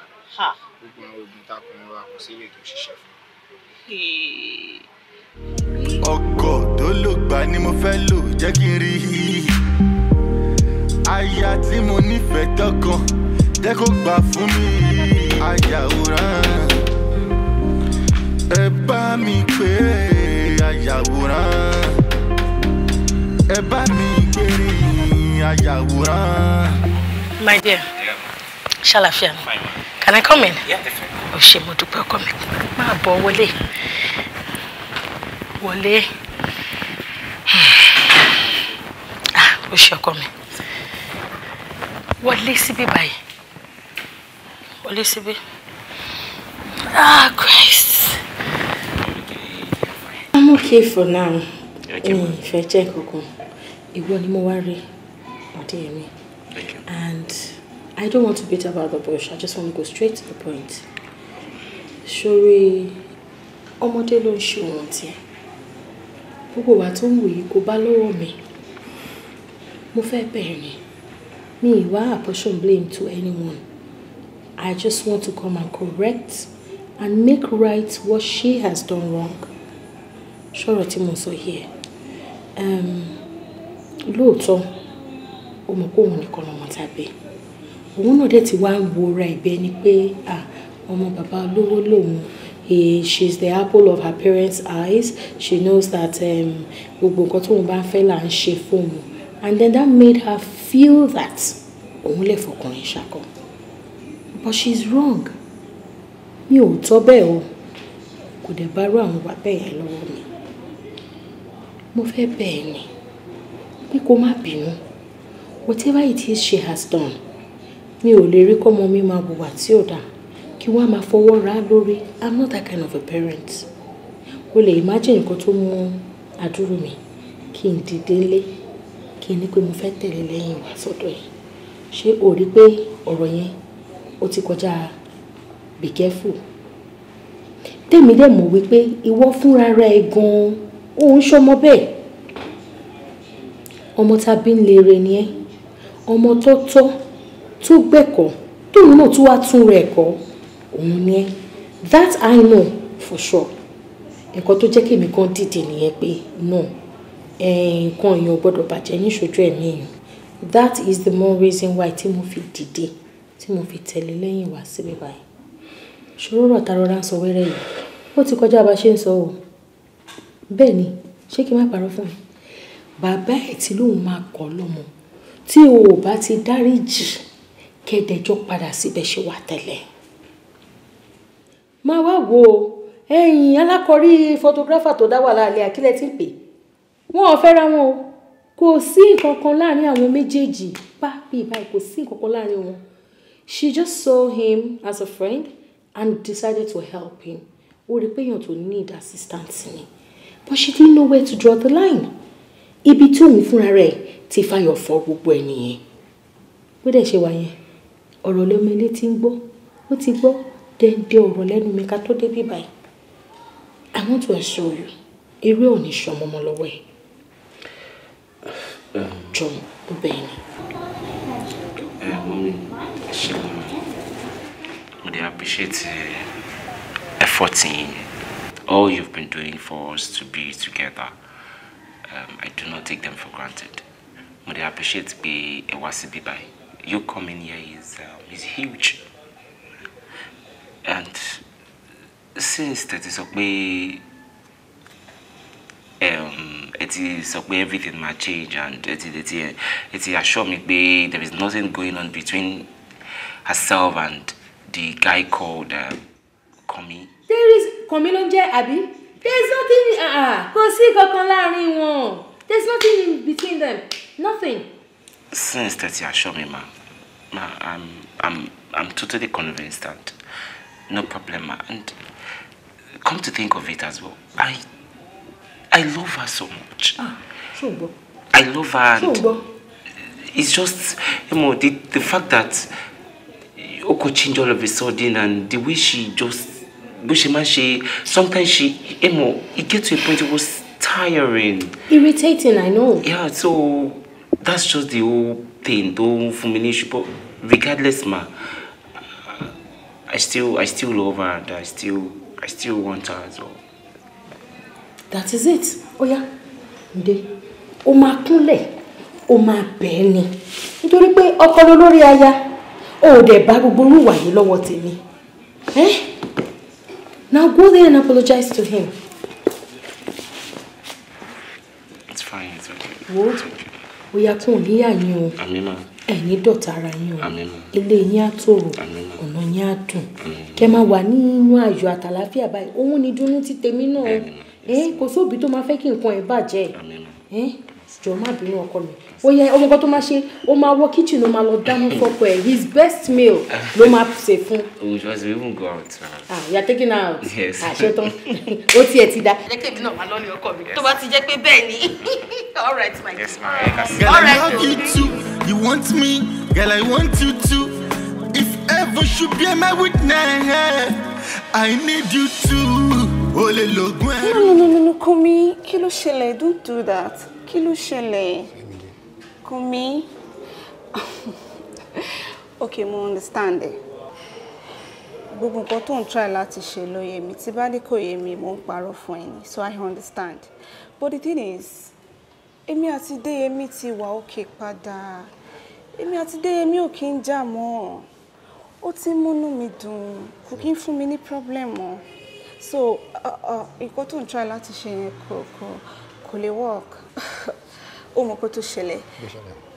S6: àwọn oògùn tá a kọ́ wa kò sí èlé tó ṣiṣẹ́ fún. ọkọ̀
S8: tó lò gbà ni mo fẹ́ lò jẹ́ kí n rí i aya tí mo nífẹ̀ẹ́ tọkàn jẹ́ kó gbà fún mi ayàwòrán ẹ bá mi pé ayàwòrán ẹ bá mi pé ayàwòrán.
S4: my dear yeah. can i come in. o ṣe mo dúpẹ́ ọkọ mi máa bọ̀ wọlé wọlé ah, o ṣe ọkọ mi wọlé síbí báyìí wọlé síbí ah great okay for now mi ìfẹ́ jẹ́ kankan ìwọ ni mo worry rí pàdé mi and I don't want to beat about the bush I just want to go straight to the point sori ọmọdé ló ń ṣe òun tiẹ̀ gbogbo wa tó ń wò yìí kò bá lọ́wọ́ mi mo fẹ́ bẹ̀rẹ̀ mi ìwà apportion blame to anyone I just want to come and correct and make right what she has done wrong ṣọ̀rọ̀ tí mo sọ yìí ẹ̀ lóòótọ́ ó mọ̀ pé òun nìkan lọ́mọ tàbí òun náà dẹ̀ ti wá ń wo ra ìbẹ́ ni pé ọmọ bàbá olówó lòun he she's the apple of her parents eyes she knows that gbogbo nǹkan tóun bá ń fẹ́ là ń ṣe fóun and then that made her feel that òun lè fọkùnrin ṣakọ but she's wrong mi ò tọ́ bẹ́ẹ̀ o kò dẹ̀ bá rú àwọn wà yẹn lọ́wọ́ mi mo fẹ́ bẹ̀ ni pé kó má bínú whatever it is she has done mi ò lè rí kọ́mọ mi máa hùwà tí ò dáa kí wọ́n á máa fọwọ́ ra lórí i'm not that kind of a parent o lè imagine nǹkan tó mú àdúrò mi kí n dìde lé kí n ní pé mo fẹ́ tẹ̀lé lẹ́yìn wá sọ́dọ̀ yìí ṣé o rí pé ọ̀rọ̀ yẹn ó ti kọjá be careful tèmi dẹ̀ mọ̀ wípé ìwọ fúnra rẹ̀ gan-an òun ṣọmọ bẹ́ẹ̀ ọmọ tá a bí ń lere ni ẹ́ ọmọ tó tọ́ tó gbẹ̀kọ́ tóun náà tún wá tún rẹ̀ kọ́ òun ni ẹ́ that I know for sure ẹ̀kọ́ tó jẹ́ kí èmi kan dìde nìyẹn pé no nǹkan èèyàn gbọ́dọ̀ bàjẹ́ níṣojú ẹ̀mí èèyàn that is the more reason why tí mo fi dìde tí mo fi tẹ̀lé lẹ́yìn wá síbí báyìí ṣòro rọ̀ tá a rọra ń sọ wẹ́rẹ́ yìí ó ti kọjá bá a ṣe ń sọ o bẹ́ẹ̀ ni ṣé kí n má parọ́ fún ẹ bàbá ẹ̀ tí lòun máa kọ́ lọ́mọ tí o ò bá ti dáríjì kẹ́dẹ̀jọ́ padà síbẹ̀ ṣe wà tẹ́lẹ̀ máa wá wo ẹ̀yìn alákọ̀rí fọtográfà tó dá wà láàlẹ́ àkílẹ̀ tí ń pè wọ́n ò fẹ́ra wọn o kò sí nǹkan kan láàrin àwọn méjèèjì bá bí kò sí nǹkan kan láàrin wọn she just saw him as a friend and decided to help him ó rí i pé èèyàn tó need assistance ni but she didn't know where to draw the line ibi tí òun fúnra rẹ̀ ti fàyọ̀ fọ gbogbo ẹ̀ nìyẹn bó dẹ̀ ṣe wà yẹn ọ̀rọ̀ lẹ́nu ilé ti ń gbọ́ ó ti gbọ́ dẹ́ndé ọ̀rọ̀ lẹ́nu mi ká tó débí báyìí I want to assure you eré ò ní ṣọmọ ọmọ lọ́wọ́ ẹ̀ John, ló bẹ́ẹ̀ ni.
S1: ẹ mọ́mí ṣe mọ́mí mo dey appreciate eh, effort yín yẹn. all you've been doing for us to be together, um, I do not take them for granted. But I appreciate be a wasibi by. You coming here is, um, is huge. And since that is okay, um, it is okay, everything might change and it is it, it, it assure me be, there is nothing going on between herself and the guy called uh,
S4: there is kànmí ló ń jẹ́ àbí there is nothing ah, ah, kò sí kankan láàrin wọn there is nothing in between them nothing.
S1: since that you assure me ma ma i'm i'm i'm totally convinced that no problem ma and come to think of it as well i i love her so much. ah ṣùgbọ́n. i love her and. ṣùgbọ́n. it's just you know the the fact that Oko changed all of a sudden and the way she just bó ṣe máa ń ṣe sometimes she ẹ mọ̀ it get to a point it was tiring.
S4: irritating
S1: I know. yeah so that's just the whole thing tó ń fún mi ní ṣùgbọ́n regardless ma I still I still love her and I still I still want her as well.
S4: that is it oya nde o máa kúnlẹ̀ o máa bẹ̀ẹ́ ni nítorí pé ọkọ lolórí aya o ò dẹ̀ bá gbogbo orúwà yìí lọ́wọ́ tèmi. Eh? Now go there and apologize to him.
S1: It's fine, it's okay.
S4: What? We are ni ayin o. Àmín ma. Ẹ̀yin dọ̀tá ara yín o. Àmín Amina. Ilé yín á tòrò. Àmín ma. Ọ̀nà yín á dùn. Àmín ma. Kẹ́ máa wà nínú ayọ̀ àtàlàáfíà báyìí. Òun ni dùnnú ti tèmi náà. Àmín ma. Kò sóbi tó máa fẹ́ kí nǹkan ẹ̀ bàjẹ́. Àmín ma. Jọ̀ọ́ ó yẹ ọmọ nǹkan tó máa ṣe ó máa wọ kitchen ló máa lọ dáná fọ́pọ̀ ẹ̀ his
S1: best meal ló máa ṣe fún. we oh, must even go out now. ah
S4: you are taking out.
S1: yes àṣẹ ah, tán
S4: ó tiẹ̀ ti da. ẹ jẹ́ kí èmi náà wà lọ́nà ọkọ mi tó bá ti jẹ́ pé bẹ́ẹ̀ ni all right
S1: my dear. yes ma ẹ all
S8: right o. girl you want me girl i want you
S3: too if ever you be my witness i need you too o lè lo gbọ́n no no no no kò mí kí ló ṣẹlẹ̀ don't do that kí ló ṣẹlẹ̀ me, okay, mo understand it. Gbogbo nǹkan tó ń try láti ṣe ló yé mi. Tí bá ní kò yé mi, mo ń parọ́ fún ẹ So I understand. But the thing is, èmi àti Déyẹmí ti wà òkè padà. Èmi àti Déyẹmí ò kí ń jà mọ́. Ó ti ń múnú mi dùn. Kò kí ń fún mi ní problem So uh, uh, nǹkan tó ń try láti ṣe yẹn kò kò kò lè work. ó mọ̀ pé tó ṣẹlẹ̀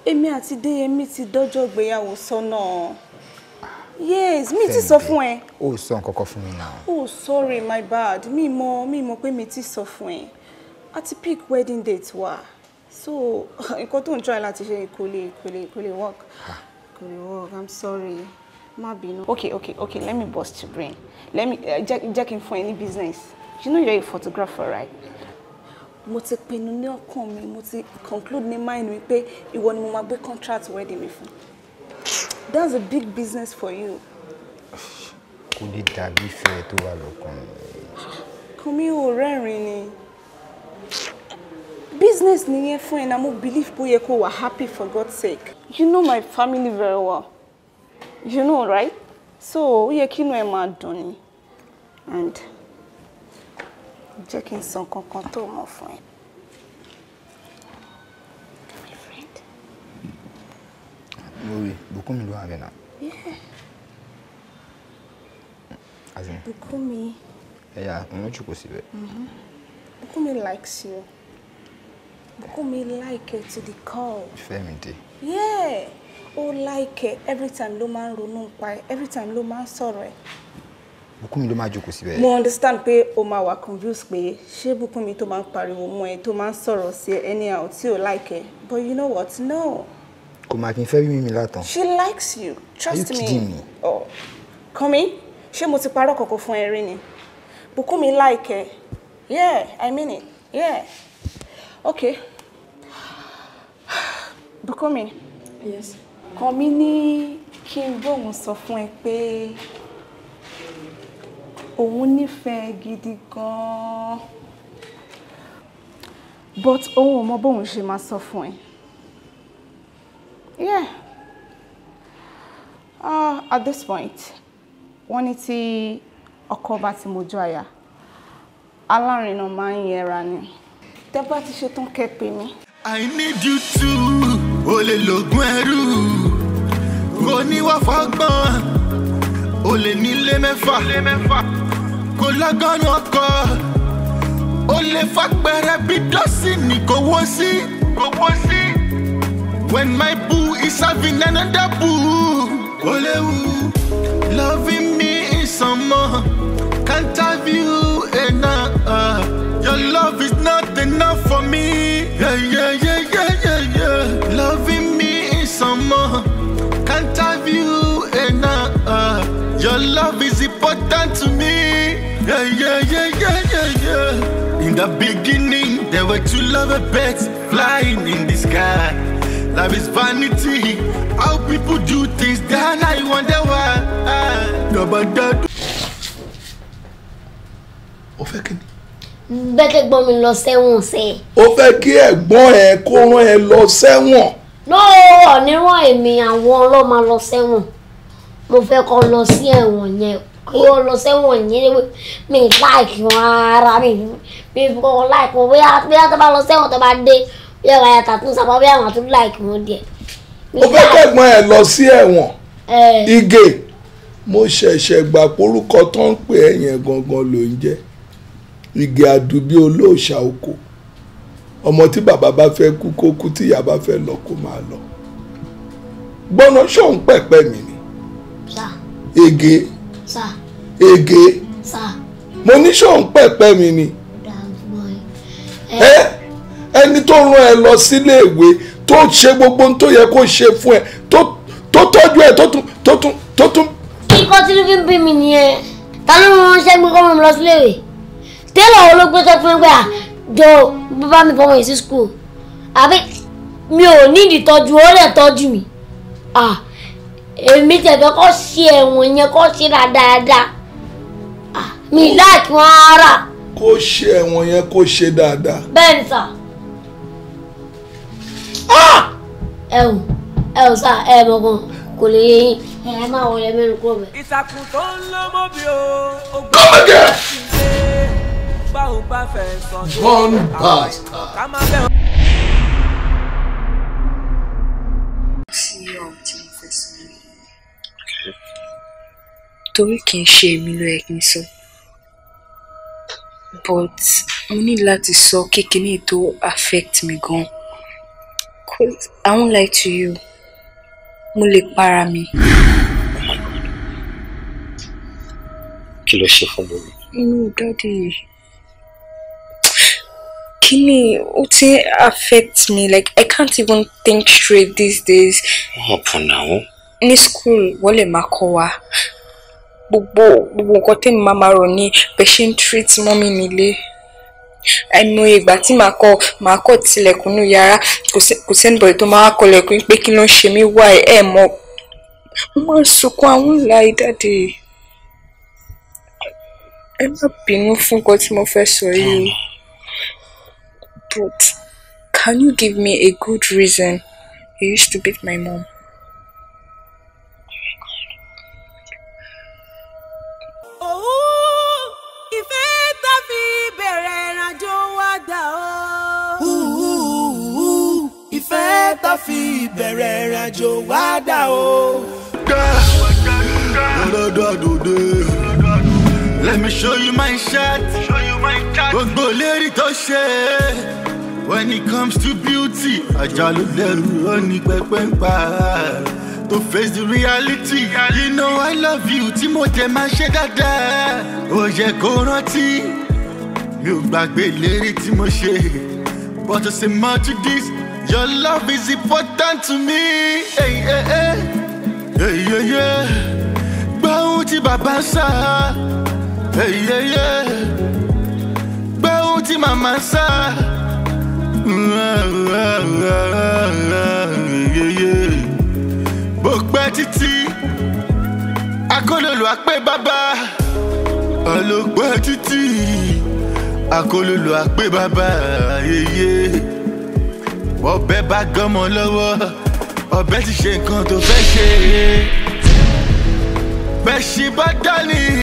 S3: èmi àti Déyẹmí ti dọ́jọ́ ìgbéyàwó sọ́nà yes mi ti sọ fún ẹ.
S6: o sọ nǹkan kan fún mi
S3: náà. oh sorry my bad mi mọ mi mọ pé mi ti sọ fún ẹ a ti pick wedding date wa so nǹkan tó ń try láti ṣe kò lè kò lè kò lè work kò lè work i'm sorry má bínú. okay okay okay let me burst your brain let me eh, jẹ́ kí n fún ẹ ní business you know you're a photographer right mo ti pinnu ní ọkàn mi mo ti conclude ní mind mi pé ìwọ ni mo máa gbé contract wedding mi fún that's a big business for you.
S6: kò ní dàbí ìfẹ́ tó wà lọ́kàn mi.
S3: kùnmí ò rẹ́rìn-ín ni business nìyẹn fún ẹ na mo believe bó yẹ kó wà happy for God's sake you know my family very well you know right so ó yẹ kí inú ẹ máa dùn ni and jẹ́ kí n san kankan tó mọ̀ fún ẹ.
S6: my friend. lórí Bùkúnmi ló wà bẹ́ẹ̀ náà.
S3: yeah. Bùkúnmi.
S6: ẹ̀yà òun jù kò síbẹ̀.
S3: Mm-hmm. Bùkúnmi likes you. Bùkúnmi like it to the call. ìfẹ́ mi dé. yeah ó like it every time ló máa ń ronú nípa ẹ every time ló máa ń sọ̀rọ̀ ẹ.
S6: Bùkúnmi ló máa jókòó síbẹ̀. mo understand
S3: pé o máa wà confused pé ṣé Bùkúnmi tó máa ń pariwo mọ́ ẹ tó máa ń sọ̀rọ̀ anyhow tí ò like ẹ but you know what no.
S6: kò máa kí n fẹ́ bí mímí she
S3: likes you trust me. are you kidding me. oh come ṣé mo ti parọ́ kọ̀kọ́ fún ẹ rí ni Bùkúnmi like ẹ yeah i mean it yeah okay Bùkúnmi. yes. kọ́mi ní kí n bóun sọ fún ẹ pé òun nífẹ̀ẹ́ gidi gan-an but òun ò mọ bóun ṣe máa sọ fún ẹ. yeah uh, at this point wọ́n ní tí ọkọ bá ti mojú àyà alárinà máa ń yẹra ni tẹ bá ti ṣetán kẹ́ mi.
S8: I need you too o lè lògùn ẹrú oníwàfọ́gbọ́n o lè nílé mẹ́fà. kòlágọ́nù ọkọ̀ ó lè fàpẹ̀rẹ̀ bí dọ́sìnì kò wó sí. kò wó sí. when my boo is having another boo ó léwu. loving me is some can't have you enough. your love is not enough for me. Yeah, yeah, yeah, yeah, yeah, yeah. loving me is some can't have you enough. your love the beginning, there were two birds flying in the sky. Love is vanity. How people do things that
S10: I wonder why. Ó fẹ́ kí ni? Gbẹ́kẹ̀gbọ́n mi lọ sẹ́wọ̀n sẹ́.
S7: Ó fẹ́ kí ẹ̀gbọ́n ẹ kó rán ẹ lọ sẹ́wọ̀n.
S10: Lóòrọ̀ níwọ̀n èmi àwọn ọlọ́mà lọ sẹ́wọ̀n. Mo fẹ́ kó lọ sí ẹ̀wọ̀n yẹn kí wọ́n lọ sẹ́wọ̀n yẹn mi láìkì wọn ara mi mi kọ́ wọn láìkì wọn bóyá bóyá tó bá lọ sẹ́wọ̀n tó bá dé bóyá wàá yàtà tó ń sábà bóyá wọn tún láìkì wọn díẹ̀.
S7: mo fẹ́ kẹ́gbọ́n ẹ̀ lọ sí ẹ̀wọ̀n Ige mo ṣẹ̀ṣẹ̀ gbà porúkọ tó ń pè ẹ́ yẹn gangan ló ń jẹ́ Ige àdúbí olóòṣà oko ọmọ tí bàbá bá fẹ́ kú kó kú tí ìyá bá fẹ́ lọ kó máa lọ gbọ́nà ṣóun pẹ̀pẹ́ mi ni Ige. Yeah ègé mo ní ṣòun pẹ̀pẹ́ mi ni ẹni tó rán ẹ lọ síléèwé tó ṣe gbogbo ohun tó yẹ kó ṣe fún ẹ tó tọ́jú ẹ tó tún tó tún tó tún.
S10: kíkọ́ tí ló fi ń bí mi nìyẹn ta ló ń ránṣẹ́ gbé kọ́ mi lọ síléèwé tẹ́lẹ̀ wo ló gbé fún ẹgbẹ́ à bàbá mi fọmọ yìí sí school àbí mi ò ní ìdìtọ́jú ó lè tọ́jú mi. Ah èmi tẹ̀fẹ́ kọ́ ṣe ẹ̀wọ̀n yẹn kọ́ ṣe dáadáa mi láàkì wọn ara.
S7: kó ṣe ẹ̀wọ̀n yẹn kó ṣe dáadáa.
S10: bẹ́ẹ̀ ni sà. ẹ ò ẹ ò sà ẹ mọ̀ gan kò lè yé yín ẹ máa wọlé mẹ́rin kúrò bẹ́ẹ̀. ìtàkùn tó ń lọ mọ́ bí o.
S7: kọ́mọ̀gẹ́.
S3: born bastard.
S4: torí kì í ṣe èmi ló yẹ kí n sọ but mo ní láti sọ kékeré tó affect me, gan
S3: cause I won't lie to you mo lè para mi.
S7: kí ló ṣe fún mi.
S3: inú dáàdi kí ni ti affect me like I can't even think straight these days.
S1: wọ́n pọ̀ náà.
S3: ní school wọ́n lè máa kọ́ wa gbogbo gbogbo nǹkan tẹ́mi máa ma rò ní bẹ́ẹ̀ ṣe ń treat mọ́mí mi lé àìmọye ìgbà tí màá kọ màá kọ tilẹ̀kùnú yàrá kò sẹ́nìbọ̀dì tó máa kọlẹ̀kùn pé kí ló ń ṣe mí wá ẹ̀ mọ́ mo máa ń sunkún àwọn ìlà ìdáde ẹ má bínú fún nǹkan tí mo fẹ́ sọ yìí but can you give me a good reason you used to beat my mom. fi ìbẹ̀rẹ̀ ìrìnàjò wá dà o.
S8: ọlọ́dọ̀dọ̀dẹ. let me show you my shirt. gbogbo lérí tó ṣe é. When it comes to beauty, àjálù dẹrù òní pẹpẹ ń pa. To face the reality, you know I love you tí mo jẹ máa ṣe dáadáa. Ó yẹ kó rántí, mi ò gbàgbé lérí tí mo ṣe. But to say more to this. Your love is important to me. Hey, hey, hey. Hey, yeah, yeah. yeah ohùn Baba bàbá ń sá. Hey, yeah, yeah. Gbà ohùn tí màmá ń sá. Bó pẹ́ títí, akólólù àpé bàbá. Ọlọ́pẹ́ títí, akólólù àpé bàbá. Yeah, yeah ọbẹ̀ bá gọ́mọ lọ́wọ́ ọbẹ̀ ti ṣe nǹkan tó fẹ́ ṣe. bẹ́ẹ̀ ṣì bá dání